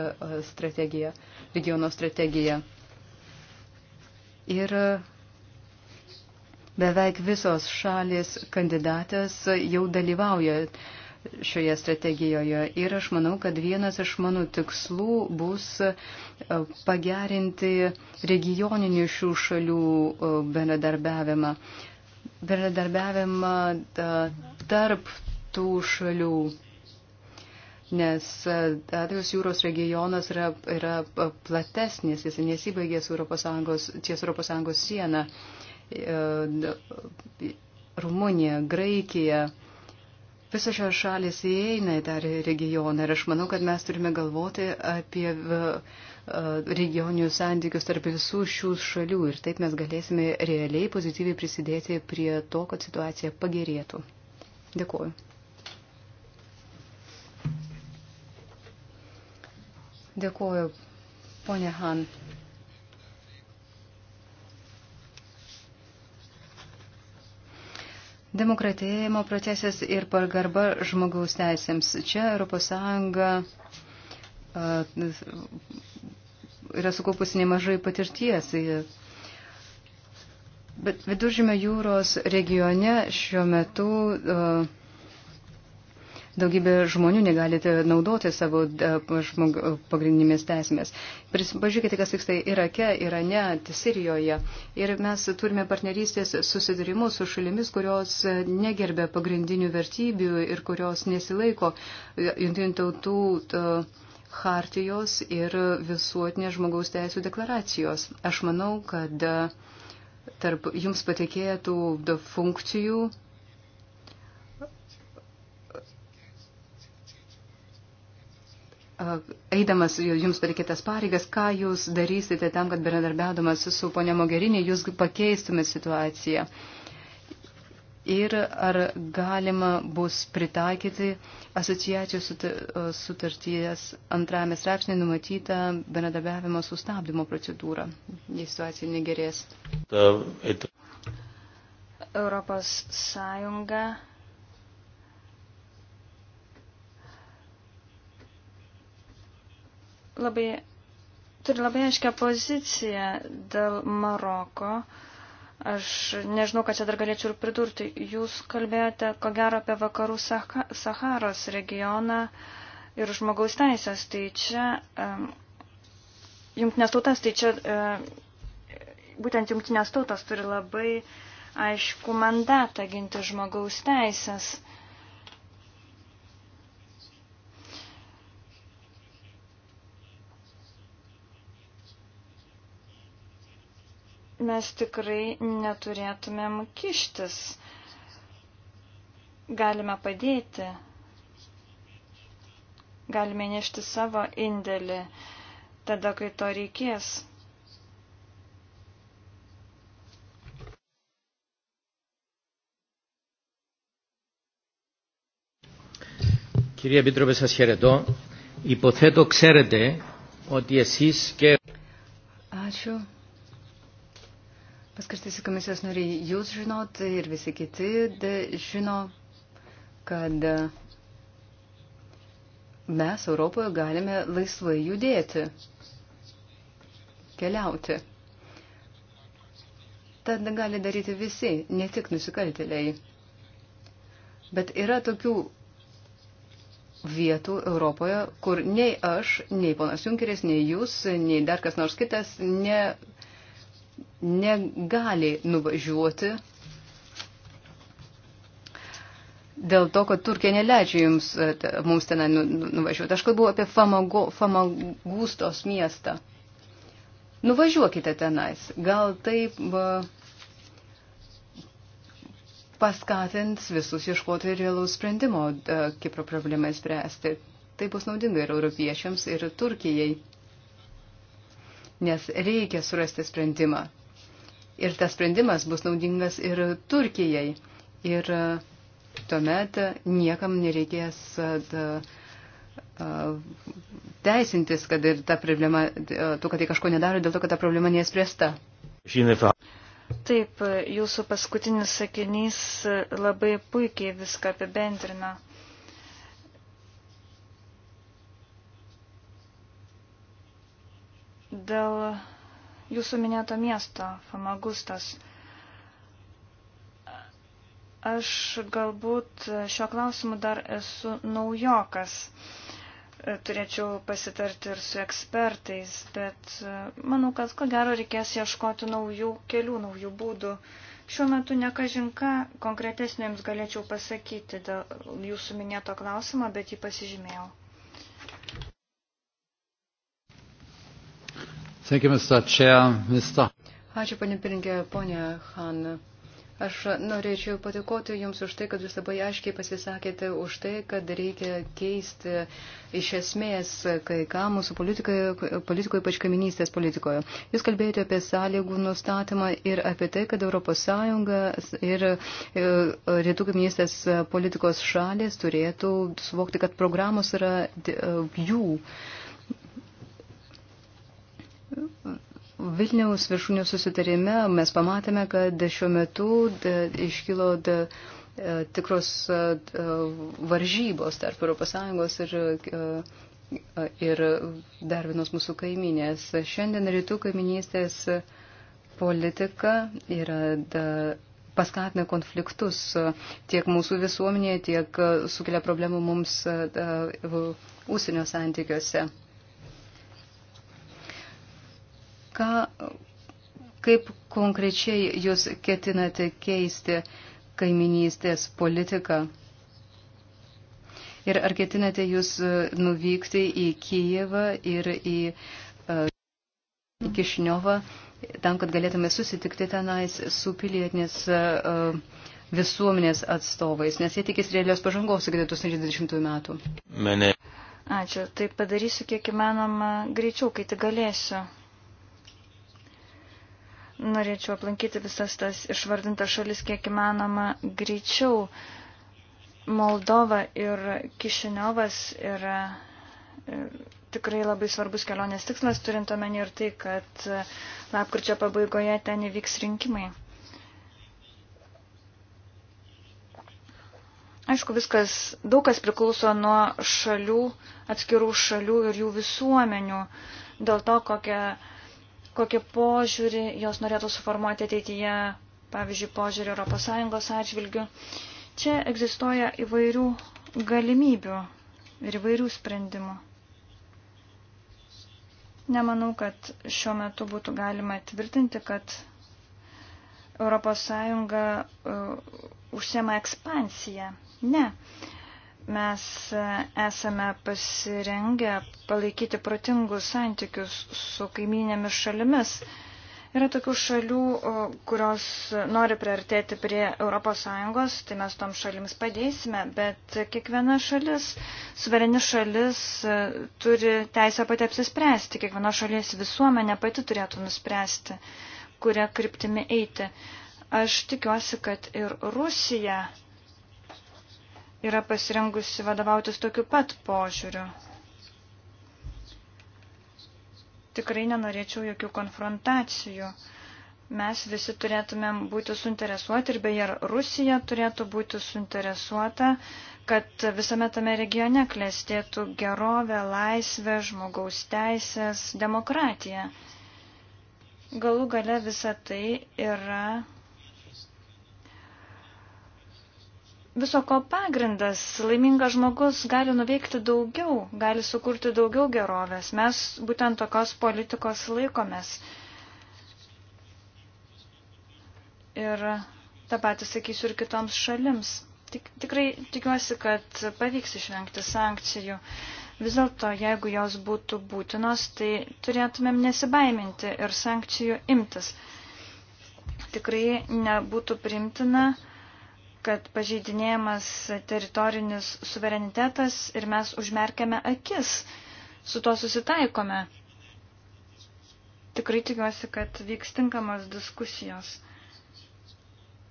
[SPEAKER 2] strategija, regiono strategija. Ir e, beveik visos šalis kandidatės jau dalyvauja šioje strategijoje. Ir aš manau, kad vienas iš mano tikslų bus e, pagerinti regioninių šių šalių bendradarbiavimą. Bendradarbiavimą tarp tų šalių nes e, Adrijos jūros regionas yra, yra e, platesnis, jis nesibaigė Europos Sąjungos, ties ES sieną. Rumunija, Graikija, visos šios šalis įeina į tą regioną ir aš manau, kad mes turime galvoti apie e, regioninius santykius tarp visų šių šalių ir taip mes galėsime realiai pozityviai prisidėti prie to, kad situacija pagerėtų. Dėkuoju. Dėkuoju, ponė Han. Demokratėjimo procesas ir pagarba žmogaus teisėms. Čia ES yra sukaupusi nemažai patirties. Bet viduržymio jūros regione šiuo metu uh, daugybė žmonių negalite naudoti savo e, pagrindinėmis teisėmis. Pažiūrėkite, kas vyksta Irake, Irane, Sirijoje. Ir mes turime partnerystės susidarimus su šalimis, kurios negerbė pagrindinių vertybių ir kurios nesilaiko e, jungtinių tautų. Ta, e, hartijos ir visuotinės žmogaus teisų deklaracijos. Aš manau, kad tarp jums patikėtų funkcijų eidamas jums patikėtas pareigas, ką jūs darysite tam, kad bendradarbiaudamas su ponia Mogerinė jūs pakeistumėt situaciją. Ir ar galima bus pritaikyti asociacijos sutarties antrame straipsnė numatytą bendradarbiavimo sustabdymo procedūrą, jei situacija negerės?
[SPEAKER 1] Europos Sąjunga labai, turi labai aiškę poziciją dėl Maroko. Aš nežinau, ką čia dar galėčiau ir pridurti. Jūs kalbėjote, ko gero, apie vakarų Saharos regioną ir žmogaus teisės. Tai čia, um, jungtinės tautas, tai čia, um, būtent jungtinės tautas turi labai aišku mandatą ginti žmogaus teisės. mes tikrai neturėtumėm kištis. Galime padėti, galime nešti savo indėlį tada, kai to reikės.
[SPEAKER 3] Κυρία Επίτροπε, σας χαιρετώ. Υποθέτω ξέρετε ότι εσείς και...
[SPEAKER 2] Ačiū. Paskirtasis komisijos nariai, jūs žinot ir visi kiti žino, kad mes Europoje galime laisvai judėti, keliauti. Tad gali daryti visi, ne tik nusikaltėliai. Bet yra tokių vietų Europoje, kur nei aš, nei ponas Junkeris, nei jūs, nei dar kas nors kitas ne, negali nuvažiuoti dėl to, kad Turkija neleidžia jums, e, mums ten nu, nu, nuvažiuoti. Aš kalbu apie Famago, Famagustos miestą. Nuvažiuokite tenais. Gal taip e, paskatins visus ieškoti realaus sprendimo e, Kipro problemai spręsti. Tai bus naudinga ir europiečiams, ir Turkijai. Nes reikia surasti sprendimą. Ir tas sprendimas bus naudingas ir Turkijai. Ir e, tuomet niekam nereikės e, e, teisintis, kad ir ta problema, tu, kad tai kažko nedaro, dėl to, kad ta problema neįspręsta.
[SPEAKER 1] Taip, jūsų paskutinis sakinys labai puikiai viską apibendrina. Dėl jūsų minėto miesto, Famagustas. Aš galbūt šiuo klausimu dar esu naujokas. Turėčiau pasitarti ir su ekspertais, bet manau, kad ko gero reikės ieškoti naujų kelių, naujų būdų. Šiuo metu nekažinka konkretesnio jums galėčiau pasakyti dėl jūsų minėto klausimo, bet jį pasižymėjau. Thank you, Mr. Chair, Mr.
[SPEAKER 2] Ačiū, panė pirinkė, ponė Han. Aš norėčiau patikoti Jums už tai, kad Jūs labai aiškiai pasisakėte už tai, kad reikia keisti iš esmės kai ką mūsų politikoje, politikoje ypač kaiminystės politikoje. Jūs kalbėjote apie sąlygų nustatymą ir apie tai, kad ES ir e, rytų kaiminystės politikos šalės turėtų suvokti, kad programos yra e, jų. Uh, Vilniaus viršūnių susitarime mes pamatėme, kad šiuo metu e, iškilo e, e, tikros varžybos tarp ES ir, ir dar vienos mūsų kaiminės. Šiandien rytų kaiminystės politika yra paskatina konfliktus tiek mūsų visuomenėje, tiek sukelia problemų mums užsienio santykiuose. ką, kaip konkrečiai jūs ketinate keisti kaiminystės politiką? Ir ar ketinate jūs e, nuvykti į Kijevą ir į, e, į Kišniovą, tam, kad galėtume susitikti tenais su pilietinės e, visuomenės atstovais, nes jie tikis realios pažangos iki 2020 metų. Mene. Ačiū. Tai padarysiu
[SPEAKER 1] kiek įmanoma greičiau, kai tik galėsiu. Norėčiau aplankyti visas tas išvardintas šalis kiek įmanoma greičiau. Moldova ir Kišiniovas yra e, tikrai labai svarbus kelionės tikslas, turint omeny ir tai, kad e, lapkričio pabaigoje ten įvyks rinkimai. Aišku, viskas, daug kas priklauso nuo šalių, atskirų šalių ir jų visuomenių, dėl to, kokią kokį požiūrį jos norėtų suformuoti ateityje, pavyzdžiui, požiūrį ES atžvilgių. Čia egzistuoja įvairių galimybių ir įvairių sprendimų. Nemanau, kad šiuo metu būtų galima tvirtinti, kad ES uh, užsiema ekspansiją. Ne. Uh, Mes esame pasirengę palaikyti protingus santykius su kaiminėmis šalimis. Yra tokių šalių, kurios nori priartėti prie ES, tai mes tom šalims padėsime, bet kiekviena šalis, suvereni šalis e, turi teisę pati apsispręsti, kiekviena šalies visuomenė pati turėtų nuspręsti, kurią kryptimi eiti. Aš tikiuosi, kad ir Rusija yra pasirengusi vadovautis tokiu pat požiūriu. Tikrai nenorėčiau jokių konfrontacijų. Mes visi turėtumėm būti suinteresuoti ir beje Rusija turėtų būti suinteresuota, kad visame tame regione klestėtų gerovė, laisvė, žmogaus teisės, demokratija. Galų gale visa tai yra viso ko pagrindas. Laimingas žmogus gali nuveikti daugiau, gali sukurti daugiau gerovės. Mes būtent tokios politikos laikomės. Ir tą patį sakysiu ir kitoms šalims. Tik, tikrai tikiuosi, kad pavyks išvengti sankcijų. Vis dėlto, jeigu jos būtų būtinos, tai turėtumėm nesibaiminti ir sankcijų imtis. Tikrai nebūtų primtina uh, kad pažeidinėjamas teritorinis suverenitetas ir mes užmerkiame akis, su to susitaikome. Tikrai tikiuosi, kad vyks tinkamos diskusijos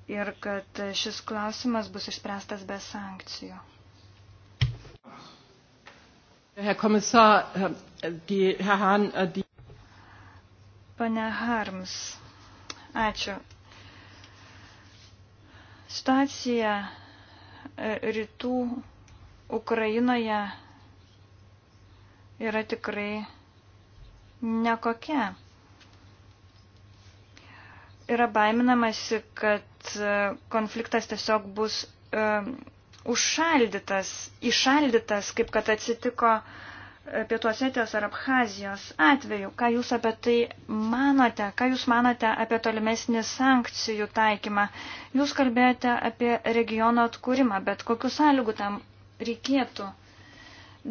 [SPEAKER 1] ir kad šis klausimas bus išspręstas be sankcijų.
[SPEAKER 3] Herr Kommissar, die, Herr Hahn, äh, die
[SPEAKER 1] Pane Harms, ačiū. Situacija e, rytų Ukrainoje yra tikrai nekokia. Yra baiminamasi, kad e, konfliktas tiesiog bus um, užšaldytas, išaldytas, kaip kad atsitiko uh, Pietuosetijos ar Abhazijos atveju. Ką Jūs apie tai manote? Ką Jūs manote apie tolimesnį sankcijų taikymą? Jūs kalbėjote apie regiono atkūrimą, bet kokiu sąlygu tam reikėtų?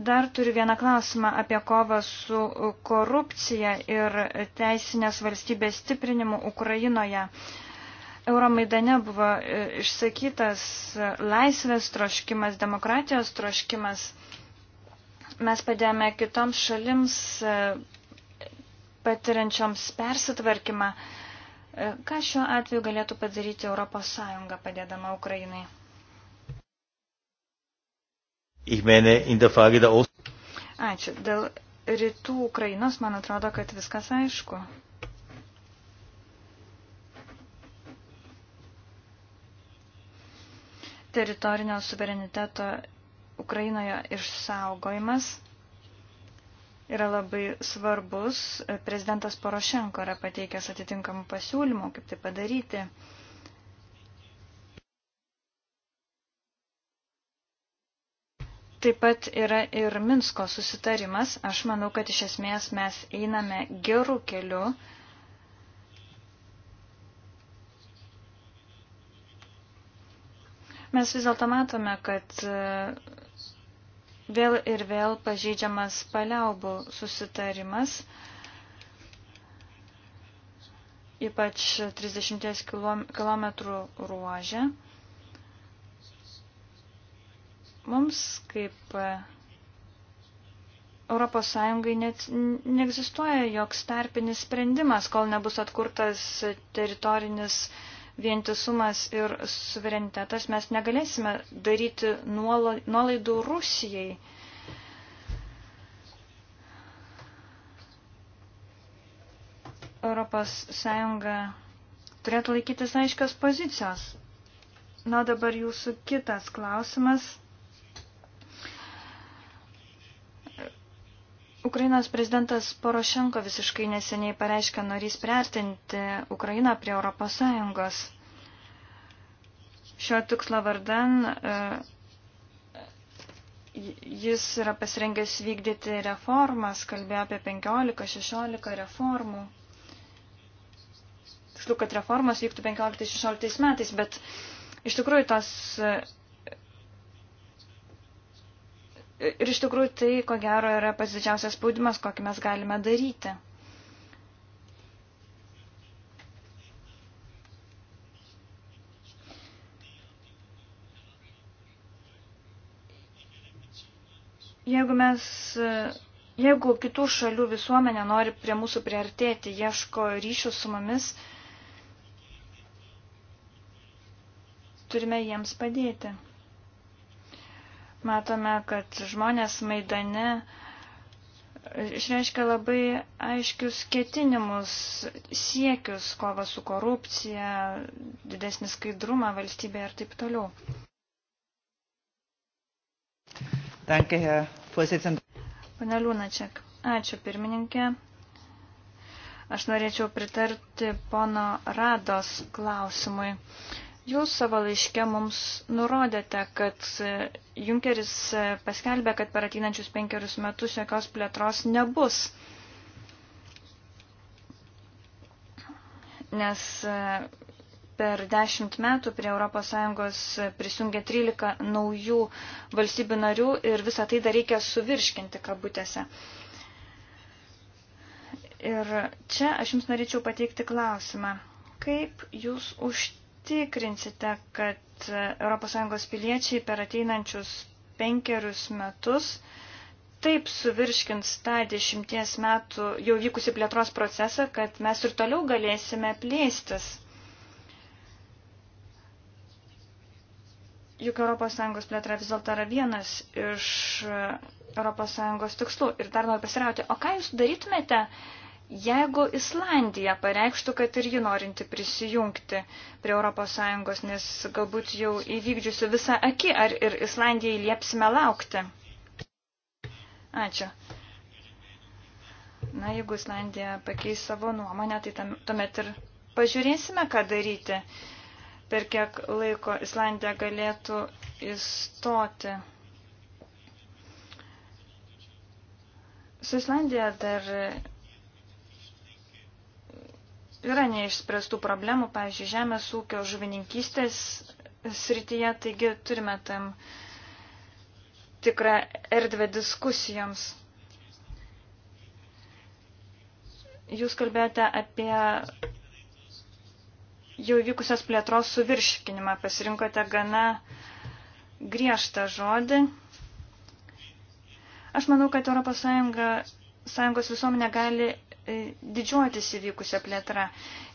[SPEAKER 1] Dar turiu vieną klausimą apie kovą su korupcija ir teisinės valstybės stiprinimu Ukrainoje. Euromaidane buvo e, išsakytas e, laisvės troškimas, demokratijos troškimas mes padėjome kitoms šalims e, patiriančioms persitvarkymą. E, ką šiuo atveju galėtų padaryti Europos Sąjunga padėdama Ukrainai?
[SPEAKER 2] Ich meine, in der Frage der Ost
[SPEAKER 1] Ačiū. Dėl rytų Ukrainos, man atrodo, kad viskas aišku. Teritorinio suvereniteto Ukrainoje išsaugojimas yra labai svarbus. Prezidentas Porošenko yra pateikęs atitinkamų pasiūlymų, kaip tai padaryti. Taip pat yra ir Minsko susitarimas. Aš manau, kad iš esmės mes einame gerų kelių. Mes vis dėlto matome, kad vėl ir vėl pažeidžiamas paliaubų susitarimas, ypač 30 km ruožė. Mums kaip e, Europos Sąjungai net neegzistuoja joks tarpinis sprendimas, kol nebus atkurtas teritorinis uh, vientisumas ir suverenitetas, mes negalėsime daryti nuolaidų Rusijai. Europos Sąjunga turėtų laikytis aiškios pozicijos. Na dabar jūsų kitas klausimas. Ukrainos prezidentas Porošenko visiškai neseniai pareiškė norys priartinti Ukrainą prie Europos Sąjungos. Šio tikslo vardan e, jis yra pasirengęs vykdyti reformas, kalbėjo apie 15-16 reformų. Tiksliau, kad reformas vyktų 15-16 metais, bet iš tikrųjų tos Ir iš tikrųjų tai, ko gero, yra pats didžiausias spaudimas, kokį mes galime daryti. Jeigu mes, jeigu kitų šalių visuomenė nori prie mūsų priartėti, ieško ryšių su mumis, turime jiems padėti. Matome, kad žmonės Maidane išreiškia labai aiškius ketinimus, siekius, kova su korupcija, didesnį skaidrumą valstybėje ir taip toliau. Danke, Herr Vorsitzender. Pane Liūnačiak, ačiū pirmininkė. Aš norėčiau pritarti pono Rados klausimui. Uh, Jūs savo laiške mums nurodėte, kad Junkeris paskelbė, kad per ateinančius penkerius metus jokios plėtros nebus. Nes e, per 10 metų prie ES prisijungia 13 naujų valstybių narių ir visą tai dar reikia suvirškinti kabutėse. Ir čia aš Jums norėčiau pateikti klausimą. Kaip Jūs užtikrinti? užtikrinsite, kad ES piliečiai per ateinančius penkerius metus taip suvirškins tą dešimties metų jau vykusi plėtros procesą, kad mes ir toliau galėsime plėstis? Juk ES plėtra vis dėlto yra vienas iš ES tikslų. Ir dar noriu pasirauti, o ką jūs darytumėte, Jeigu Islandija pareikštų, kad ir ji norinti prisijungti prie ES, nes galbūt jau įvykdžiusi visą akį, ar ir Islandijai liepsime laukti? Ačiū. Na, jeigu Islandija pakeis savo nuomonę, tai tam, tuomet ir pažiūrėsime, ką daryti, per kiek laiko Islandija galėtų įstoti. Su Islandija dar yra neišspręstų problemų, pavyzdžiui, žemės ūkio žuvininkystės srityje, taigi turime tam tikrą erdvę diskusijoms. Jūs kalbėjote apie jau vykusios plėtros suvirškinimą, pasirinkote gana griežtą žodį. Aš manau, kad ES sąjungos visuomenė gali E, didžiuotis įvykusią plėtrą.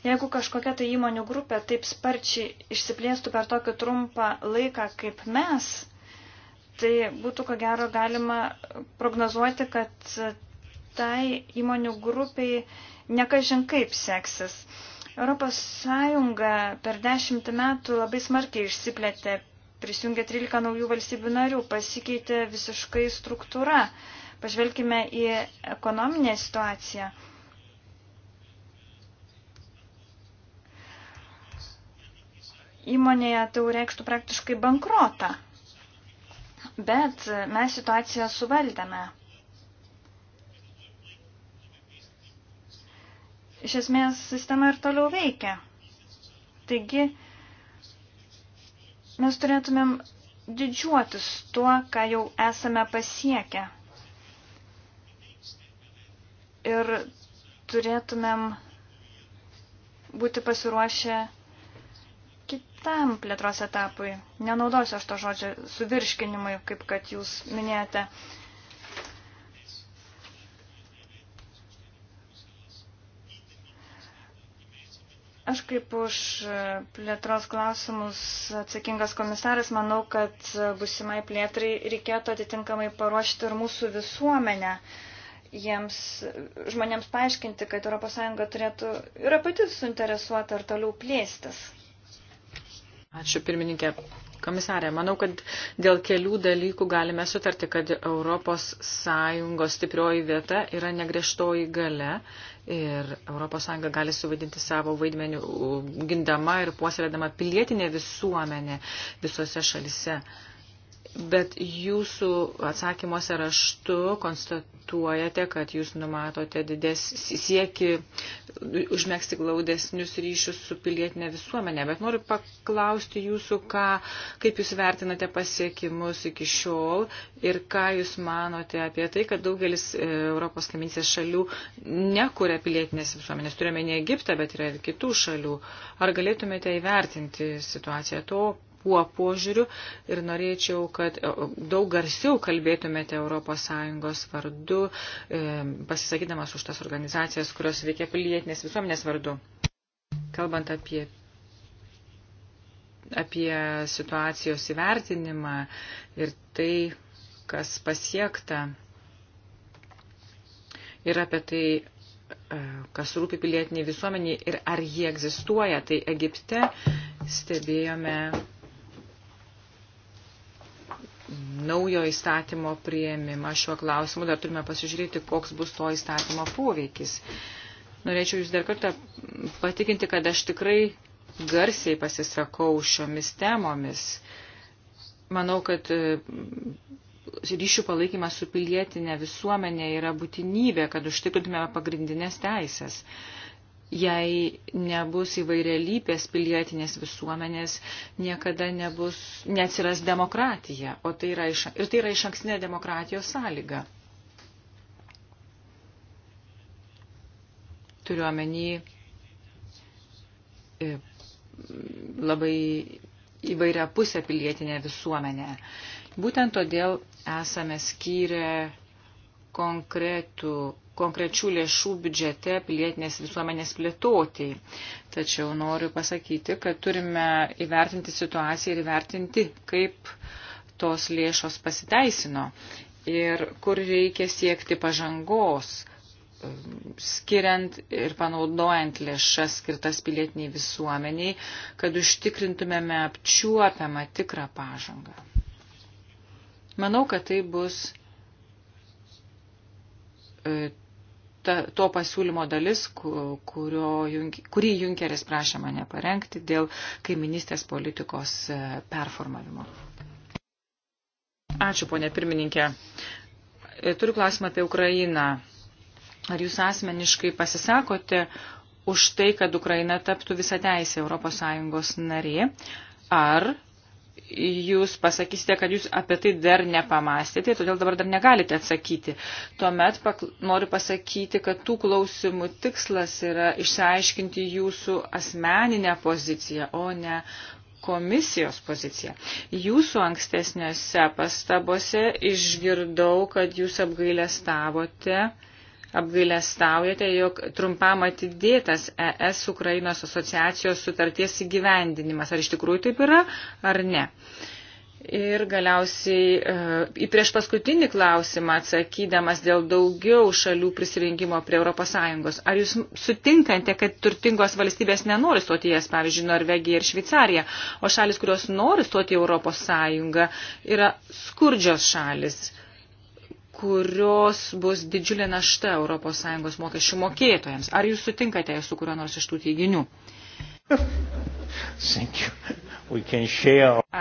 [SPEAKER 1] Jeigu kažkokia tai įmonių grupė taip sparčiai išsiplėstų per tokį trumpą laiką kaip mes, tai būtų ko gero galima prognozuoti, kad tai įmonių grupiai nekažin kaip seksis. Europos Sąjunga per dešimtį metų labai smarkiai išsiplėtė, prisijungė 13 naujų valstybių narių, pasikeitė visiškai struktūra. Pažvelkime į ekonominę situaciją. įmonėje tai reikštų praktiškai bankrotą. Bet mes situaciją suvaldėme. Iš esmės sistema ir toliau veikia. Taigi mes turėtumėm didžiuotis tuo, ką jau esame pasiekę. Ir turėtumėm būti pasiruošę kitam plėtros etapui. Nenaudosiu aš to žodžio suvirškinimui, kaip kad jūs minėjote. Aš kaip už plėtros klausimus atsakingas komisaras manau, kad busimai plėtrai reikėtų atitinkamai paruošti ir mūsų visuomenę. Jiems, žmonėms paaiškinti, kad ES turėtų, yra pati suinteresuota ir toliau plėstis.
[SPEAKER 3] Ačiū pirmininkė. Komisarė, manau, kad dėl kelių dalykų galime sutarti, kad ES stiprioji vieta yra negrėžtoji gale ir ES gali suvaidinti savo vaidmenį gindama ir puoselėdama pilietinę visuomenę visose šalise. Uh, bet jūsų atsakymuose raštu konstatuojate, kad jūs numatote didės sieki užmėgsti glaudesnius ryšius su pilietinė visuomenė. Bet noriu paklausti jūsų, ką, kaip jūs vertinate pasiekimus iki šiol ir ką jūs manote apie tai, kad daugelis e, Europos kaminsės šalių nekuria pilietinės visuomenės. Turime ne Egiptą, bet yra ir kitų šalių. Ar galėtumėte įvertinti situaciją to, tuo požiūriu ir norėčiau, kad e, daug garsiau kalbėtumėte ES vardu, e, pasisakydamas už tas organizacijas, kurios veikia pilietinės visuomenės vardu. Kalbant apie apie situacijos įvertinimą ir tai, kas pasiekta ir apie tai, e, kas rūpi pilietiniai visuomeniai ir ar jie egzistuoja. Tai Egipte stebėjome naujo įstatymo prieimimą šiuo klausimu, dar turime pasižiūrėti, koks bus to įstatymo poveikis. Norėčiau jūs dar kartą patikinti, kad aš tikrai garsiai pasisakau šiomis temomis. Manau, kad e, ryšių palaikymas su pilietinė visuomenė yra būtinybė, kad užtikrintume pagrindinės teisės. Jei nebus įvairialypės pilietinės visuomenės, niekada nebus, neatsiras demokratija, o tai yra iš, ir tai yra iš ankstinė demokratijos sąlyga. Turiuomenį e, labai įvairią pusę pilietinę visuomenę. Būtent todėl esame skyrę konkretų konkrečių lėšų biudžete pilietinės visuomenės plėtotėjai. Tačiau noriu pasakyti, kad turime įvertinti situaciją ir įvertinti, kaip tos lėšos pasiteisino ir kur reikia siekti pažangos, skiriant ir panaudojant lėšas skirtas pilietiniai visuomeniai, kad užtikrintumėme apčiuopiamą tikrą pažangą. Manau, kad tai bus e, ta, to pasiūlymo dalis, kurio, kurį Junkeris prašė mane parengti dėl kaiminystės politikos e, performavimo. Ačiū, ponė pirmininkė. E, turiu klausimą apie Ukrainą. Ar jūs asmeniškai pasisakote už tai, kad Ukraina taptų visą teisę ES narė? Ar jūs pasakysite, kad jūs apie tai dar nepamastėte, todėl dabar dar negalite atsakyti. Tuomet pakl... noriu pasakyti, kad tų klausimų tikslas yra išsiaiškinti jūsų asmeninę poziciją, o ne komisijos poziciją. Jūsų ankstesniuose pastabose išgirdau, kad jūs apgailestavote stavote apgailestaujate, jog trumpam atidėtas ES Ukrainos asociacijos sutarties įgyvendinimas. Ar iš tikrųjų taip yra, ar ne? Ir galiausiai e, į prieš paskutinį klausimą atsakydamas dėl daugiau šalių prisirinkimo prie ES. Ar jūs sutinkate, kad turtingos valstybės nenori stoti jas, e pavyzdžiui, Norvegija ir Šveicarija, o šalis, kurios nori stoti į ES, yra skurdžios šalis? kurios bus didžiulė našta ES mokesčių mokėtojams. Ar jūs sutinkate su kuriuo nors iš tų teiginių?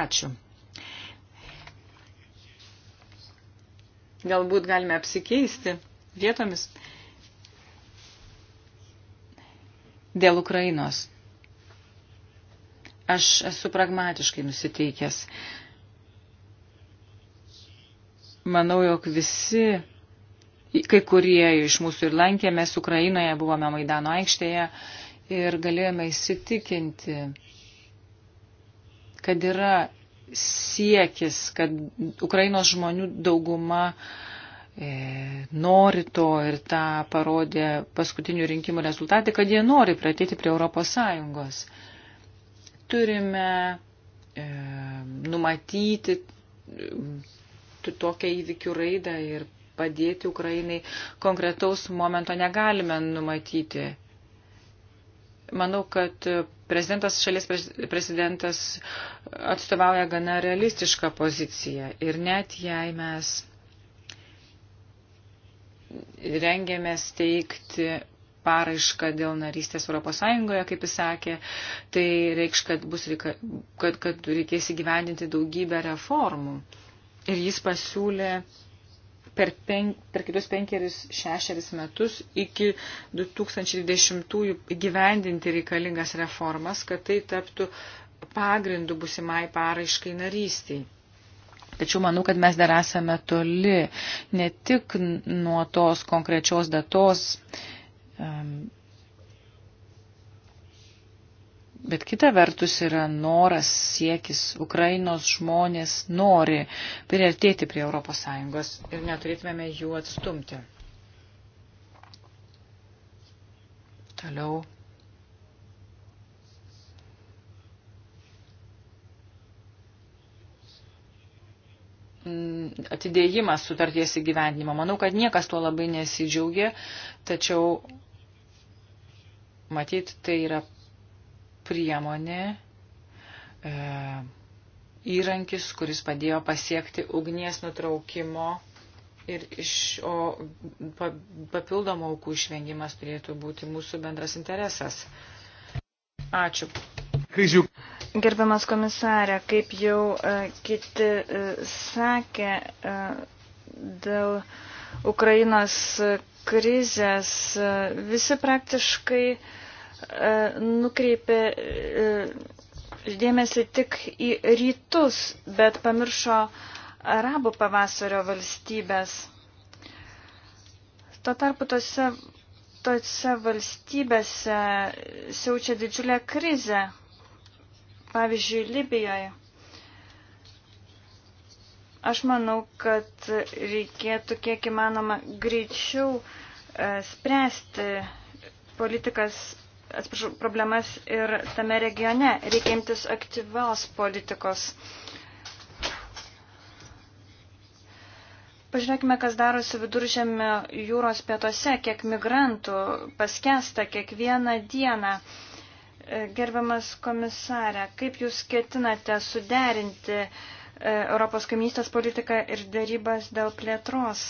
[SPEAKER 3] Ačiū. Galbūt galime apsikeisti vietomis dėl Ukrainos. Aš esu pragmatiškai nusiteikęs. Manau, jog visi, kai kurie iš mūsų ir lankėmės Ukrainoje, buvome Maidano aikštėje ir galėjome įsitikinti, kad yra siekis, kad Ukrainos žmonių dauguma e, nori to ir tą parodė paskutinių rinkimų rezultatai, kad jie nori pratėti prie Europos Sąjungos. Turime e, numatyti tokią įvykių raidą ir padėti Ukrainai konkretaus momento negalime numatyti. Manau, kad prezidentas, šalies prezidentas atstovauja gana realistišką poziciją ir net jei mes rengiamės teikti paraišką dėl narystės Europos Sąjungoje, kaip jis sakė, tai reikš, kad, bus reika, kad, kad reikės įgyvendinti daugybę reformų ir jis pasiūlė per, pen, per kitus penkeris šešeris metus iki 2020-ųjų gyvendinti reikalingas reformas, kad tai taptų pagrindu busimai paraiškai narystiai. Tačiau manau, kad mes dar esame toli ne tik nuo tos konkrečios datos. Um, Bet kita vertus yra noras, siekis, Ukrainos žmonės nori priartėti prie ES ir neturėtumėme jų atstumti. Toliau. Mm, atidėjimas sutarties įgyvendinimo. Manau, kad niekas tuo labai nesidžiaugia, tačiau matyt, tai yra priemonė, e, įrankis, kuris padėjo pasiekti ugnies nutraukimo ir iš, o pa, papildomų aukų išvengimas turėtų būti mūsų bendras interesas. Ačiū.
[SPEAKER 2] Kryžių.
[SPEAKER 1] Gerbiamas komisarė, kaip jau uh, kiti uh, sakė, uh, dėl Ukrainos krizės uh, visi praktiškai uh, E, nukreipė e, dėmesį tik į rytus, bet pamiršo arabų pavasario valstybės. Tuo tarpu tose, tose valstybėse siaučia didžiulė krizė, pavyzdžiui, Libijoje. Aš manau, kad reikėtų kiek įmanoma greičiau e, spręsti politikas atsiprašau, problemas ir tame regione. Reikia imtis aktyvios politikos. Pažiūrėkime, kas darosi viduržėme jūros pietuose, kiek migrantų paskesta kiekvieną dieną. E, gerbiamas komisarė, kaip jūs ketinate suderinti e, Europos kaimynystės politiką ir darybas dėl plėtros?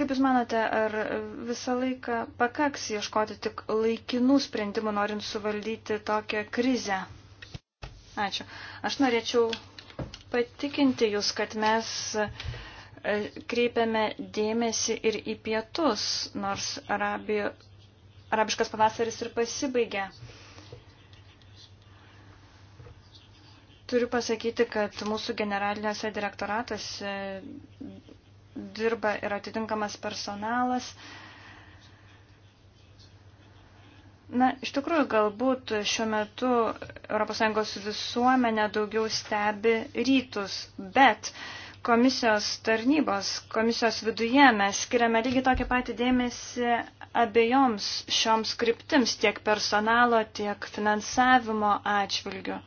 [SPEAKER 1] Kaip Jūs manote, ar visą laiką pakaks ieškoti tik laikinų sprendimų, norint suvaldyti tokią krizę? Ačiū. Aš norėčiau patikinti Jūs, kad mes e, kreipiame dėmesį ir į pietus, nors Arabijo, arabiškas pavasaris ir pasibaigė. Turiu pasakyti, kad mūsų generalinėse direktoratuose dirba ir atitinkamas personalas. Na, iš tikrųjų, galbūt šiuo metu ES visuomenė daugiau stebi rytus, bet komisijos tarnybos, komisijos viduje mes skiriame lygiai tokį patį dėmesį abiejoms šioms kryptims tiek personalo, tiek finansavimo atžvilgiu.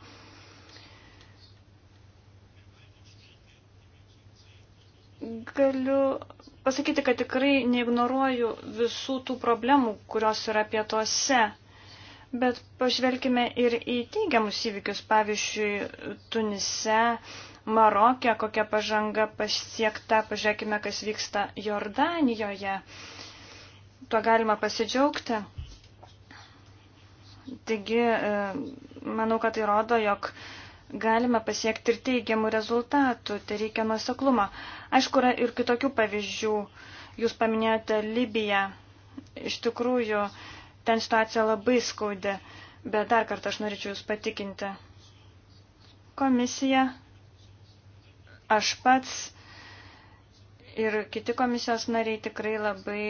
[SPEAKER 1] Galiu pasakyti, kad tikrai neignoruoju visų tų problemų, kurios yra pietuose. Bet pažvelkime ir į teigiamus įvykius, pavyzdžiui, Tunise, Marokė, kokia pažanga pasiekta, pažiūrėkime, kas vyksta Jordanijoje. Tuo galima pasidžiaugti. Taigi, e, manau, kad tai rodo, jog galime pasiekti ir teigiamų rezultatų, tai reikia nuoseklumo. Aišku, yra ir kitokių pavyzdžių. Jūs paminėjote Libiją. Iš tikrųjų, ten situacija labai skaudi, bet dar kartą aš norėčiau Jūs patikinti. Komisija, aš pats ir kiti komisijos nariai tikrai labai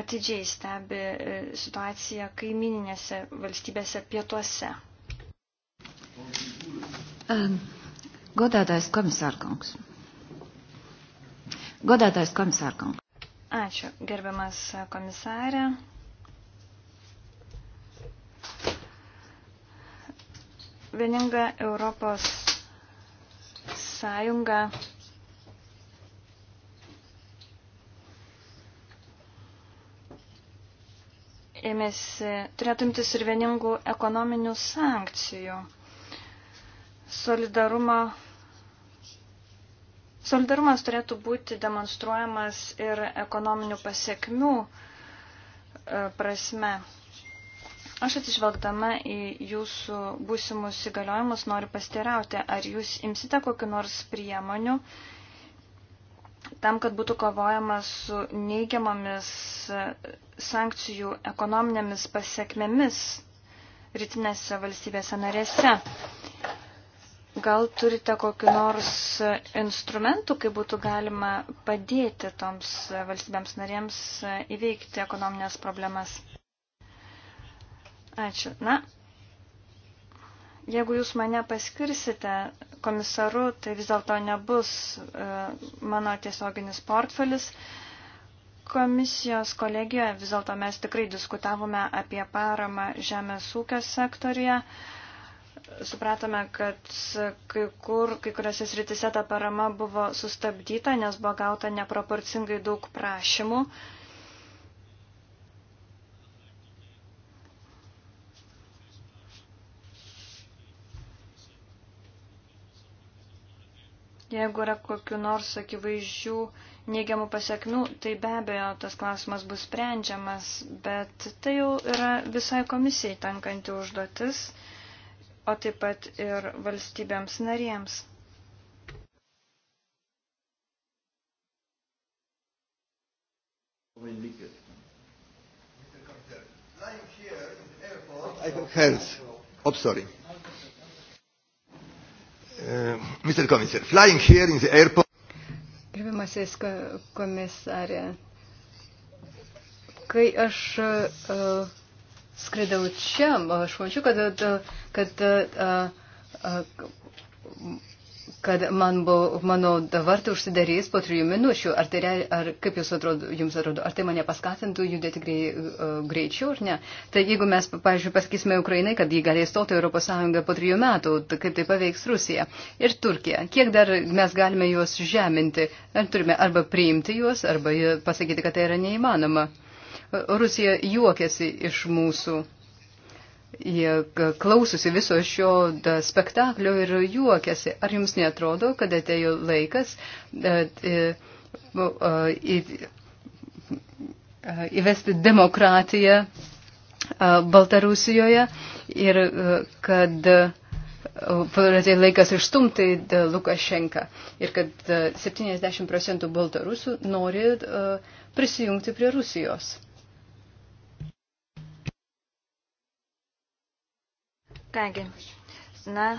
[SPEAKER 1] atidžiai stebi e, situaciją kaimininėse valstybėse pietuose. Um, godātais komisārkungs. Godātais komisārkungs. Ačiū, gerbiamas komisārė. Vieninga Europos sąjunga ėmėsi, turėtų imtis ir vieningų ekonominių sankcijų. Solidarumo Solidarumas turėtų būti demonstruojamas ir ekonominių pasiekmių e, prasme. Aš atsižvelgdama į jūsų būsimus įgaliojimus noriu pastirauti, ar jūs imsite kokiu nors priemoniu tam, kad būtų kovojama su neigiamomis sankcijų ekonominėmis pasiekmėmis rytinėse valstybėse narėse. Gal turite kokiu nors instrumentu, kaip būtų galima padėti toms valstybėms narėms įveikti ekonominės problemas? Ačiū. Na, jeigu jūs mane paskirsite komisaru, tai vis dėlto nebus e, mano tiesioginis portfelis. Komisijos kolegijoje vis dėlto mes tikrai diskutavome apie paramą žemės ūkio sektorijoje supratome, kad kai, kur, kai kuriuose sritise ta parama buvo sustabdyta, nes buvo gauta neproporcingai daug prašymų. Jeigu yra kokiu nors akivaizdžių neigiamų pasiekmių, tai be abejo tas klausimas bus sprendžiamas, bet tai jau yra visai komisijai tenkanti užduotis o taip pat ir valstybėms narėms. I
[SPEAKER 2] have health. Oh, sorry. Uh,
[SPEAKER 1] Mr. Commissioner, flying here in the airport.
[SPEAKER 2] Gerbiamasis komisarė, kai aš uh, skridau čia, aš mačiau, kad, kad, kad man buvo, mano vartai užsidarys po trijų minučių. Ar tai, ar, kaip jūs atrodo, jums atrodo, ar tai mane paskatintų judėti grei, greičiau ar ne? Tai jeigu mes, pavyzdžiui, pasakysime Ukrainai, kad jį galės stoti Europos Sąjungą po trijų metų, tai kaip tai paveiks Rusija ir Turkija? Kiek dar mes galime juos žeminti? Ar turime arba priimti juos, arba pasakyti, kad tai yra neįmanoma? Rusija juokiasi iš mūsų. Jie klausosi viso šio spektaklio ir juokiasi. Ar jums netrodo, kad atėjo laikas e, įvesti demokratiją Baltarusijoje ir e, kad e, atėjo laikas išstumti Lukašenką ir kad 70 procentų Baltarusų nori prisijungti prie Rusijos.
[SPEAKER 1] Kągi, na,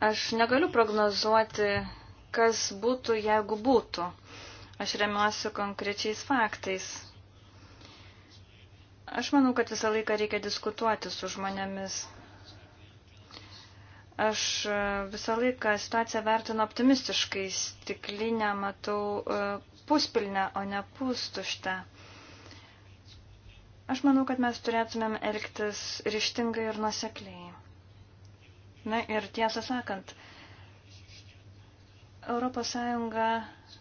[SPEAKER 1] aš negaliu prognozuoti, kas būtų, jeigu būtų. Aš remiuosi konkrečiais faktais. Aš manau, kad visą laiką reikia diskutuoti su žmonėmis. Aš e, visą laiką situaciją vertinu optimistiškai, stiklinę matau e, puspilnę, o ne pustuštę. Aš manau, kad mes turėtumėm elgtis ryštingai ir nusekliai. Na ir tiesą sakant, ES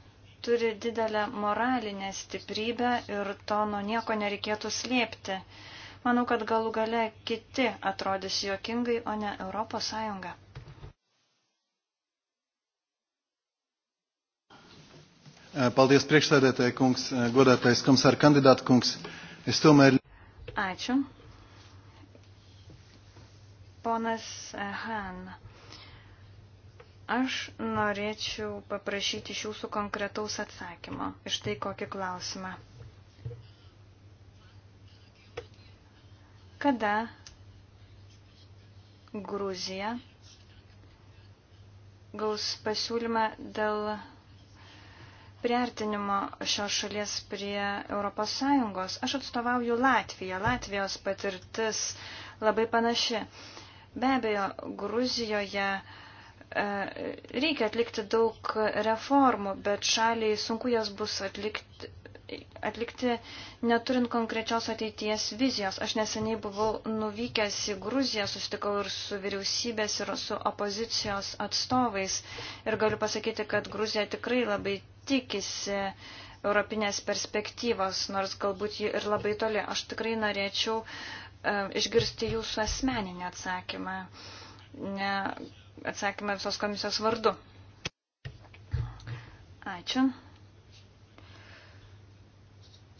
[SPEAKER 1] turi didelę moralinę stiprybę ir to nuo nieko nereikėtų slėpti. Manau, kad galų gale kiti atrodys juokingai, o ne ES. Paldies priekšsēdētāji kungs, godātais komisāra kandidāta kungs. Es tomēr Ačiū. Ponas e, Han, aš norėčiau paprašyti iš jūsų konkretaus atsakymo iš tai kokį klausimą. Kada Gruzija gaus pasiūlymą dėl priartinimo šios šalies prie ES. Aš atstovauju Latviją. Latvijos patirtis labai panaši. Be abejo, Gruzijoje e, reikia atlikti daug reformų, bet šaliai sunku jas bus atlikti, atlikti neturint konkrečios ateities vizijos. Aš neseniai buvau nuvykęs į Gruziją, sustikau ir su vyriausybės, ir su opozicijos atstovais. Ir galiu pasakyti, kad Gruzija tikrai labai tikisi europinės perspektyvos, nors galbūt ji ir labai toli. Aš tikrai norėčiau e, išgirsti jūsų asmeninį atsakymą, ne atsakymą visos komisijos vardu. Ačiū.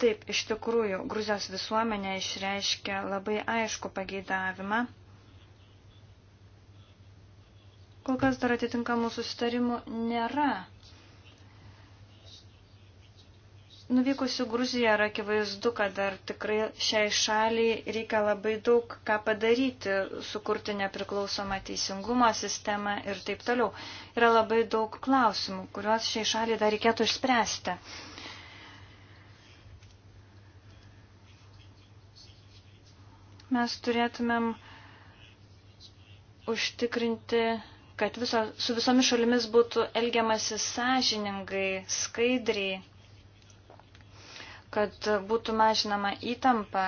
[SPEAKER 1] Taip, iš tikrųjų, Gruzijos visuomenė išreiškia labai aišku pageidavimą. Kol kas dar atitinkamų susitarimų nėra. Nuvykusių Gruziją yra akivaizdu, kad dar tikrai šiai šaliai reikia labai daug ką padaryti, sukurti nepriklausomą teisingumo sistemą ir taip toliau. Yra labai daug klausimų, kuriuos šiai šaliai dar reikėtų išspręsti. Mes turėtumėm užtikrinti, kad viso, su visomis šalimis būtų elgiamasi sąžiningai, skaidriai kad būtų mažinama įtampa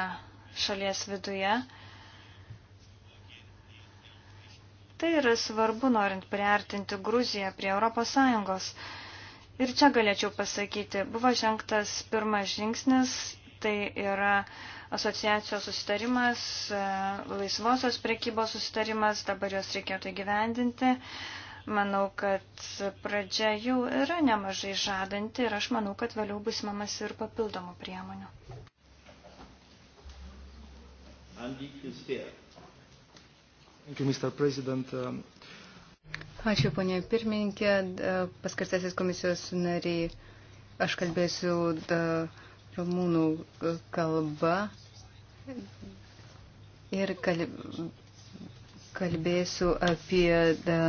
[SPEAKER 1] šalies viduje. Tai yra svarbu, norint priartinti Gruziją prie ES. Ir čia galėčiau pasakyti, buvo žengtas pirmas žingsnis, tai yra asociacijos susitarimas, laisvosios prekybos susitarimas, dabar jos reikėtų įgyvendinti. Manau, kad pradžia jau yra nemažai žadanti ir aš manau, kad vėliau bus mamas ir papildomų priemonių. Um,
[SPEAKER 2] Ačiū, ponė pirmininkė, paskirtasis komisijos nariai. Aš kalbėsiu rumūnų kalba ir kalb kalbėsiu apie e,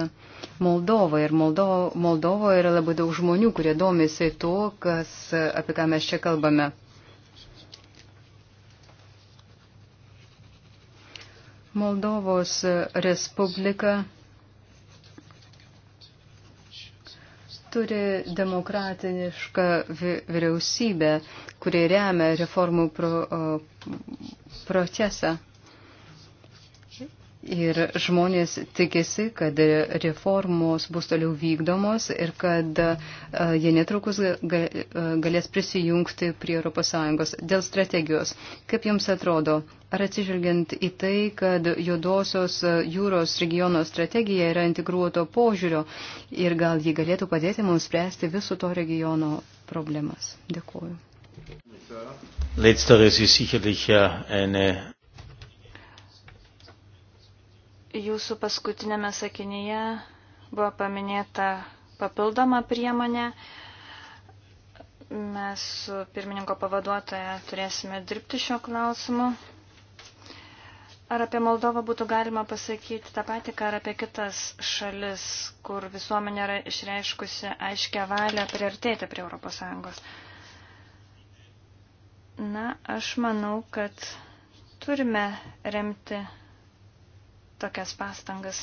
[SPEAKER 2] Moldovą. Ir Moldovo, Moldovoje yra labai daug žmonių, kurie domėsi tuo, kas, e, apie ką mes čia kalbame. Moldovos Respublika turi demokratinišką vyriausybę, kuri remia reformų pro, procesą. Ir žmonės tikisi, kad reformos bus toliau vykdomos ir kad e, jie netrukus e, galės prisijungti prie ES dėl strategijos. Kaip jums atrodo, ar atsižvelgiant į tai, kad juodosios jūros regiono strategija yra integruoto požiūrio ir gal ji galėtų padėti mums spręsti viso to regiono problemas? Dėkuoju. Letzteres ist sicherlich äh, eine
[SPEAKER 1] Jūsų paskutinėme sakinyje buvo paminėta papildoma priemonė. Mes su pirmininko pavaduotoja turėsime dirbti šio klausimu. Ar apie Moldovą būtų galima pasakyti tą patį, ką ir apie kitas šalis, kur visuomenė yra išreiškusi aiškę valią priartėti prie ES? Na, aš manau, kad turime remti tokias pastangas.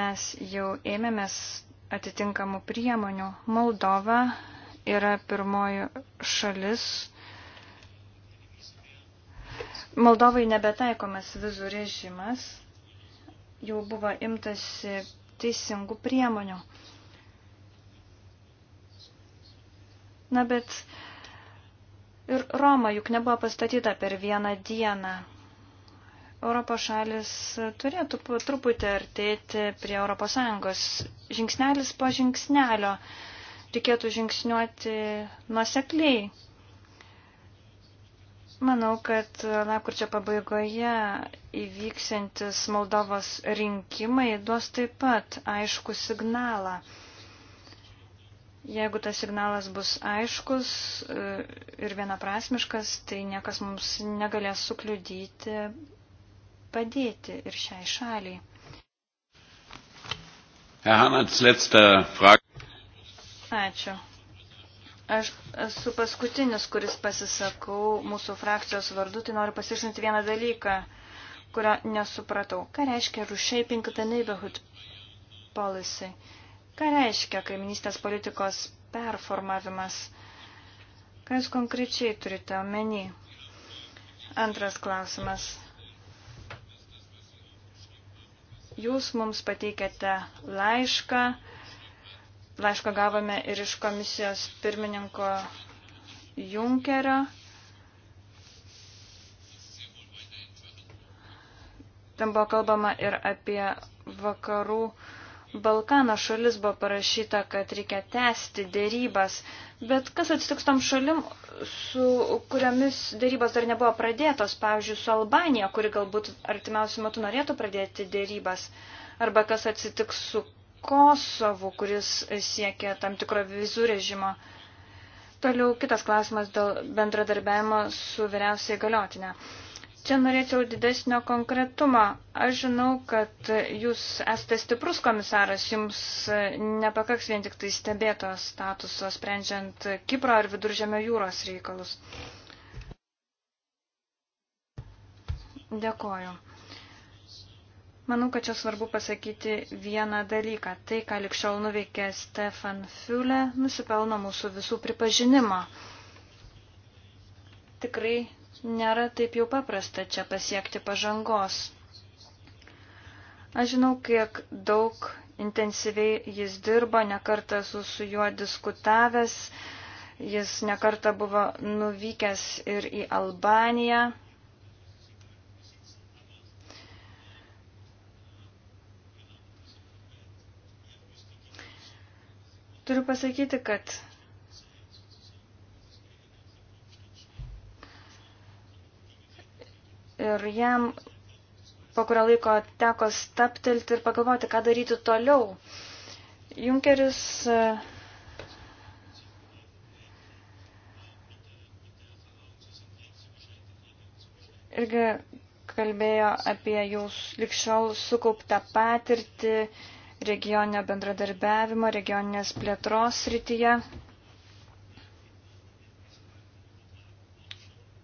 [SPEAKER 1] Mes jau ėmėmės atitinkamų priemonių. Moldova yra pirmoji šalis. Moldovai nebetaikomas vizų režimas. Jau buvo imtasi teisingų priemonių. Na bet uh, Ir Roma juk nebuvo pastatyta per vieną dieną. Europos šalis turėtų truputį artėti prie Europos Sąjungos. Žingsnelis po žingsnelio reikėtų žingsniuoti nuosekliai. Manau, kad lapkurčio pabaigoje įvyksiantis Moldovos rinkimai duos taip pat aišku signalą Jeigu tas signalas bus aiškus e, ir vienaprasmiškas, tai niekas mums negalės sukliudyti padėti ir šiai šaliai.
[SPEAKER 2] Ačiū.
[SPEAKER 1] Aš esu paskutinis, kuris pasisakau mūsų frakcijos vardu, tai noriu pasišnyti vieną dalyką, kurio nesupratau. Ką reiškia reshaping the neighborhood policy? Uh, Ką reiškia kaiminystės politikos performavimas? Ką jūs konkrečiai turite omeny? Antras klausimas. Jūs mums pateikėte laišką. Laišką gavome ir iš komisijos pirmininko Junkerio. Ten buvo kalbama ir apie vakarų uh, Balkano šalis buvo parašyta, kad reikia tęsti dėrybas, bet kas atsitiks tom šalim, su kuriomis dėrybos dar nebuvo pradėtos, pavyzdžiui, su Albanija, kuri galbūt artimiausiu metu norėtų pradėti dėrybas, arba kas atsitiks su Kosovu, kuris siekia tam tikro vizų režimo. Toliau kitas klausimas dėl bendradarbiavimo su vyriausiai galiotinė. Čia norėčiau didesnio konkretumo. Aš žinau, kad jūs esate stiprus komisaras, jums e, nepakaks vien tik tai stebėto statuso, sprendžiant Kipro ar Viduržėmio jūros reikalus. Dėkoju. Manau, kad čia svarbu pasakyti vieną dalyką. Tai, ką likščiau nuveikė Stefan Fiule, nusipelno mūsų visų pripažinimo. Tikrai nėra taip jau paprasta čia pasiekti pažangos. Aš žinau, kiek daug intensyviai jis dirbo, nekartą esu su juo diskutavęs, jis nekartą buvo nuvykęs ir į Albaniją. Turiu pasakyti, kad Ir jam po kurio laiko teko staptilti ir pagalvoti, ką daryti toliau. Junkeris e, irgi kalbėjo apie jau likščiau sukauptą patirtį regioninio bendradarbiavimo, regioninės plėtros srityje.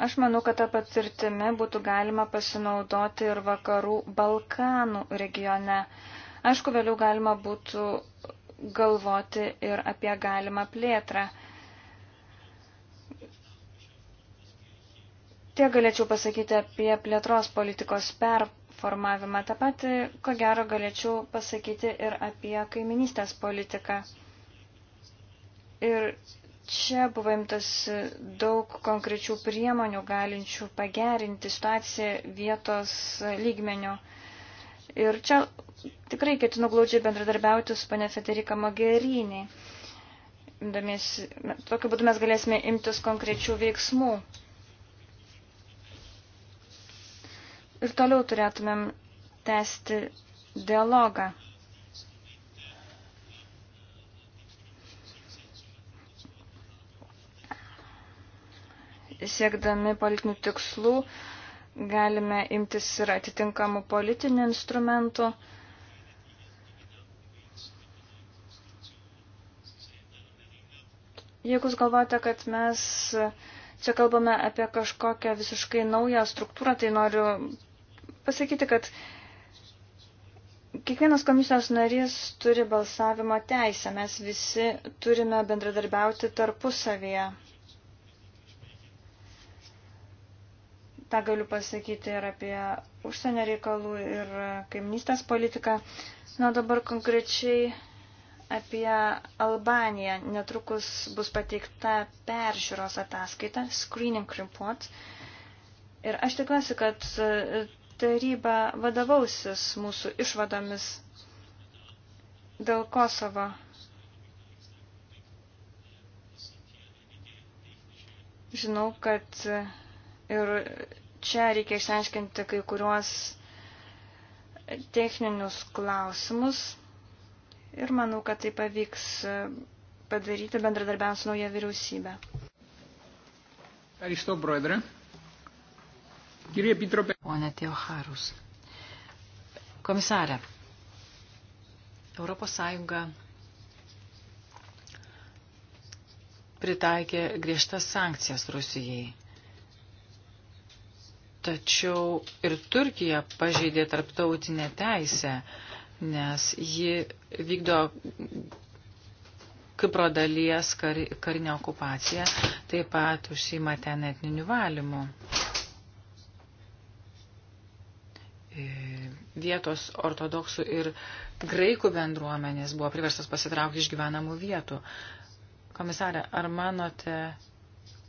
[SPEAKER 1] Aš manau, kad tą patirtimį būtų galima pasinaudoti ir vakarų Balkanų regione. Aišku, vėliau galima būtų galvoti ir apie galimą plėtrą. Tiek galėčiau pasakyti apie plėtros politikos performavimą. Ta pati, ko gero, galėčiau pasakyti ir apie kaiminystės politiką. Ir Čia buvo imtas daug konkrečių priemonių galinčių pagerinti situaciją vietos lygmenio. Ir čia tikrai ketinu glaudžiai bendradarbiauti su pane Federika Magerinė. Tokiu būdu mes galėsime imtis konkrečių veiksmų. Ir toliau turėtumėm tęsti dialogą. siekdami politinių tikslų galime imtis ir atitinkamų politinių instrumentų. Jeigu jūs galvojate, kad mes čia kalbame apie kažkokią visiškai naują struktūrą, tai noriu pasakyti, kad kiekvienas komisijos narys turi balsavimo teisę. Mes visi turime bendradarbiauti tarpusavėje. Ta galiu pasakyti ir apie užsienio reikalų ir kaimnystės politiką. Na dabar konkrečiai apie Albaniją. Netrukus bus pateikta peržiūros ataskaita, screening report. Ir aš tikiuosi, kad taryba vadovausis mūsų išvadomis dėl Kosovo. Žinau, kad Ir čia reikia išsiaiškinti kai kuriuos techninius klausimus. Ir manau, kad tai pavyks e, padaryti bendradarbiavant su nauja vyriausybė. Ευχαριστώ, Πρόεδρε. Κύριε Επίτροπε.
[SPEAKER 3] Ο Ανατεοχάρους. Komisarė, Europos Sąjunga pritaikė griežtas sankcijas Rusijai. Tačiau ir Turkija pažeidė tarptautinę teisę, nes ji vykdo Kipro dalies kar, karinę okupaciją, taip pat užsima ten etniniu valymu. E, vietos ortodoksų ir graikų bendruomenės buvo priverstas pasitraukti iš gyvenamų vietų. Komisarė, ar manote,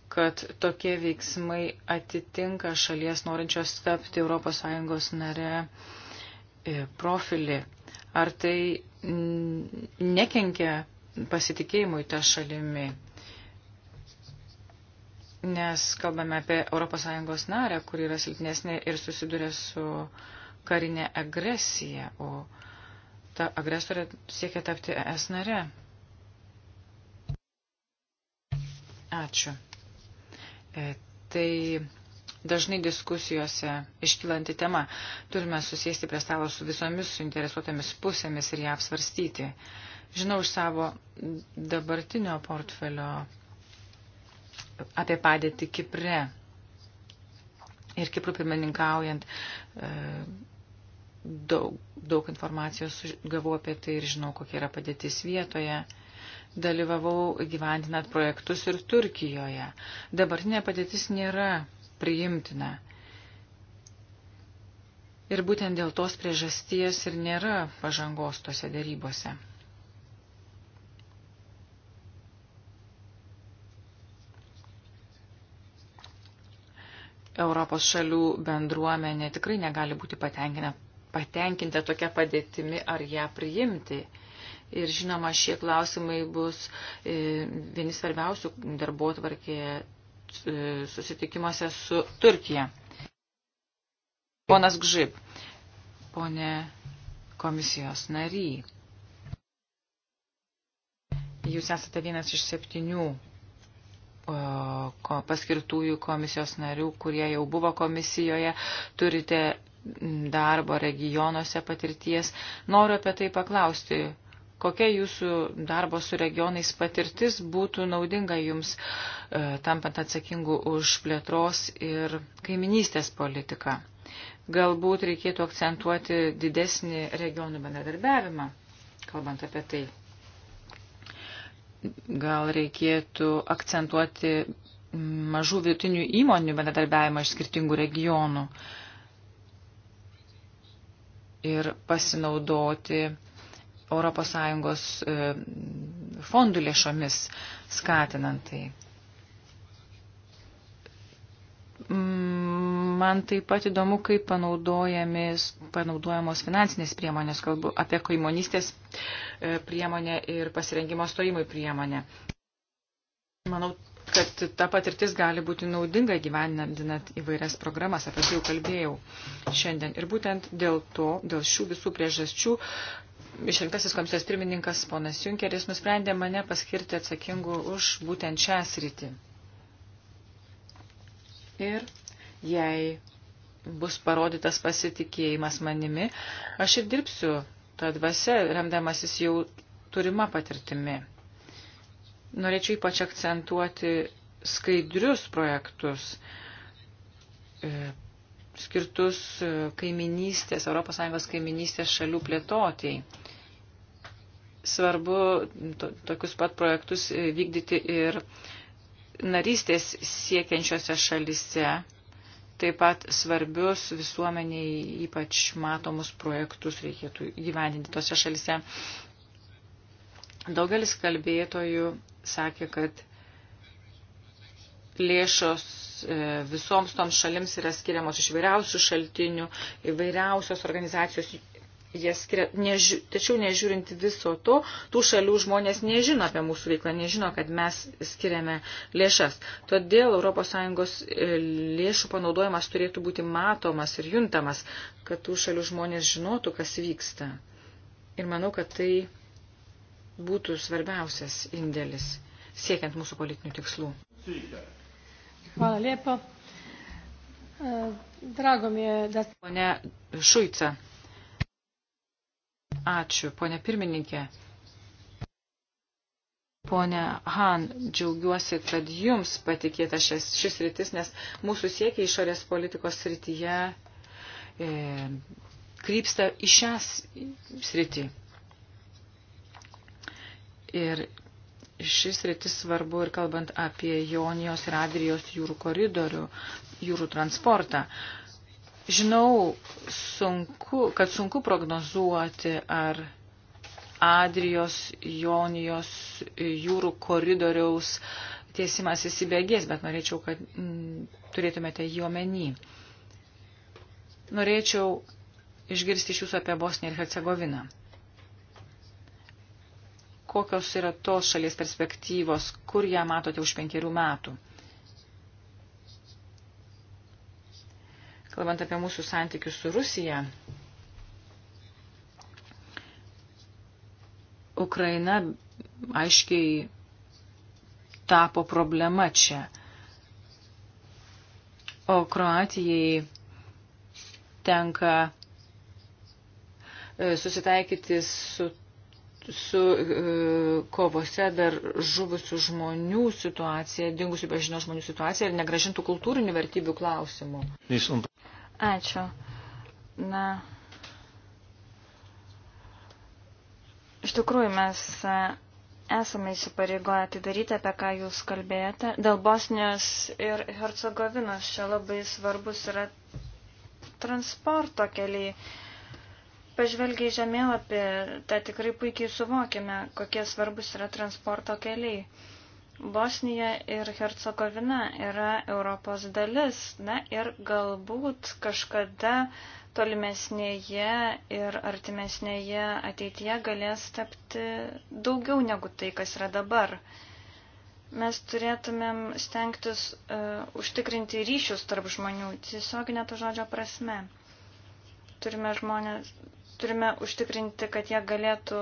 [SPEAKER 3] kad tokie veiksmai atitinka šalies norinčios tapti ES nare e, profilį. Ar tai nekenkia pasitikėjimui tą šalimi? Nes kalbame apie ES narę, kuri yra silpnesnė ir susiduria su karinė agresija, o ta agresorė siekia tapti ES nare. Ačiū. E, tai dažnai diskusijose iškylanti tema. Turime susėsti prie stalo su visomis suinteresuotomis pusėmis ir ją apsvarstyti. Žinau iš savo dabartinio portfelio apie padėtį Kipre ir Kiprų pirmininkaujant e, daug, daug informacijos gavau apie tai ir žinau, kokia yra padėtis vietoje dalyvavau gyventinant projektus ir Turkijoje. Dabartinė padėtis nėra priimtina. Ir būtent dėl tos priežasties ir nėra pažangos tose dėrybose. Europos šalių bendruomenė tikrai negali būti patenkinta, patenkinta tokia padėtimi ar ją priimti. Ir žinoma, šie klausimai bus e, vieni svarbiausių darbo tvarkėje susitikimuose su Turkija. Ponas Gžib, ponė komisijos nary. Jūs esate vienas iš septynių paskirtųjų komisijos narių, kurie jau buvo komisijoje, turite darbo regionuose patirties. Noriu apie tai paklausti, kokia jūsų darbo su regionais patirtis būtų naudinga jums, e, tampant atsakingu už plėtros ir kaiminystės politiką. Galbūt reikėtų akcentuoti didesnį regionų bendradarbiavimą, kalbant apie tai. Gal reikėtų akcentuoti mažų vietinių įmonių bendradarbiavimą iš skirtingų regionų ir pasinaudoti uh, ES e, fondų lėšomis skatinant tai. Mm, man taip pat įdomu, kaip panaudojamos finansinės priemonės, kalbu apie kaimonystės e, priemonę ir pasirengimo stojimui priemonę. Manau, kad ta patirtis gali būti naudinga gyveninant įvairias programas, apie tai jau kalbėjau šiandien. Ir būtent dėl to, dėl šių visų priežasčių, išrinktasis komisijos pirmininkas ponas Junkeris nusprendė mane paskirti atsakingu už būtent šią sritį. Ir jei bus parodytas pasitikėjimas manimi, aš ir dirbsiu tą dvasę, remdamasis jau turima patirtimi. Norėčiau ypač akcentuoti skaidrius projektus e, skirtus e, kaiminystės, ES kaiminystės šalių plėtotėjai. Svarbu to, tokius pat projektus e, vykdyti ir narystės siekiančiose šalise, taip pat svarbius visuomeniai ypač matomus projektus reikėtų gyvendinti tose šalise. Daugelis kalbėtojų sakė, kad lėšos e, visoms toms šalims yra skiriamos iš vairiausių šaltinių, įvairiausios organizacijos jie skiria, neži, tačiau nežiūrint viso to, tų šalių žmonės nežino apie mūsų veiklą, nežino, kad mes skiriame lėšas. Todėl ES e, lėšų panaudojimas turėtų būti matomas ir juntamas, kad tų šalių žmonės žinotų, kas vyksta. Ir manau, kad tai būtų svarbiausias indėlis siekiant mūsų politinių tikslų. Hvala lijepo. E, drago mi je da... Pone Šuica. Ačiū, pone pirmininkė. Pone Han, džiaugiuosi, kad jums patikėta šis, šis rytis, nes mūsų siekiai išorės politikos srityje e, krypsta į šią sritį. Ir šis rytis svarbu ir kalbant apie Jonijos ir Adrijos jūrų koridorių, jūrų transportą. Žinau, sunku, kad sunku prognozuoti, ar Adrijos, Jonijos jūrų koridoriaus tiesimas įsibėgės, bet norėčiau, kad m, mm, turėtumėte jį omeny. Norėčiau išgirsti iš jūsų apie Bosniją ir Hercegoviną kokios yra tos šalies perspektyvos, kur ją matote už penkerių metų. Kalbant apie mūsų santykius su Rusija, Ukraina aiškiai tapo problema čia. O Kroatijai tenka e, susitaikyti su su e, kovose dar žuvusių žmonių situacija, dingusių bežinio žmonių situacija ir negražintų kultūrinių vertybių klausimų. Ačiū.
[SPEAKER 1] Na, iš tikrųjų mes e, esame įsipareigoję atidaryti, apie ką jūs kalbėjote. Dėl Bosnijos ir Hercegovinos čia labai svarbus yra transporto keliai pažvelgę į žemėlapį, tą tikrai puikiai suvokime, kokie svarbus yra transporto keliai. Bosnija ir Hercegovina yra Europos dalis, na ir galbūt kažkada tolimesnėje ir artimesnėje ateityje galės tapti daugiau negu tai, kas yra dabar. Mes turėtumėm stengtis uh, užtikrinti ryšius tarp žmonių, tiesiog neto žodžio prasme turime žmonės, Turime užtikrinti, kad jie galėtų.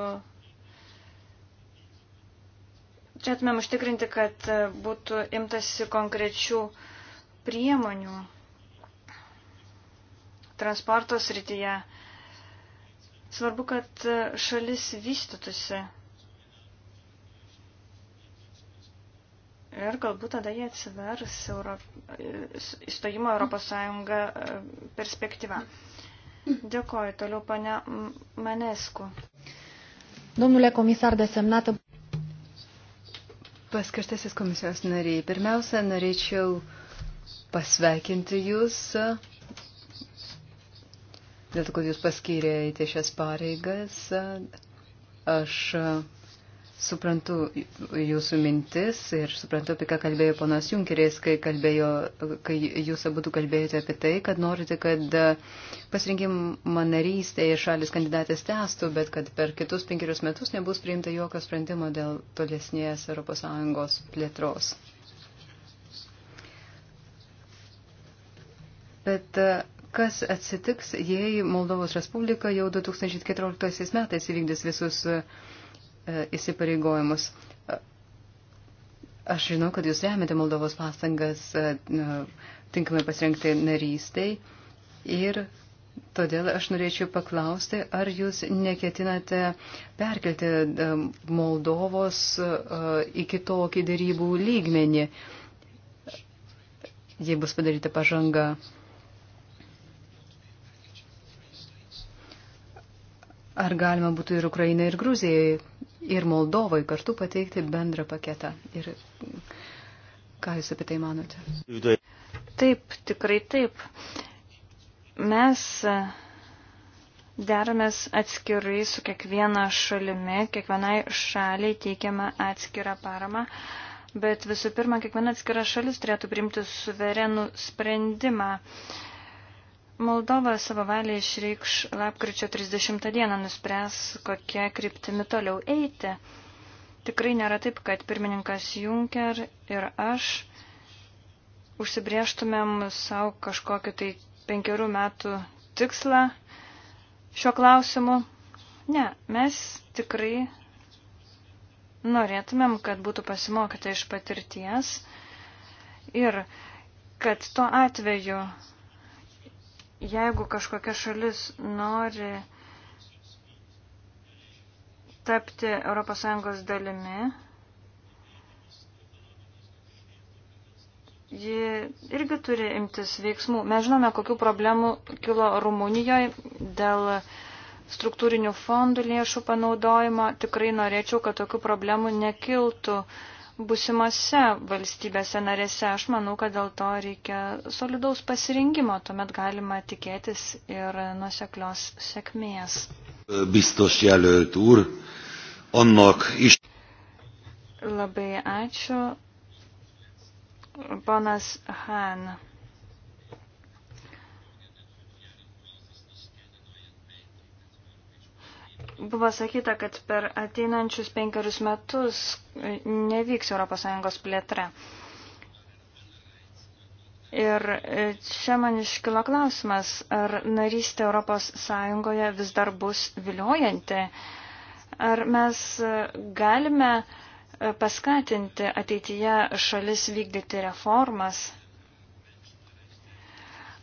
[SPEAKER 1] Čia atmėm užtikrinti, kad būtų imtasi konkrečių priemonių transporto srityje. Svarbu, kad šalis vystytųsi. Ir galbūt tada jie atsivers Euro... įstojimo Europos Sąjungą e, perspektyvą. Mm. Dėkoju. Toliau pane Manesku. Domnule komisar desemnat.
[SPEAKER 2] Paskirtasis komisijos nariai. Pirmiausia, norėčiau pasveikinti Jūs dėl to, kad Jūs paskyrėte šias pareigas. Aš Suprantu jūsų mintis ir suprantu, apie ką kalbėjo ponas Junkeris, kai, kalbėjo, kai jūs abu kalbėjote apie tai, kad norite, kad e, pasirinkimą narystėje šalis kandidatės testų, bet kad per kitus penkerius metus nebus priimta jokio sprendimo dėl tolesnės ES plėtros. Bet e, kas atsitiks, jei Moldovos Respublika jau 2014 metais įvykdys visus e, E, įsipareigojimus. E, aš žinau, kad jūs remiate Moldovos pastangas e, tinkamai pasirengti narystiai ir Todėl aš norėčiau paklausti, ar jūs neketinate perkelti Moldovos į kitokį darybų lygmenį, jei bus padaryta pažanga Ar galima būtų ir Ukrainai, ir Gruzijai, ir Moldovai kartu pateikti bendrą paketą? Ir ką Jūs apie tai manote? Taip, tikrai taip.
[SPEAKER 1] Mes deramės atskirai su kiekviena šalimi, kiekvienai šaliai teikiama atskira parama, bet visų pirma, kiekviena atskira šalis turėtų priimti suverenų sprendimą. Uh, Moldova savo valią išreikš lapkričio 30 dieną, nuspręs, kokie kryptimi toliau eiti. Tikrai nėra taip, kad pirmininkas Juncker ir aš užsibrieštumėm savo kažkokį tai penkerių metų tikslą šiuo klausimu. Ne, mes tikrai norėtumėm, kad būtų pasimokyta iš patirties ir kad tuo atveju Jeigu kažkokia šalis nori tapti ES dalimi, ji irgi turi imtis veiksmų. Mes žinome, kokių problemų kilo Rumunijoje dėl struktūrinių fondų lėšų panaudojimo. Tikrai norėčiau, kad tokių problemų nekiltų uh, busimose valstybėse narėse. Aš manau, kad dėl to reikia solidaus pasirinkimo, tuomet galima tikėtis ir nuseklios sėkmės. Biztos jelölt úr, annak is. Labai ačiū. Ponas Han. Buvo sakyta, kad per ateinančius penkerius metus nevyks ES plėtra. Ir e, čia man iškilo klausimas, ar narystė ES vis dar bus viliojanti, ar mes e, galime e, paskatinti ateityje šalis vykdyti reformas,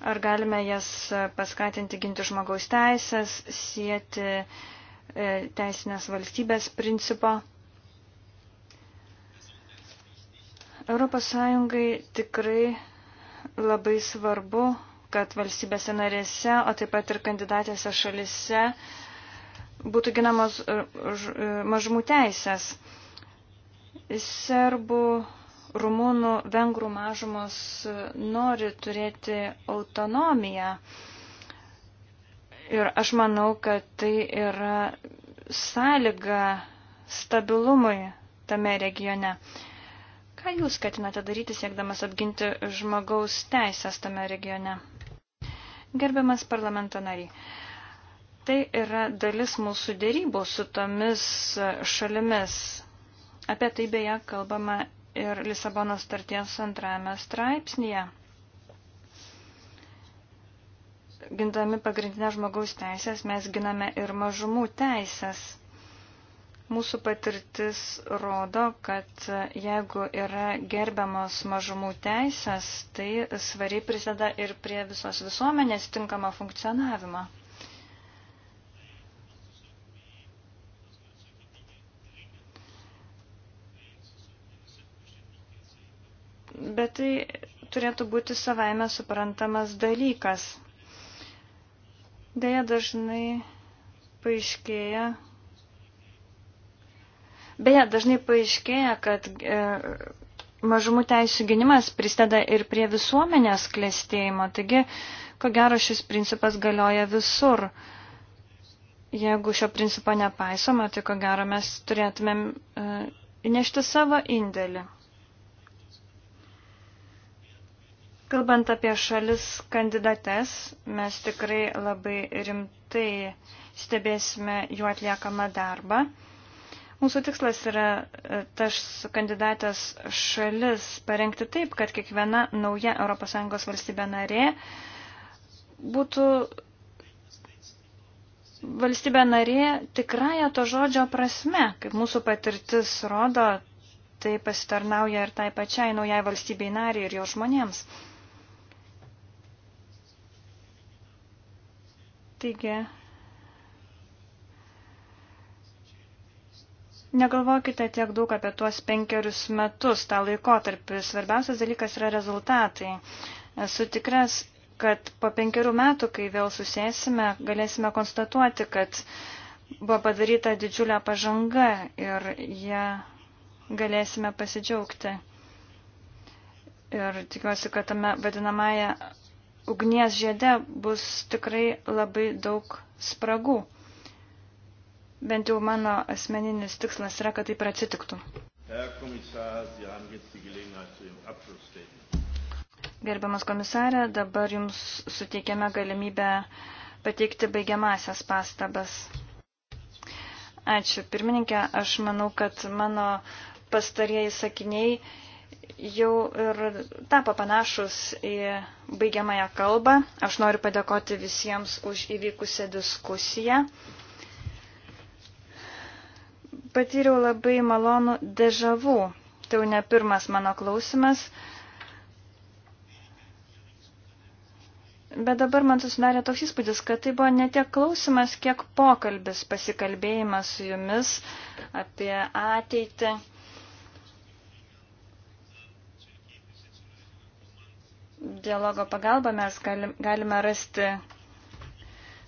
[SPEAKER 1] ar galime jas paskatinti ginti žmogaus teisės, sieti E, teisinės valstybės principo. Europos Sąjungai tikrai labai svarbu, kad valstybėse narėse, o taip pat ir kandidatėse šalise būtų ginamos e, e, mažumų teisės. Serbų, rumunų, vengrų mažumos nori turėti autonomiją Ir aš manau, kad tai yra sąlyga stabilumui tame regione. Ką jūs skatinate daryti, siekdamas apginti žmogaus teisės tame regione? Gerbiamas parlamento nariai, tai yra dalis mūsų dėrybų su tomis šalimis. Apie tai beje kalbama ir Lisabono starties antrajame straipsnėje gindami pagrindinę žmogaus teisės, mes giname ir mažumų teisės. Mūsų patirtis rodo, kad jeigu yra gerbiamos mažumų teisės, tai svariai prisideda ir prie visos visuomenės tinkamą funkcionavimą. Bet tai turėtų būti savaime suprantamas dalykas. Deja dažnai paaiškėja. Beje, dažnai paaiškėja, kad e, mažumų teisų gynimas prisideda ir prie visuomenės klėstėjimo. Taigi, ko gero, šis principas galioja visur. Jeigu šio principo nepaisoma, tai ko gero mes turėtumėm e, įnešti savo indėlį. Kalbant apie šalis kandidates, mes tikrai labai rimtai stebėsime jų atliekamą darbą. Mūsų tikslas yra e, tas kandidatės šalis parengti taip, kad kiekviena nauja ES valstybė narė būtų valstybė narė tikrąją to žodžio prasme, kaip mūsų patirtis rodo, tai pasitarnauja ir tai pačiai naujai valstybei nariai ir jo žmonėms. Taigi, negalvokite tiek daug apie tuos penkerius metus, tą laikotarpį. Svarbiausias dalykas yra rezultatai. Esu tikras, kad po penkerių metų, kai vėl susėsime, galėsime konstatuoti, kad buvo padaryta didžiulė pažanga ir ją galėsime pasidžiaugti. Ir tikiuosi, kad tame vadinamąją ugnies žiede bus tikrai labai daug spragų. Bent jau mano asmeninis tikslas yra, kad taip ir atsitiktų. Gerbiamas komisarė, dabar Jums suteikiame galimybę pateikti baigiamasias pastabas. Ačiū, pirmininkė. Aš manau, kad mano pastarieji sakiniai jau ir tapo panašus į baigiamąją kalbą. Aš noriu padėkoti visiems už įvykusią diskusiją. Patyriau labai malonų dežavų. Tai jau ne pirmas mano klausimas. Bet dabar man susidarė toks įspūdis, kad tai buvo ne tiek klausimas, kiek pokalbis, pasikalbėjimas su jumis apie ateitį dialogo pagalba mes galime rasti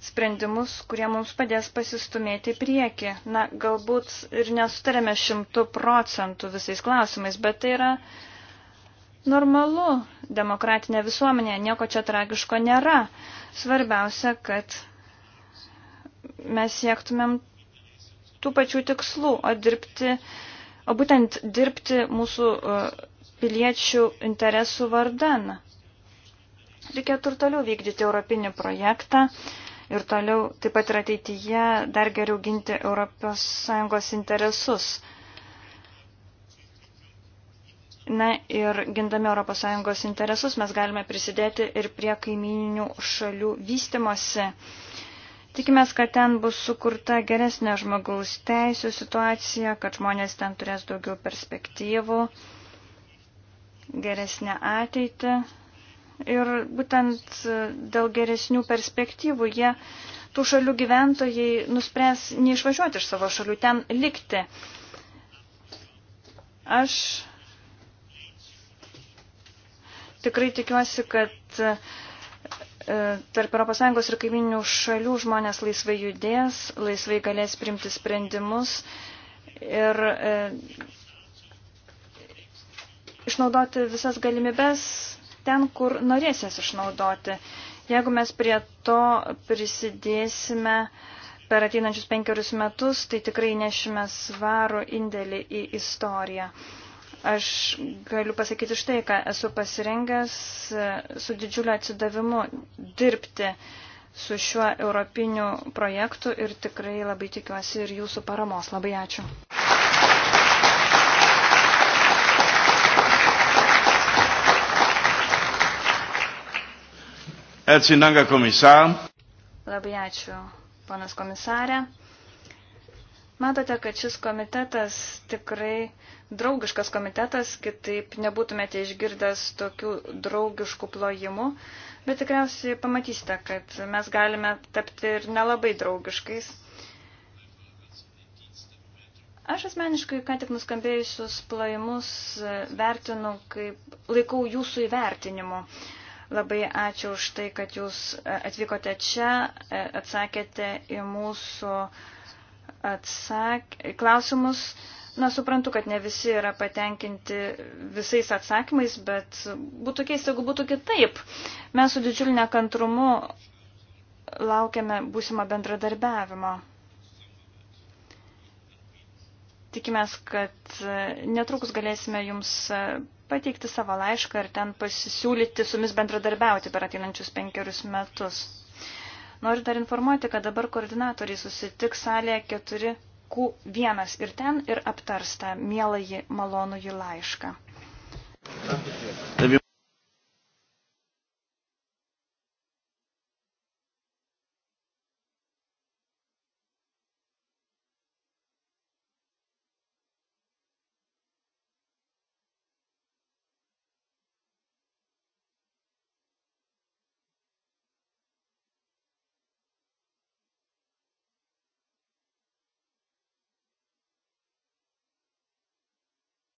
[SPEAKER 1] sprendimus, kurie mums padės pasistumėti į priekį. Na, galbūt ir nesutarėme šimtų procentų visais klausimais, bet tai yra normalu demokratinė visuomenė, nieko čia tragiško nėra. Svarbiausia, kad mes siektumėm tų pačių tikslų, o dirbti, o būtent dirbti mūsų uh, piliečių interesų vardan. Reikėtų ir toliau vykdyti europinį projektą ir toliau taip pat ir ateityje dar geriau ginti ES interesus. Na ir gindami ES interesus mes galime prisidėti ir prie kaimininių šalių vystimosi. Tikimės, kad ten bus sukurta geresnė žmogaus teisų situacija, kad žmonės ten turės daugiau perspektyvų, geresnę ateitį ir būtent e, dėl geresnių perspektyvų jie, tų šalių gyventojai nuspręs neišvažiuoti iš savo šalių, ten likti. Aš tikrai tikiuosi, kad e, tarp ES ir kaiminių šalių žmonės laisvai judės, laisvai galės priimti sprendimus ir e, išnaudoti visas galimybes ten, kur norės jas išnaudoti. Jeigu mes prie to prisidėsime per ateinančius penkerius metus, tai tikrai nešime svarų indėlį į istoriją. Aš galiu pasakyti štai, ką esu pasirengęs su didžiuliu atsidavimu dirbti su šiuo europiniu projektu ir tikrai labai tikiuosi ir jūsų paramos. Labai ačiū.
[SPEAKER 2] Herzlichen Dank, Herr Kommissar.
[SPEAKER 1] Labai ačiū, panas komisarė. Matote, kad šis komitetas tikrai draugiškas komitetas, kitaip nebūtumėte išgirdęs tokių draugiškų plojimų, bet tikriausiai pamatysite, kad mes galime tapti ir nelabai draugiškais. Aš asmeniškai ką tik nuskambėjusius plojimus vertinu kaip laikau jūsų įvertinimu. Uh, Labai ačiū už tai, kad jūs e, atvykote čia, e, atsakėte į mūsų atsak... klausimus. Na, suprantu, kad ne visi yra patenkinti visais atsakymais, bet būtų keista, jeigu būtų kitaip. Mes su didžiuliu nekantrumu laukiame būsimo bendradarbiavimo. Tikimės, kad e, netrukus galėsime jums pateikti savo laišką ir ten pasisiūlyti su mis bendradarbiauti per ateinančius penkerius metus. Noriu dar informuoti, kad dabar koordinatoriai susitiks salėje 4Q1 ir ten ir aptarsta mieląjį malonųjį laišką.
[SPEAKER 2] Thank you.